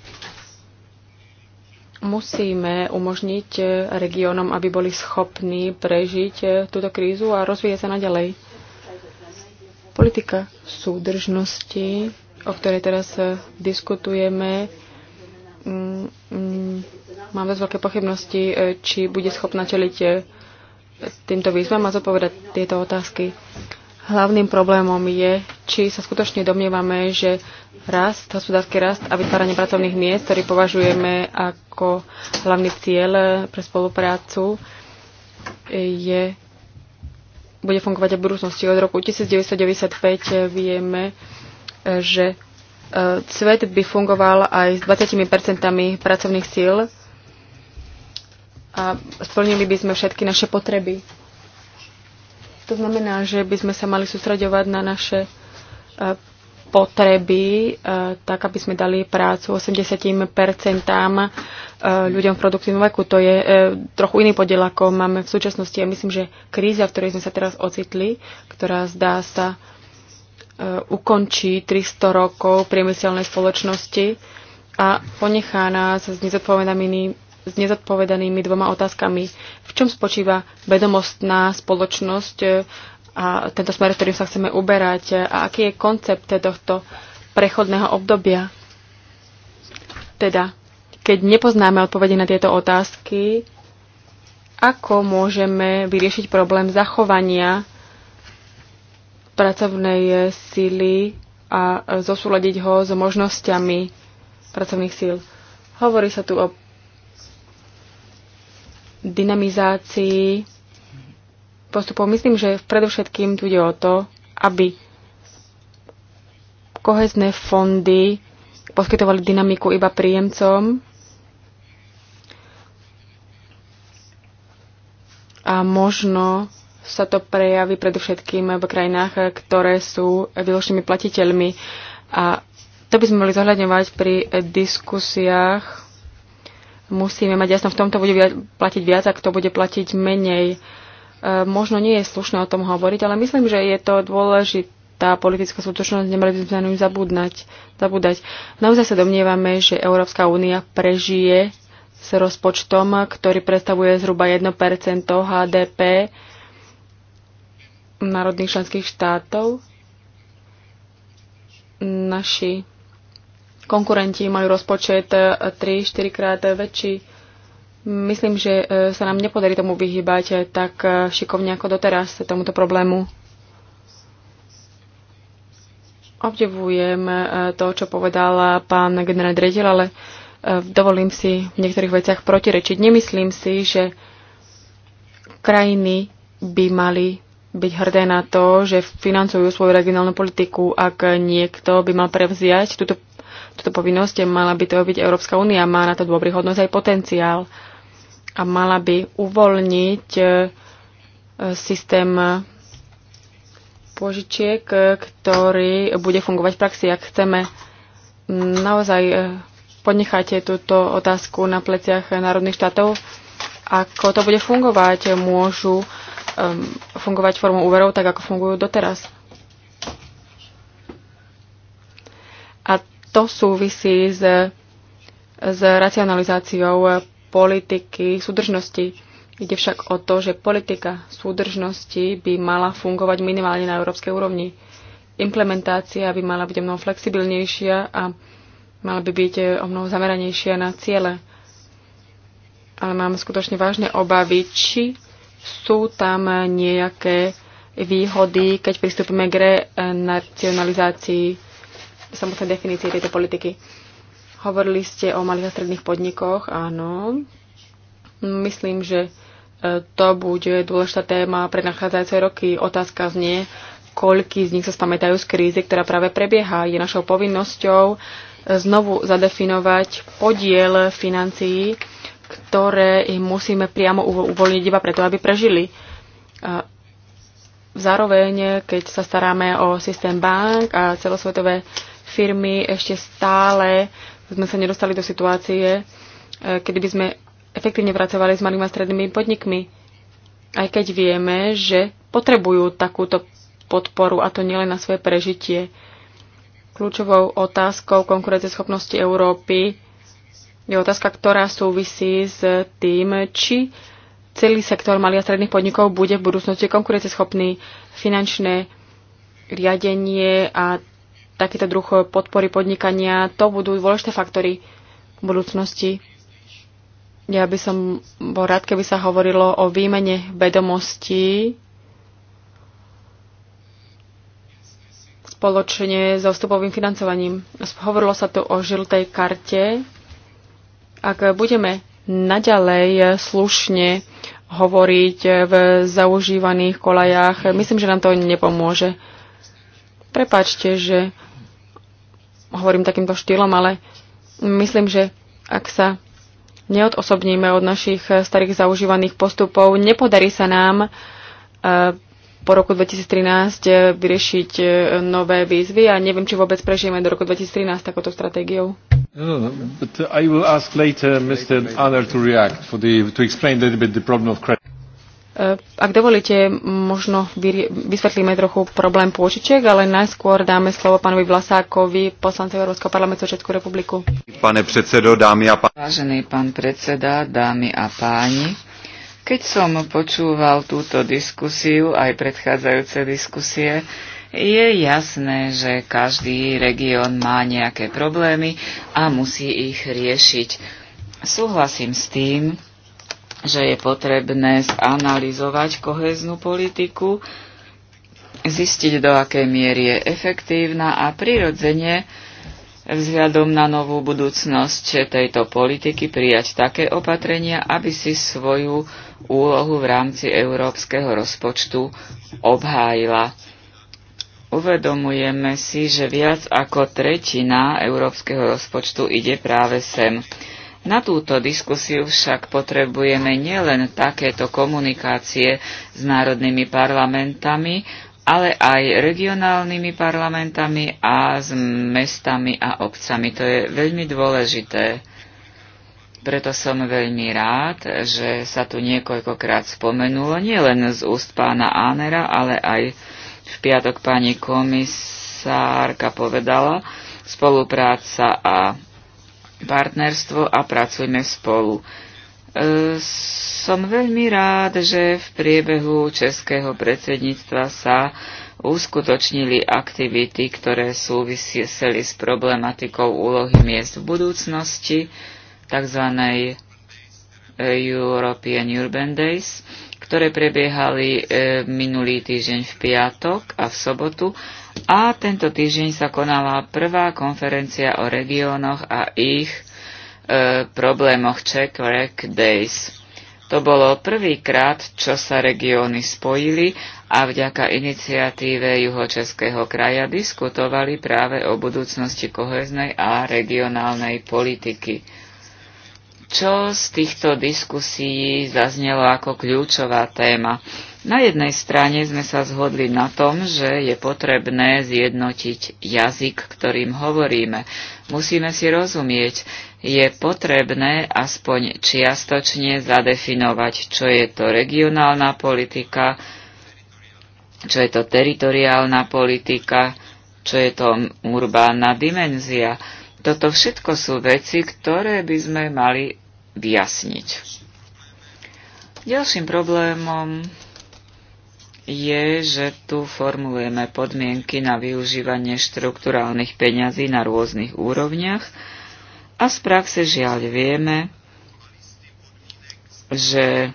Musíme umožniť regiónom, aby boli schopní prežiť túto krízu a rozvíjať sa naďalej. Politika súdržnosti o ktorej teraz e, diskutujeme, mm, mm, mám dosť veľké pochybnosti, e, či bude schopná čeliť e, týmto výzvam a zodpovedať tieto otázky. Hlavným problémom je, či sa skutočne domnievame, že rast, hospodársky rast a vytváranie pracovných miest, ktorý považujeme ako hlavný cieľ pre spoluprácu, je, bude fungovať aj v budúcnosti. Od roku 1995 vieme, že e, svet by fungoval aj s 20% pracovných síl a splnili by sme všetky naše potreby. To znamená, že by sme sa mali sústraďovať na naše e, potreby, e, tak aby sme dali prácu 80% ľuďom v produktívnom veku. To je trochu iný podiel, ako máme v súčasnosti. Ja myslím, že kríza, v ktorej sme sa teraz ocitli, ktorá zdá sa E, ukončí 300 rokov priemyselnej spoločnosti a ponechá nás s nezodpovedanými, s nezodpovedanými dvoma otázkami. V čom spočíva vedomostná spoločnosť e, a tento smer, ktorým sa chceme uberať e, a aký je koncept tohto prechodného obdobia. Teda, keď nepoznáme odpovede na tieto otázky, ako môžeme vyriešiť problém zachovania pracovnej eh, síly a eh, zosúľadiť ho s možnosťami pracovných síl. Hovorí sa tu o dynamizácii postupov. Myslím, že predovšetkým tu ide o to, aby kohezné fondy poskytovali dynamiku iba príjemcom a možno sa to prejaví predovšetkým v krajinách, ktoré sú výločnými platiteľmi. A to by sme mali zohľadňovať pri diskusiách. Musíme mať jasno, v tomto bude platiť viac a kto bude platiť menej. E, možno nie je slušné o tom hovoriť, ale myslím, že je to dôležitá politická skutočnosť, nemali by sme na ňu zabúdať. zabúdať. Naozaj sa domnievame, že Európska únia prežije s rozpočtom, ktorý predstavuje zhruba 1% HDP národných členských štátov naši konkurenti majú rozpočet 3-4 krát väčší. Myslím, že e, sa nám nepodarí tomu vyhybať e, tak e, šikovne ako doteraz tomuto problému. Obdivujem to, čo povedal pán generál Dredil, ale dovolím si v niektorých veciach protirečiť. Nemyslím si, že krajiny by mali byť hrdé na to, že financujú svoju regionálnu politiku. Ak niekto by mal prevziať túto, túto povinnosť, mala by to byť Európska únia, má na to dobrý hodnosť aj potenciál a mala by uvoľniť e, systém požičiek, ktorý bude fungovať v praxi. Ak chceme naozaj e, ponechať túto otázku na pleciach národných štátov, ako to bude fungovať, môžu um, fungovať formou úverov tak, ako fungujú doteraz. A to súvisí s, s racionalizáciou politiky súdržnosti. Ide však o to, že politika súdržnosti by mala fungovať minimálne na európskej úrovni. Implementácia by mala byť o mnoho flexibilnejšia a mala by byť o mnoho zameranejšia na ciele. Ale mám skutočne vážne obavy, či sú tam nejaké výhody, keď pristúpime k renacionalizácii samotnej definície tejto politiky? Hovorili ste o malých a stredných podnikoch, áno. Myslím, že e, to bude dôležitá téma pre nachádzajúce roky. Otázka znie, koľky z nich sa spamätajú z krízy, ktorá práve prebieha. Je našou povinnosťou e, znovu zadefinovať podiel financií ktoré im musíme priamo uvoľniť iba preto, aby prežili. Zároveň, keď sa staráme o systém bank a celosvetové firmy, ešte stále sme sa nedostali do situácie, e, kedy by sme efektívne pracovali s malými a strednými podnikmi. Aj keď vieme, že potrebujú takúto podporu, a to nielen na svoje prežitie. Kľúčovou otázkou konkurenceschopnosti Európy je otázka, ktorá súvisí s tým, či celý sektor malých a stredných podnikov bude v budúcnosti konkurenceschopný. Finančné riadenie a takýto druh podpory podnikania, to budú dôležité faktory v budúcnosti. Ja by som bol rád, keby sa hovorilo o výmene vedomostí spoločne so vstupovým financovaním. Hovorilo sa tu o žiltej karte ak budeme naďalej slušne hovoriť v zaužívaných kolajách, myslím, že nám to nepomôže. Prepačte, že hovorím takýmto štýlom, ale myslím, že ak sa neodosobníme od našich starých zaužívaných postupov, nepodarí sa nám e, po roku 2013 e, vyriešiť e, nové výzvy a neviem, či vôbec prežijeme do roku 2013 takouto stratégiou. Uh, uh, I will ask later Mr. Anner to react for the, to explain a little bit the problem of credit. Uh, ak dovolíte, možno vysvetlíme trochu problém pôžičiek, ale najskôr dáme slovo pánovi Vlasákovi, poslancovi Európskeho parlamentu Českú republiku. Pane predsedo, dámy a páni. Vážený pán predseda, dámy a páni, keď som počúval túto diskusiu, aj predchádzajúce diskusie, je jasné, že každý región má nejaké problémy a musí ich riešiť. Súhlasím s tým, že je potrebné zanalizovať koheznú politiku, zistiť, do akej miery je efektívna a prirodzene vzhľadom na novú budúcnosť tejto politiky prijať také opatrenia, aby si svoju úlohu v rámci európskeho rozpočtu obhájila. Uvedomujeme si, že viac ako tretina európskeho rozpočtu ide práve sem. Na túto diskusiu však potrebujeme nielen takéto komunikácie s národnými parlamentami, ale aj regionálnymi parlamentami a s mestami a obcami. To je veľmi dôležité. Preto som veľmi rád, že sa tu niekoľkokrát spomenulo nielen z úst pána Ánera, ale aj v piatok pani komisárka povedala, spolupráca a partnerstvo a pracujme spolu. E, som veľmi rád, že v priebehu českého predsedníctva sa uskutočnili aktivity, ktoré súviseli s problematikou úlohy miest v budúcnosti, tzv. European Urban Days, ktoré prebiehali e, minulý týždeň v piatok a v sobotu a tento týždeň sa konala prvá konferencia o regiónoch a ich e, problémoch Czech Rec Days. To bolo prvýkrát, čo sa regióny spojili a vďaka iniciatíve Juhočeského kraja diskutovali práve o budúcnosti koheznej a regionálnej politiky. Čo z týchto diskusí zaznelo ako kľúčová téma? Na jednej strane sme sa zhodli na tom, že je potrebné zjednotiť jazyk, ktorým hovoríme. Musíme si rozumieť, je potrebné aspoň čiastočne zadefinovať, čo je to regionálna politika, čo je to teritoriálna politika, čo je to urbánna dimenzia. Toto všetko sú veci, ktoré by sme mali vyjasniť. Ďalším problémom je, že tu formulujeme podmienky na využívanie štrukturálnych peňazí na rôznych úrovniach a z praxe žiaľ vieme, že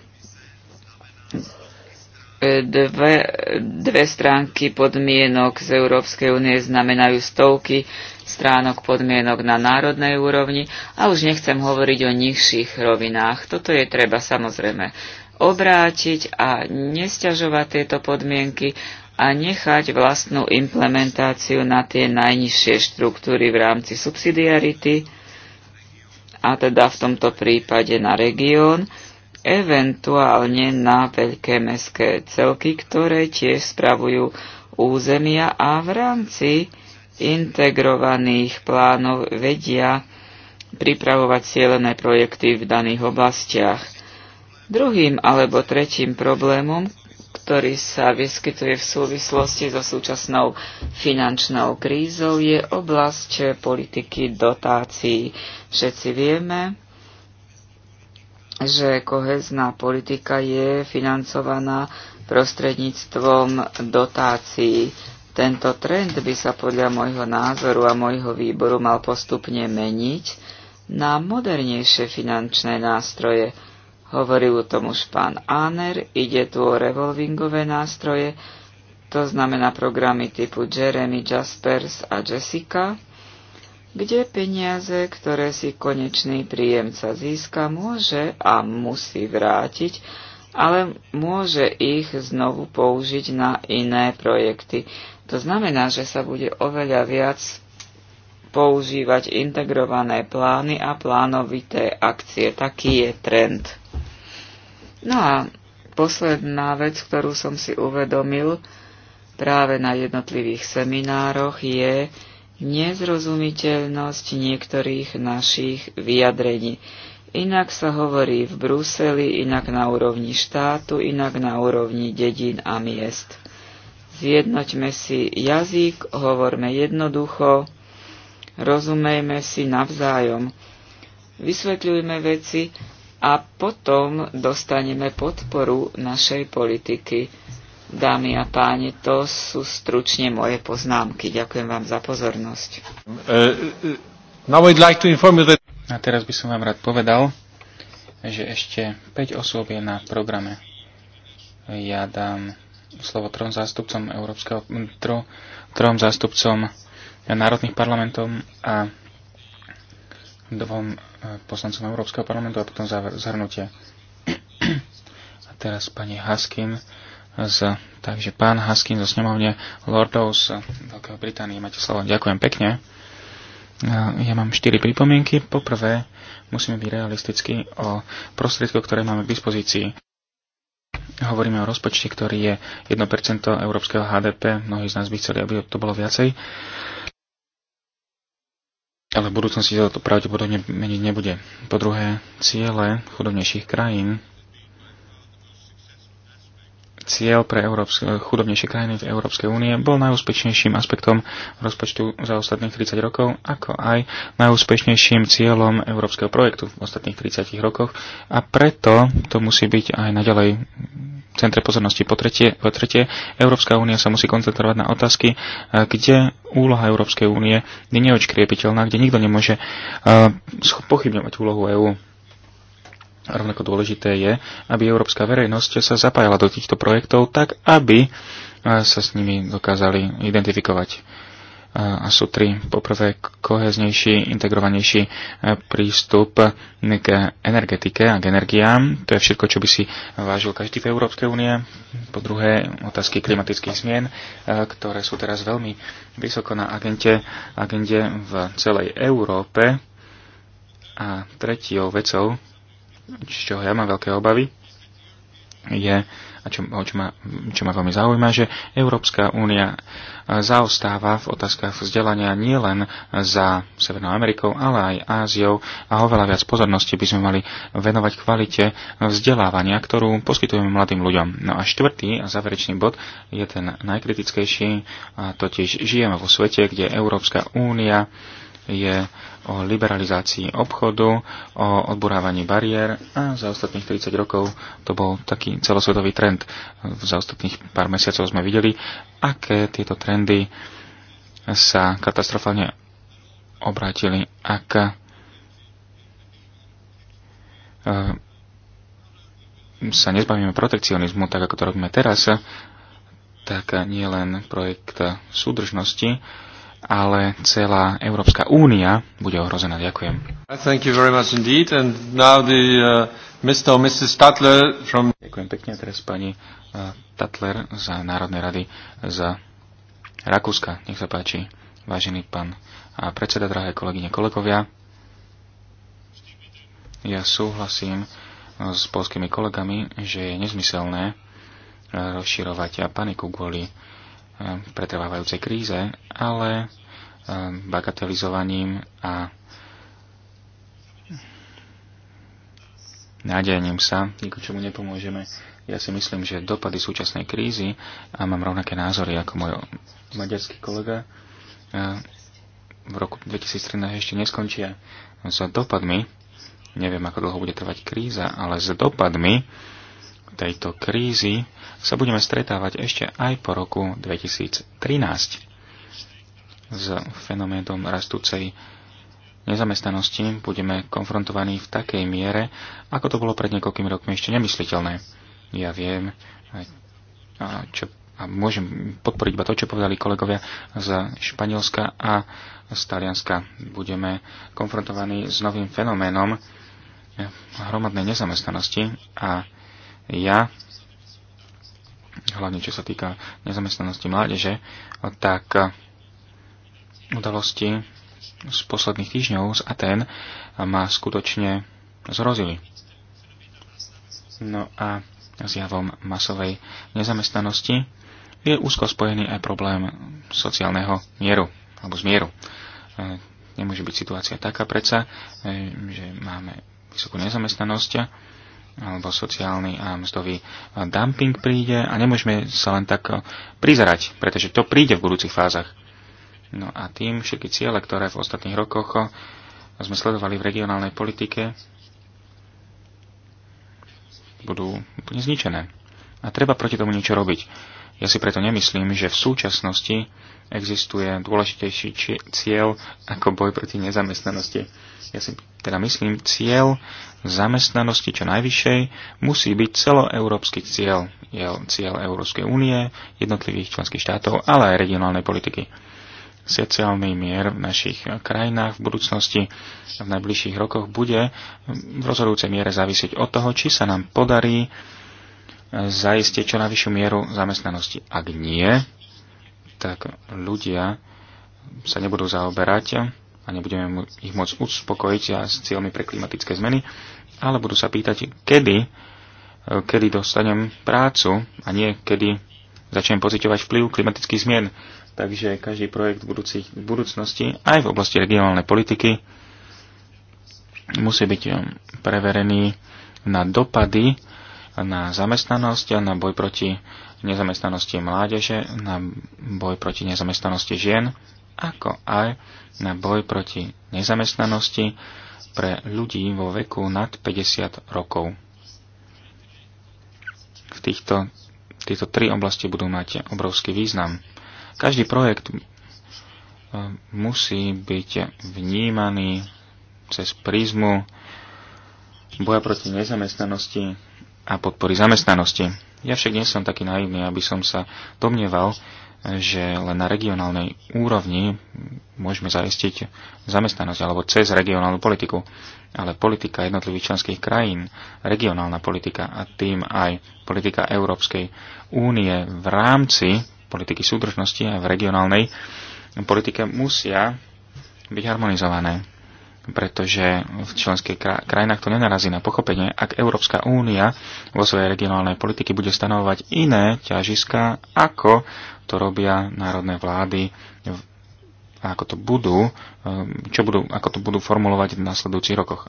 dve, dve stránky podmienok z Európskej únie znamenajú stovky stránok podmienok na národnej úrovni a už nechcem hovoriť o nižších rovinách. Toto je treba samozrejme obrátiť a nesťažovať tieto podmienky a nechať vlastnú implementáciu na tie najnižšie štruktúry v rámci subsidiarity a teda v tomto prípade na región eventuálne na veľké mestské celky, ktoré tiež spravujú územia a v rámci integrovaných plánov vedia pripravovať cieľené projekty v daných oblastiach. Druhým alebo tretím problémom, ktorý sa vyskytuje v súvislosti so súčasnou finančnou krízou, je oblasť politiky dotácií. Všetci vieme, že kohezná politika je financovaná prostredníctvom dotácií. Tento trend by sa podľa môjho názoru a môjho výboru mal postupne meniť na modernejšie finančné nástroje. Hovoril o tom už pán Áner, ide tu o revolvingové nástroje, to znamená programy typu Jeremy, Jaspers a Jessica – kde peniaze, ktoré si konečný príjemca získa, môže a musí vrátiť, ale môže ich znovu použiť na iné projekty. To znamená, že sa bude oveľa viac používať integrované plány a plánovité akcie. Taký je trend. No a posledná vec, ktorú som si uvedomil práve na jednotlivých seminároch, je, nezrozumiteľnosť niektorých našich vyjadrení. Inak sa hovorí v Bruseli, inak na úrovni štátu, inak na úrovni dedín a miest. Zjednoťme si jazyk, hovorme jednoducho, rozumejme si navzájom, vysvetľujme veci a potom dostaneme podporu našej politiky. Dámy a páni, to sú stručne moje poznámky. Ďakujem vám za pozornosť. Uh, uh, a teraz by som vám rád povedal, že ešte 5 osôb je na programe. Ja dám slovo trom zástupcom Európskeho, tro, trom zástupcom národných parlamentov a dvom eh, poslancom Európskeho parlamentu a potom zahrnutie. <clears throat> A teraz pani Haskin z, takže pán Haskin zo snemovne Lordov z eh, Veľkého Británie. Máte slovo. Ďakujem pekne. Eh, ja mám štyri pripomienky. Poprvé, musíme byť realisticky o prostriedkoch, ktoré máme k dispozícii. Hovoríme o rozpočte, ktorý je 1% európskeho HDP. Mnohí z nás by chceli, aby to bolo viacej. Ale v budúcnosti to pravdepodobne meniť nebude. Po druhé, ciele chudobnejších krajín cieľ pre Európske, chudobnejšie krajiny v Európskej únie bol najúspešnejším aspektom rozpočtu za ostatných 30 rokov, ako aj najúspešnejším cieľom európskeho projektu v ostatných 30 rokoch a preto to musí byť aj naďalej v centre pozornosti. Po tretie, po tretie, Európska únia sa musí koncentrovať na otázky, e, kde úloha Európskej únie je neočkriepiteľná, kde nikto nemôže e, pochybňovať úlohu EÚ a rovnako dôležité je, aby európska verejnosť sa zapájala do týchto projektov tak, aby sa s nimi dokázali identifikovať. A sú tri. Poprvé, koheznejší, integrovanejší prístup k energetike a k energiám. To je všetko, čo by si vážil každý v Európskej únie. Po druhé, otázky klimatických zmien, ktoré sú teraz veľmi vysoko na agente, agende v celej Európe. A tretiou vecou z čoho ja mám veľké obavy, je, a čo, čo, ma, čo ma veľmi zaujíma, že Európska únia zaostáva v otázkach vzdelania nielen za Severnou Amerikou, ale aj Áziou a oveľa viac pozornosti by sme mali venovať kvalite vzdelávania, ktorú poskytujeme mladým ľuďom. No a štvrtý a záverečný bod je ten najkritickejší, a totiž žijeme vo svete, kde Európska únia je o liberalizácii obchodu, o odburávaní bariér a za ostatných 30 rokov to bol taký celosvetový trend. Za ostatných pár mesiacov sme videli, aké tieto trendy sa katastrofálne obrátili, ak e, sa nezbavíme protekcionizmu, tak ako to robíme teraz, tak nie len projekt súdržnosti, ale celá Európska únia bude ohrozená. Ďakujem. Thank you very much indeed. And now the, uh, Mr. or Mrs. from... Ďakujem pekne teraz pani uh, Tatler za Národnej rady za Rakúska. Nech sa páči, vážený pán a predseda, drahé kolegyne, kolegovia. Ja súhlasím uh, s polskými kolegami, že je nezmyselné uh, rozširovať paniku kvôli pretrvávajúcej kríze, ale eh, bagatelizovaním a nádejaním sa čomu nepomôžeme. Ja si myslím, že dopady súčasnej krízy, a mám rovnaké názory ako môj maďarský kolega, eh, v roku 2013 ešte neskončia s dopadmi. Neviem, ako dlho bude trvať kríza, ale s dopadmi tejto krízy sa budeme stretávať ešte aj po roku 2013 s fenoménom rastúcej nezamestnanosti budeme konfrontovaní v takej miere, ako to bolo pred niekoľkými rokmi ešte nemysliteľné. Ja viem, a čo, a môžem podporiť iba to, čo povedali kolegovia z Španielska a z Talianska. Budeme konfrontovaní s novým fenoménom hromadnej nezamestnanosti a ja, hlavne čo sa týka nezamestnanosti mládeže, tak eh, udalosti z posledných týždňov z Aten ma skutočne zrozili. No a s javom masovej nezamestnanosti je úzko spojený aj problém sociálneho mieru alebo zmieru. Eh, nemôže byť situácia taká predsa, eh, že máme vysokú nezamestnanosť alebo sociálny a mzdový e, dumping príde a nemôžeme sa len tak e, prizerať, pretože to príde v budúcich fázach. No a tým všetky ciele, ktoré v ostatných rokoch e, sme sledovali v regionálnej politike, budú úplne zničené. A treba proti tomu niečo robiť. Ja si preto nemyslím, že v súčasnosti existuje dôležitejší či- cieľ ako boj proti nezamestnanosti. Ja si teda myslím, cieľ zamestnanosti čo najvyššej musí byť celoeurópsky cieľ. Je cieľ Európskej únie, jednotlivých členských štátov, ale aj regionálnej politiky. Sociálny mier v našich krajinách v budúcnosti v najbližších rokoch bude v rozhodujúcej miere závisieť od toho, či sa nám podarí zaistie čo najvyššiu mieru zamestnanosti. Ak nie, tak ľudia sa nebudú zaoberať a nebudeme ich môcť uspokojiť s cieľmi pre klimatické zmeny, ale budú sa pýtať, kedy, kedy dostanem prácu a nie kedy začnem pozitovať vplyv klimatických zmien. Takže každý projekt budúcich, v budúcnosti, aj v oblasti regionálnej politiky, musí byť eh, preverený na dopady na zamestnanosť, na boj proti nezamestnanosti mládeže, na boj proti nezamestnanosti žien, ako aj na boj proti nezamestnanosti pre ľudí vo veku nad 50 rokov. V týchto, tieto tri oblasti budú mať obrovský význam. Každý projekt e, musí byť vnímaný cez prízmu boja proti nezamestnanosti a podpory zamestnanosti. Ja však nie som taký naivný, aby som sa domnieval, že len na regionálnej úrovni môžeme zaistiť zamestnanosť alebo cez regionálnu politiku. Ale politika jednotlivých členských krajín, regionálna politika a tým aj politika Európskej únie v rámci politiky súdržnosti a v regionálnej politike musia byť harmonizované pretože v členských krajinách to nenarazí na pochopenie, ak Európska únia vo svojej regionálnej politiky bude stanovovať iné ťažiska, ako to robia národné vlády ako to budú, ehm, čo budú, ako to budú formulovať v nasledujúcich rokoch.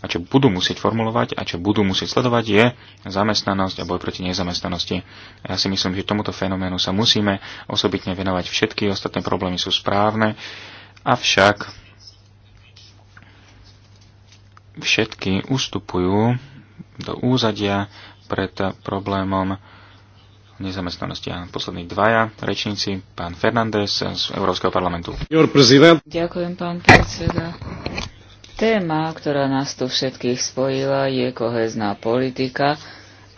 A čo budú musieť formulovať a čo budú musieť sledovať je zamestnanosť a boj proti nezamestnanosti. Ja si myslím, že tomuto fenoménu sa musíme osobitne venovať. Všetky ostatné problémy sú správne, avšak všetky ustupujú do úzadia pred problémom nezamestnanosti. A poslední dvaja rečníci, pán Fernández z Európskeho parlamentu. Ďakujem, pán predseda. Téma, ktorá nás tu všetkých spojila, je kohezná politika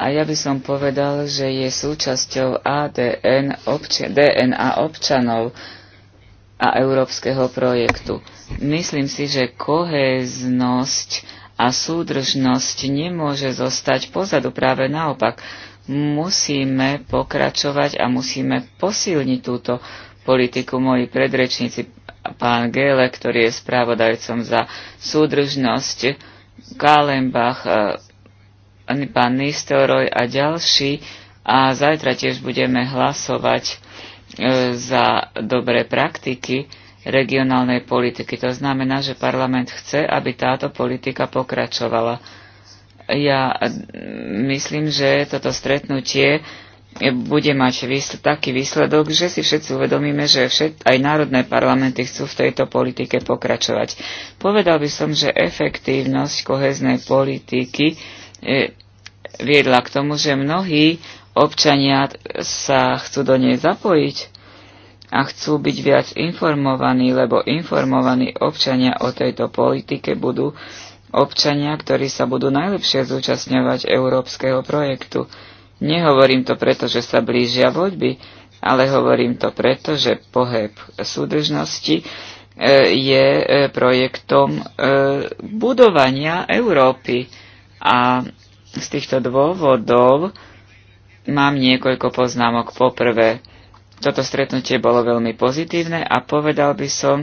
a ja by som povedal, že je súčasťou ADN obča- DNA občanov, a európskeho projektu. Myslím si, že kohéznosť a súdržnosť nemôže zostať pozadu, práve naopak. Musíme pokračovať a musíme posilniť túto politiku. Moji predrečníci, pán Gele, ktorý je správodajcom za súdržnosť, Kalembach, e, pán Nistoroj a ďalší. A zajtra tiež budeme hlasovať E, za dobré praktiky regionálnej politiky. To znamená, že parlament chce, aby táto politika pokračovala. Ja myslím, že toto stretnutie bude mať výsledok, taký výsledok, že si všetci uvedomíme, že všet, aj národné parlamenty chcú v tejto politike pokračovať. Povedal by som, že efektívnosť koheznej politiky e, viedla k tomu, že mnohí občania sa chcú do nej zapojiť a chcú byť viac informovaní, lebo informovaní občania o tejto politike budú občania, ktorí sa budú najlepšie zúčastňovať európskeho projektu. Nehovorím to preto, že sa blížia voľby, ale hovorím to preto, že pohyb súdržnosti e, je e, projektom e, budovania Európy. A z týchto dôvodov mám niekoľko poznámok. Poprvé, toto stretnutie bolo veľmi pozitívne a povedal by som,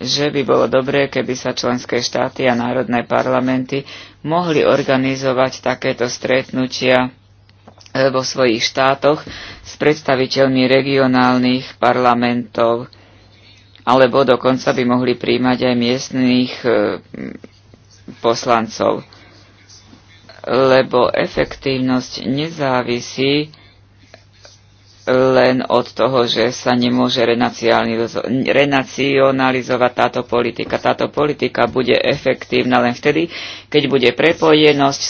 že by bolo dobré, keby sa členské štáty a národné parlamenty mohli organizovať takéto stretnutia eh, vo svojich štátoch s predstaviteľmi regionálnych parlamentov, alebo dokonca by mohli príjmať aj miestných eh, poslancov. Lebo efektívnosť nezávisí len od toho, že sa nemôže renacionalizovať táto politika. Táto politika bude efektívna len vtedy, keď bude prepojenosť,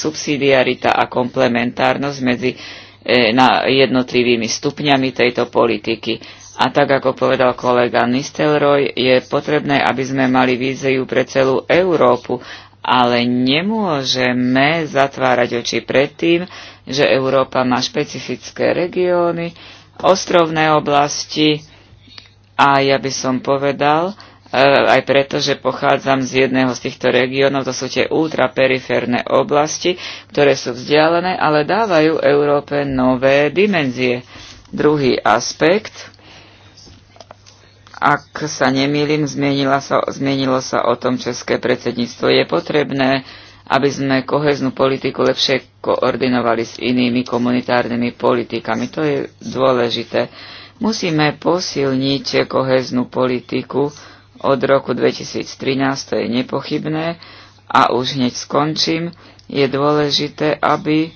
subsidiarita a komplementárnosť medzi e, na jednotlivými stupňami tejto politiky. A tak, ako povedal kolega Nistelroj, je potrebné, aby sme mali víziu pre celú Európu ale nemôžeme zatvárať oči pred tým, že Európa má špecifické regióny, ostrovné oblasti a ja by som povedal, e, aj preto, že pochádzam z jedného z týchto regiónov, to sú tie ultraperiférne oblasti, ktoré sú vzdialené, ale dávajú Európe nové dimenzie. Druhý aspekt ak sa nemýlim, sa, zmienilo sa o tom české predsedníctvo. Je potrebné, aby sme koheznú politiku lepšie koordinovali s inými komunitárnymi politikami. To je dôležité. Musíme posilniť koheznú politiku od roku 2013, to je nepochybné. A už hneď skončím. Je dôležité, aby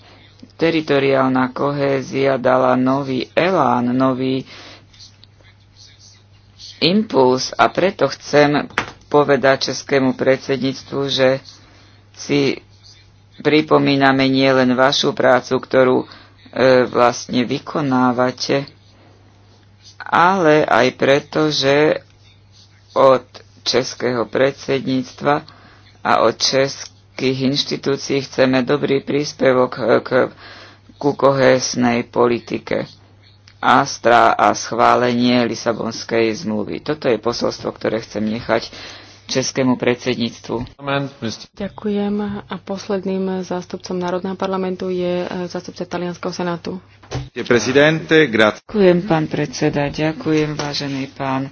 teritoriálna kohézia dala nový elán, nový impuls a preto chcem povedať českému predsedníctvu, že si pripomíname nielen vašu prácu, ktorú e, vlastne vykonávate, ale aj preto, že od českého predsedníctva a od českých inštitúcií chceme dobrý príspevok e, k, ku kohesnej politike. Astra a schválenie Lisabonskej zmluvy. Toto je posolstvo, ktoré chcem nechať českému predsedníctvu. Ďakujem. A posledným zástupcom Národného parlamentu je e, zástupca Talianského senátu. Ďakujem, pán predseda. Ďakujem, vážený pán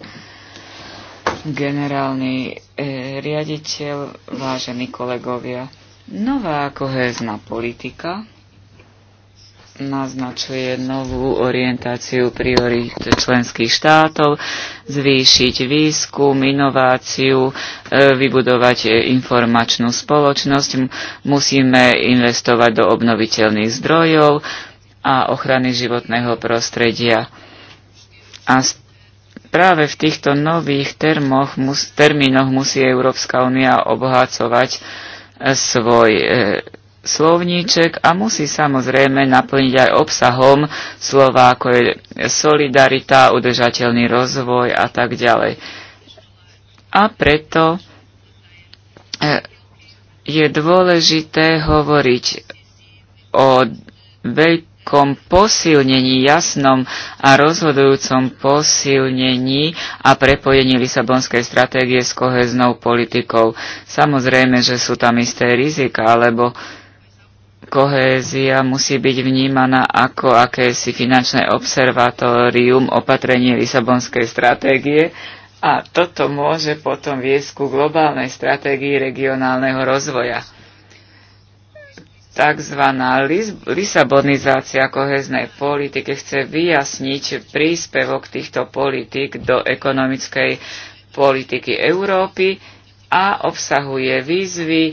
generálny e, riaditeľ, vážení kolegovia. Nová kohézna politika naznačuje novú orientáciu priorít členských štátov, zvýšiť výskum, inováciu, e, vybudovať informačnú spoločnosť. Musíme investovať do obnoviteľných zdrojov a ochrany životného prostredia. A práve v týchto nových termoch, termínoch musí Európska únia obohacovať e, svoj e, slovníček a musí samozrejme naplniť aj obsahom slova ako je solidarita, udržateľný rozvoj a tak ďalej. A preto e, je dôležité hovoriť o veľkom posilnení, jasnom a rozhodujúcom posilnení a prepojení Lisabonskej stratégie s koheznou politikou. Samozrejme, že sú tam isté rizika, alebo Kohézia musí byť vnímaná ako akési finančné observatórium opatrenie Lisabonskej stratégie a toto môže potom viesť ku globálnej stratégii regionálneho rozvoja. Takzvaná lisabonizácia koheznej politiky chce vyjasniť príspevok týchto politik do ekonomickej politiky Európy a obsahuje výzvy,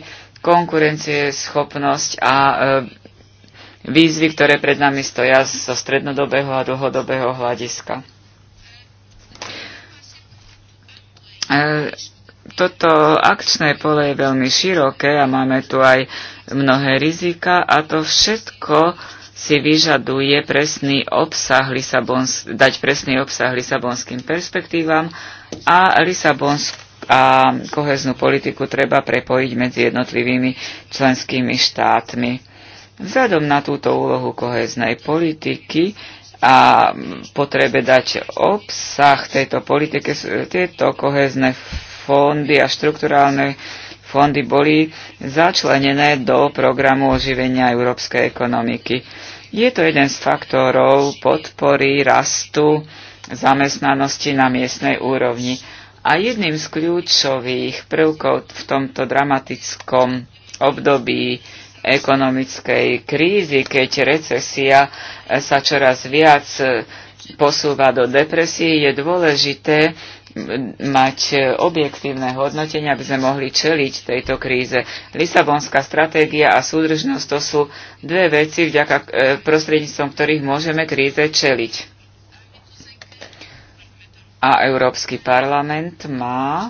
konkurencieschopnosť a e, výzvy, ktoré pred nami stoja zo strednodobého a dlhodobého hľadiska. E, toto akčné pole je veľmi široké a máme tu aj mnohé rizika a to všetko si vyžaduje presný obsah Lisabons- dať presný obsah lisabonským perspektívam a Lisabonsk- a koheznú politiku treba prepojiť medzi jednotlivými členskými štátmi. Vzhľadom na túto úlohu koheznej politiky a potrebe dať obsah tejto politike, tieto kohezné fondy a štrukturálne fondy boli začlenené do programu oživenia európskej ekonomiky. Je to jeden z faktorov podpory rastu zamestnanosti na miestnej úrovni. A jedným z kľúčových prvkov v tomto dramatickom období ekonomickej krízy, keď recesia sa čoraz viac posúva do depresie, je dôležité mať objektívne hodnotenie, aby sme mohli čeliť tejto kríze. Lisabonská stratégia a súdržnosť to sú dve veci, vďaka e, prostredníctvom ktorých môžeme kríze čeliť a Európsky parlament má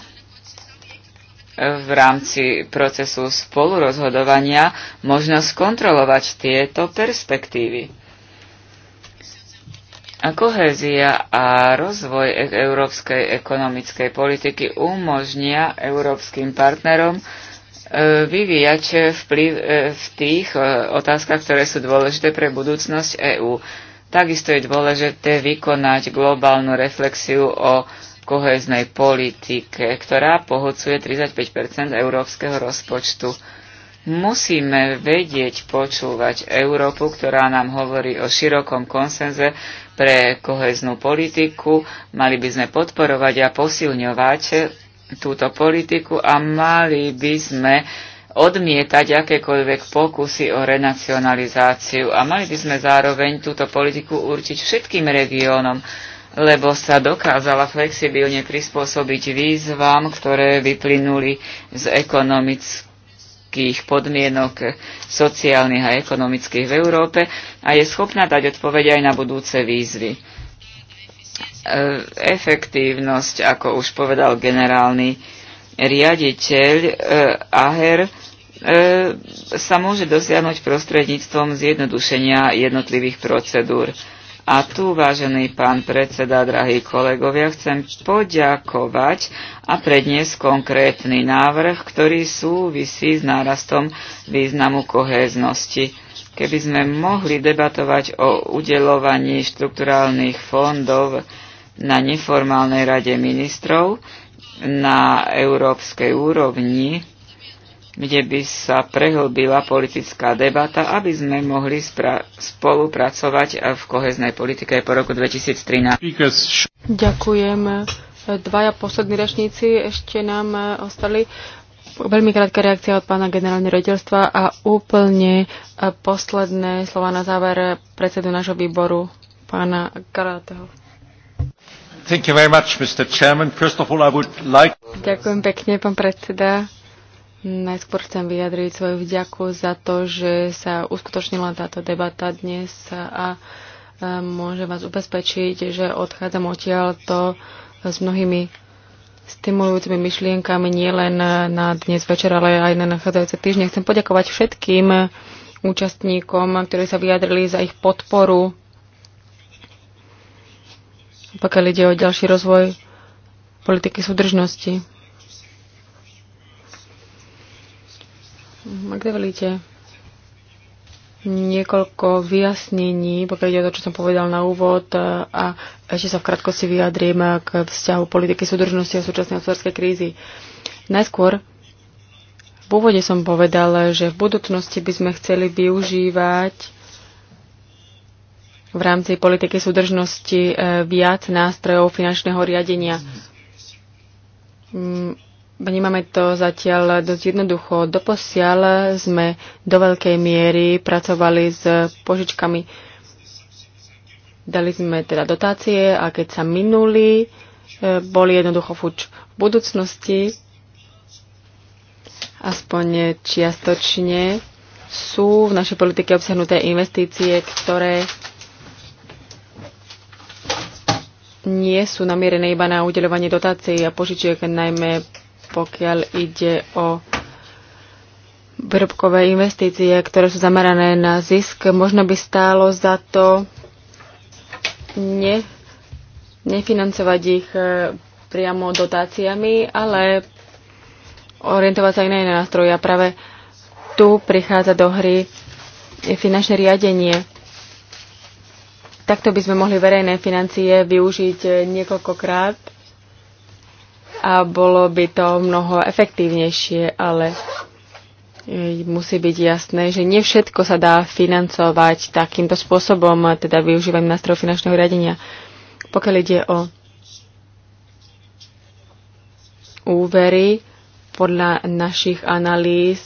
v rámci procesu spolurozhodovania možnosť kontrolovať tieto perspektívy. A kohézia a rozvoj e- európskej ekonomickej politiky umožnia európskym partnerom e, vyvíjať vplyv e, v tých otázkach, ktoré sú dôležité pre budúcnosť EÚ. Takisto je dôležité vykonať globálnu reflexiu o koheznej politike, ktorá pohodcuje 35 európskeho rozpočtu. Musíme vedieť počúvať Európu, ktorá nám hovorí o širokom konsenze pre koheznú politiku. Mali by sme podporovať a posilňovať túto politiku a mali by sme odmietať akékoľvek pokusy o renacionalizáciu a mali by sme zároveň túto politiku určiť všetkým regiónom, lebo sa dokázala flexibilne prispôsobiť výzvam, ktoré vyplynuli z ekonomických podmienok sociálnych a ekonomických v Európe a je schopná dať odpoveď aj na budúce výzvy. E, efektívnosť, ako už povedal generálny riaditeľ e, AHER, E, sa môže dosiahnuť prostredníctvom zjednodušenia jednotlivých procedúr. A tu, vážený pán predseda, drahí kolegovia, chcem poďakovať a predniesť konkrétny návrh, ktorý súvisí s nárastom významu kohéznosti. Keby sme mohli debatovať o udelovaní štrukturálnych fondov na neformálnej rade ministrov na európskej úrovni, kde by sa prehlbila politická debata, aby sme mohli spolupracovať v koheznej politike po roku 2013. Ďakujem. Dvaja poslední rečníci ešte nám ostali. Veľmi krátka reakcia od pána generálneho rodilstva a úplne posledné slova na záver predsedu nášho výboru, pána Karateho. Thank you very much, Mr. Chairman. First of all, I would like... Ďakujem pekne, pán predseda. Najskôr chcem vyjadriť svoju vďaku za to, že sa uskutočnila táto debata dnes a e, môžem vás ubezpečiť, že odchádzam odtiaľ to s mnohými stimulujúcimi myšlienkami nielen na dnes večer, ale aj na nachádzajúce týždne. Chcem poďakovať všetkým účastníkom, ktorí sa vyjadrili za ich podporu, pokiaľ ide o ďalší rozvoj politiky súdržnosti. Ak dovolíte, niekoľko vyjasnení, pokiaľ ide o to, čo som povedal na úvod e, a ešte sa v krátkosti vyjadrím k vzťahu politiky súdržnosti a súčasnej hospodárskej krízy. Najskôr v úvode som povedal, že v budúcnosti by sme chceli využívať v rámci politiky súdržnosti e, viac nástrojov finančného riadenia mm, Vnímame to zatiaľ dosť jednoducho. Doposiaľ sme do veľkej miery pracovali s požičkami. Dali sme teda dotácie a keď sa minuli, e, boli jednoducho fuč. V budúcnosti aspoň čiastočne sú v našej politike obsahnuté investície, ktoré nie sú namierené iba na udeľovanie dotácií a požičiek, najmä pokiaľ ide o výrobkové investície, ktoré sú zamerané na zisk. Možno by stálo za to ne, nefinancovať ich e, priamo dotáciami, ale orientovať sa aj iné nástroje. A práve tu prichádza do hry finančné riadenie. Takto by sme mohli verejné financie využiť e, niekoľkokrát a bolo by to mnoho efektívnejšie, ale e, musí byť jasné, že nie všetko sa dá financovať takýmto spôsobom, teda využívaním nástrojov finančného riadenia. Pokiaľ ide o úvery, podľa našich analýz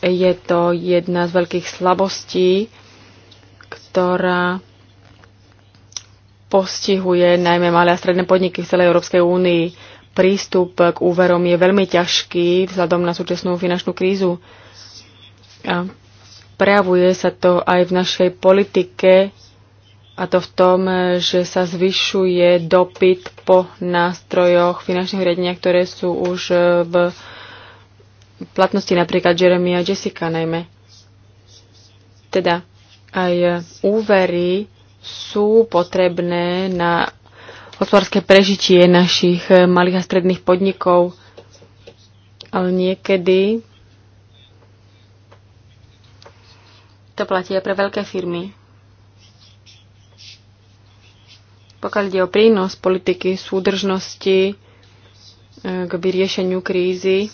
je to jedna z veľkých slabostí, ktorá postihuje najmä malé a stredné podniky v celej Európskej únii. Prístup k úverom je veľmi ťažký vzhľadom na súčasnú finančnú krízu. A prejavuje sa to aj v našej politike a to v tom, že sa zvyšuje dopyt po nástrojoch finančných riadenia, ktoré sú už e, v platnosti napríklad Jeremy a Jessica najmä. Teda aj e, úvery sú potrebné na hospodárske prežitie našich malých a stredných podnikov, ale niekedy to platí aj pre veľké firmy. Pokiaľ ide o prínos politiky súdržnosti e, k vyriešeniu krízy,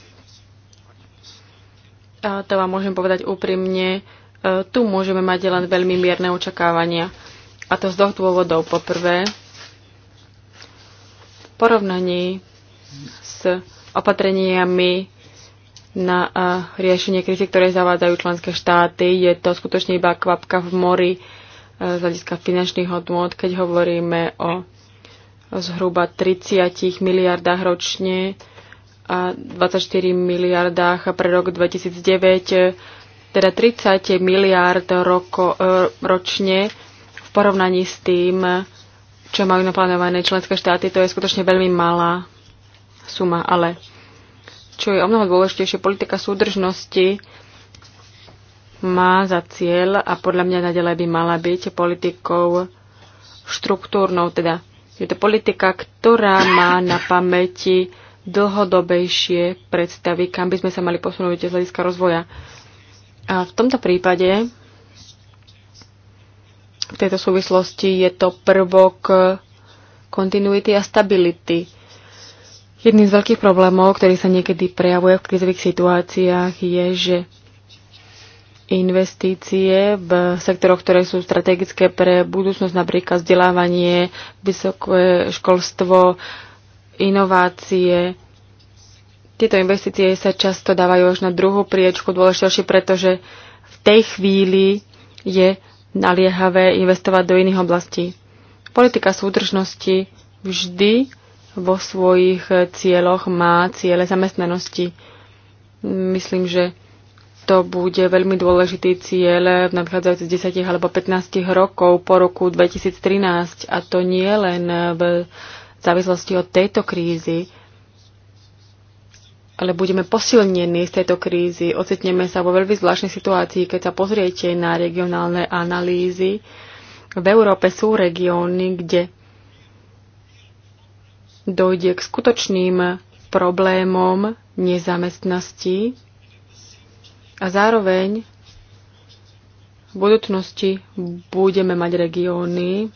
a to vám môžem povedať úprimne, e, tu môžeme mať len veľmi mierne očakávania. A to z dvoch dôvodov. Po prvé, v porovnaní s opatreniami na riešenie krízy, ktoré zavádzajú členské štáty, je to skutočne iba kvapka v mori z hľadiska finančných hodnot, keď hovoríme o zhruba 30 miliardách ročne a 24 miliardách pre rok 2009, teda 30 miliard roko, e, ročne v porovnaní s tým, čo majú naplánované členské štáty, to je skutočne veľmi malá suma, ale čo je o mnoho dôležitejšie, politika súdržnosti má za cieľ a podľa mňa nadalej by mala byť politikou štruktúrnou, teda je to politika, ktorá má na pamäti dlhodobejšie predstavy, kam by sme sa mali posunúť z hľadiska rozvoja. A v tomto prípade v tejto súvislosti je to prvok kontinuity a stability. Jedným z veľkých problémov, ktorý sa niekedy prejavuje v krizových situáciách, je, že investície v sektoroch, ktoré sú strategické pre budúcnosť, napríklad vzdelávanie, vysoké školstvo, inovácie. Tieto investície sa často dávajú až na druhú priečku, dôležitejšie, pretože v tej chvíli je naliehavé investovať do iných oblastí. Politika súdržnosti vždy vo svojich cieľoch má ciele zamestnanosti. Myslím, že to bude veľmi dôležitý cieľ v nadchádzajúcich 10 alebo 15 rokov po roku 2013 a to nie len v závislosti od tejto krízy, ale budeme posilnení z tejto krízy. Ocitneme sa vo veľmi zvláštnej situácii, keď sa pozriete na regionálne analýzy. V Európe sú regióny, kde dojde k skutočným problémom nezamestnosti a zároveň v budúcnosti budeme mať regióny,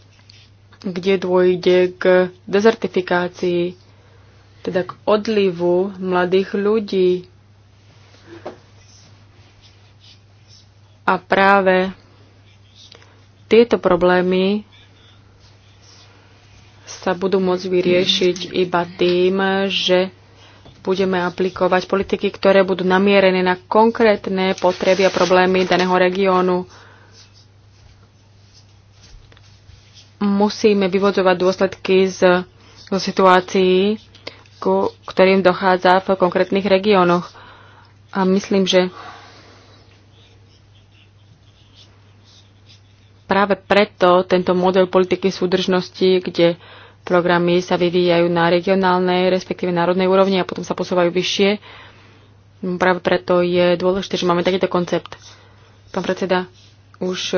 kde dôjde k dezertifikácii teda k odlivu mladých ľudí. A práve tieto problémy sa budú môcť vyriešiť iba tým, že budeme aplikovať politiky, ktoré budú namierené na konkrétne potreby a problémy daného regiónu. Musíme vyvodzovať dôsledky z, z situácií, ku ktorým dochádza v konkrétnych regiónoch. A myslím, že práve preto tento model politiky súdržnosti, kde programy sa vyvíjajú na regionálnej, respektíve národnej úrovni a potom sa posúvajú vyššie. Práve preto je dôležité, že máme takýto koncept. Pán predseda, už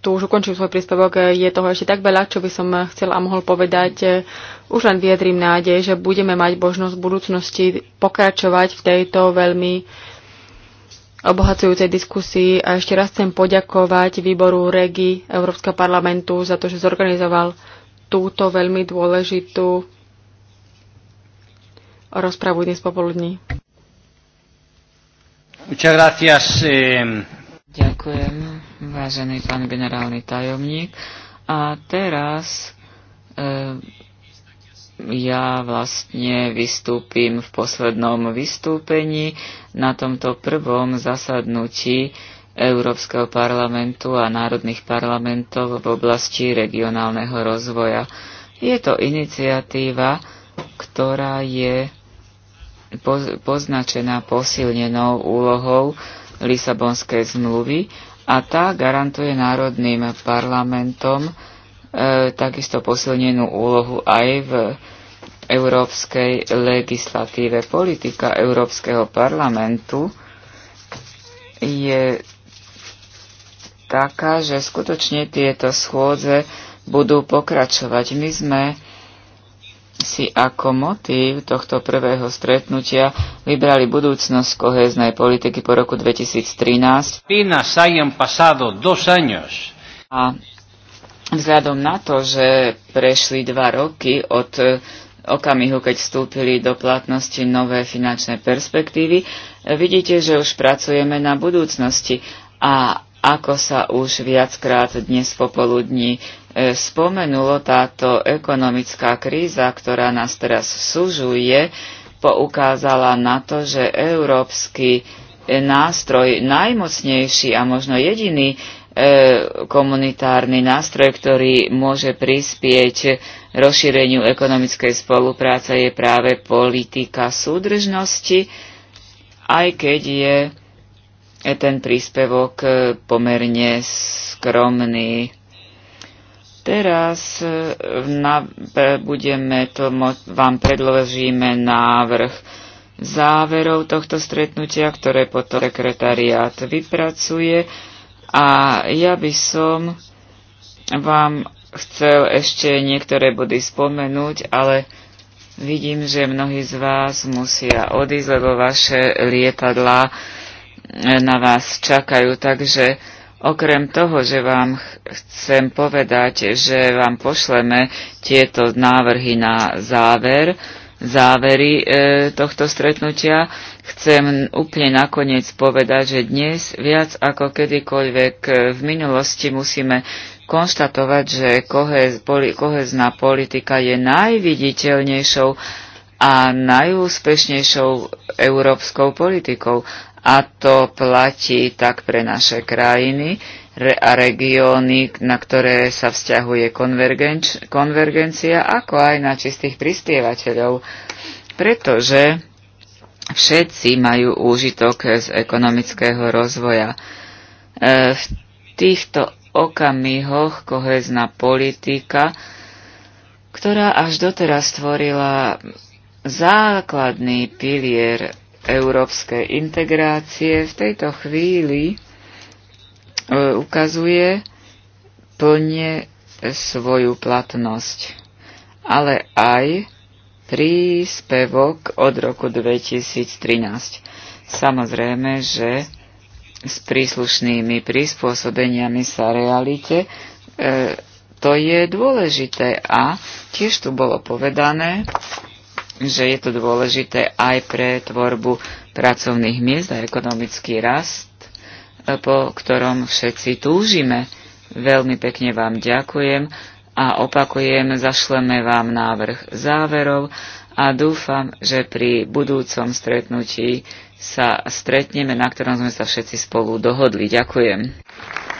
tu už ukončím svoj príspevok. Je toho ešte tak veľa, čo by som chcel a mohol povedať. Už len vyjadrím nádej, že budeme mať možnosť v budúcnosti pokračovať v tejto veľmi obohacujúcej diskusii. A ešte raz chcem poďakovať výboru REGI Európskeho parlamentu za to, že zorganizoval túto veľmi dôležitú rozpravu dnes popoludní. Eh. Ďakujem vážený pán generálny tajomník. A teraz e, ja vlastne vystúpim v poslednom vystúpení na tomto prvom zasadnutí Európskeho parlamentu a národných parlamentov v oblasti regionálneho rozvoja. Je to iniciatíva, ktorá je poznačená posilnenou úlohou Lisabonskej zmluvy a tá garantuje národným parlamentom e, takisto posilnenú úlohu aj v európskej legislatíve. Politika Európskeho parlamentu je taká, že skutočne tieto schôdze budú pokračovať. My sme si ako motív tohto prvého stretnutia vybrali budúcnosť kohéznej politiky po roku 2013. A vzhľadom na to, že prešli dva roky od eh, okamihu, keď vstúpili do platnosti nové finančné perspektívy, eh, vidíte, že už pracujeme na budúcnosti a ako sa už viackrát dnes popoludní E, spomenulo, táto ekonomická kríza, ktorá nás teraz súžuje, poukázala na to, že európsky e, nástroj, najmocnejší a možno jediný e, komunitárny nástroj, ktorý môže prispieť rozšíreniu ekonomickej spolupráce, je práve politika súdržnosti, aj keď je ten príspevok pomerne skromný. Teraz e, na, e, budeme to, vám predložíme návrh záverov tohto stretnutia, ktoré potom sekretariát vypracuje. A ja by som vám chcel ešte niektoré body spomenúť, ale vidím, že mnohí z vás musia odísť, lebo vaše lietadlá e, na vás čakajú. Takže Okrem toho, že vám chcem povedať, že vám pošleme tieto návrhy na záver, závery e, tohto stretnutia, chcem úplne nakoniec povedať, že dnes viac ako kedykoľvek e, v minulosti musíme konštatovať, že kohez, poli, kohezná politika je najviditeľnejšou a najúspešnejšou európskou politikou a to platí tak pre naše krajiny a regióny, na ktoré sa vzťahuje konvergencia, ako aj na čistých prispievateľov, pretože všetci majú úžitok z ekonomického rozvoja. E, v týchto okamihoch kohezná politika, ktorá až doteraz tvorila základný pilier európskej integrácie v tejto chvíli e, ukazuje plne svoju platnosť, ale aj príspevok od roku 2013. Samozrejme, že s príslušnými prispôsobeniami sa realite, e, to je dôležité. A tiež tu bolo povedané, že je to dôležité aj pre tvorbu pracovných miest a ekonomický rast, e, po ktorom všetci túžime. Veľmi pekne vám ďakujem a opakujem, zašleme vám návrh záverov a dúfam, že pri budúcom stretnutí sa stretneme, na ktorom sme sa všetci spolu dohodli. Ďakujem.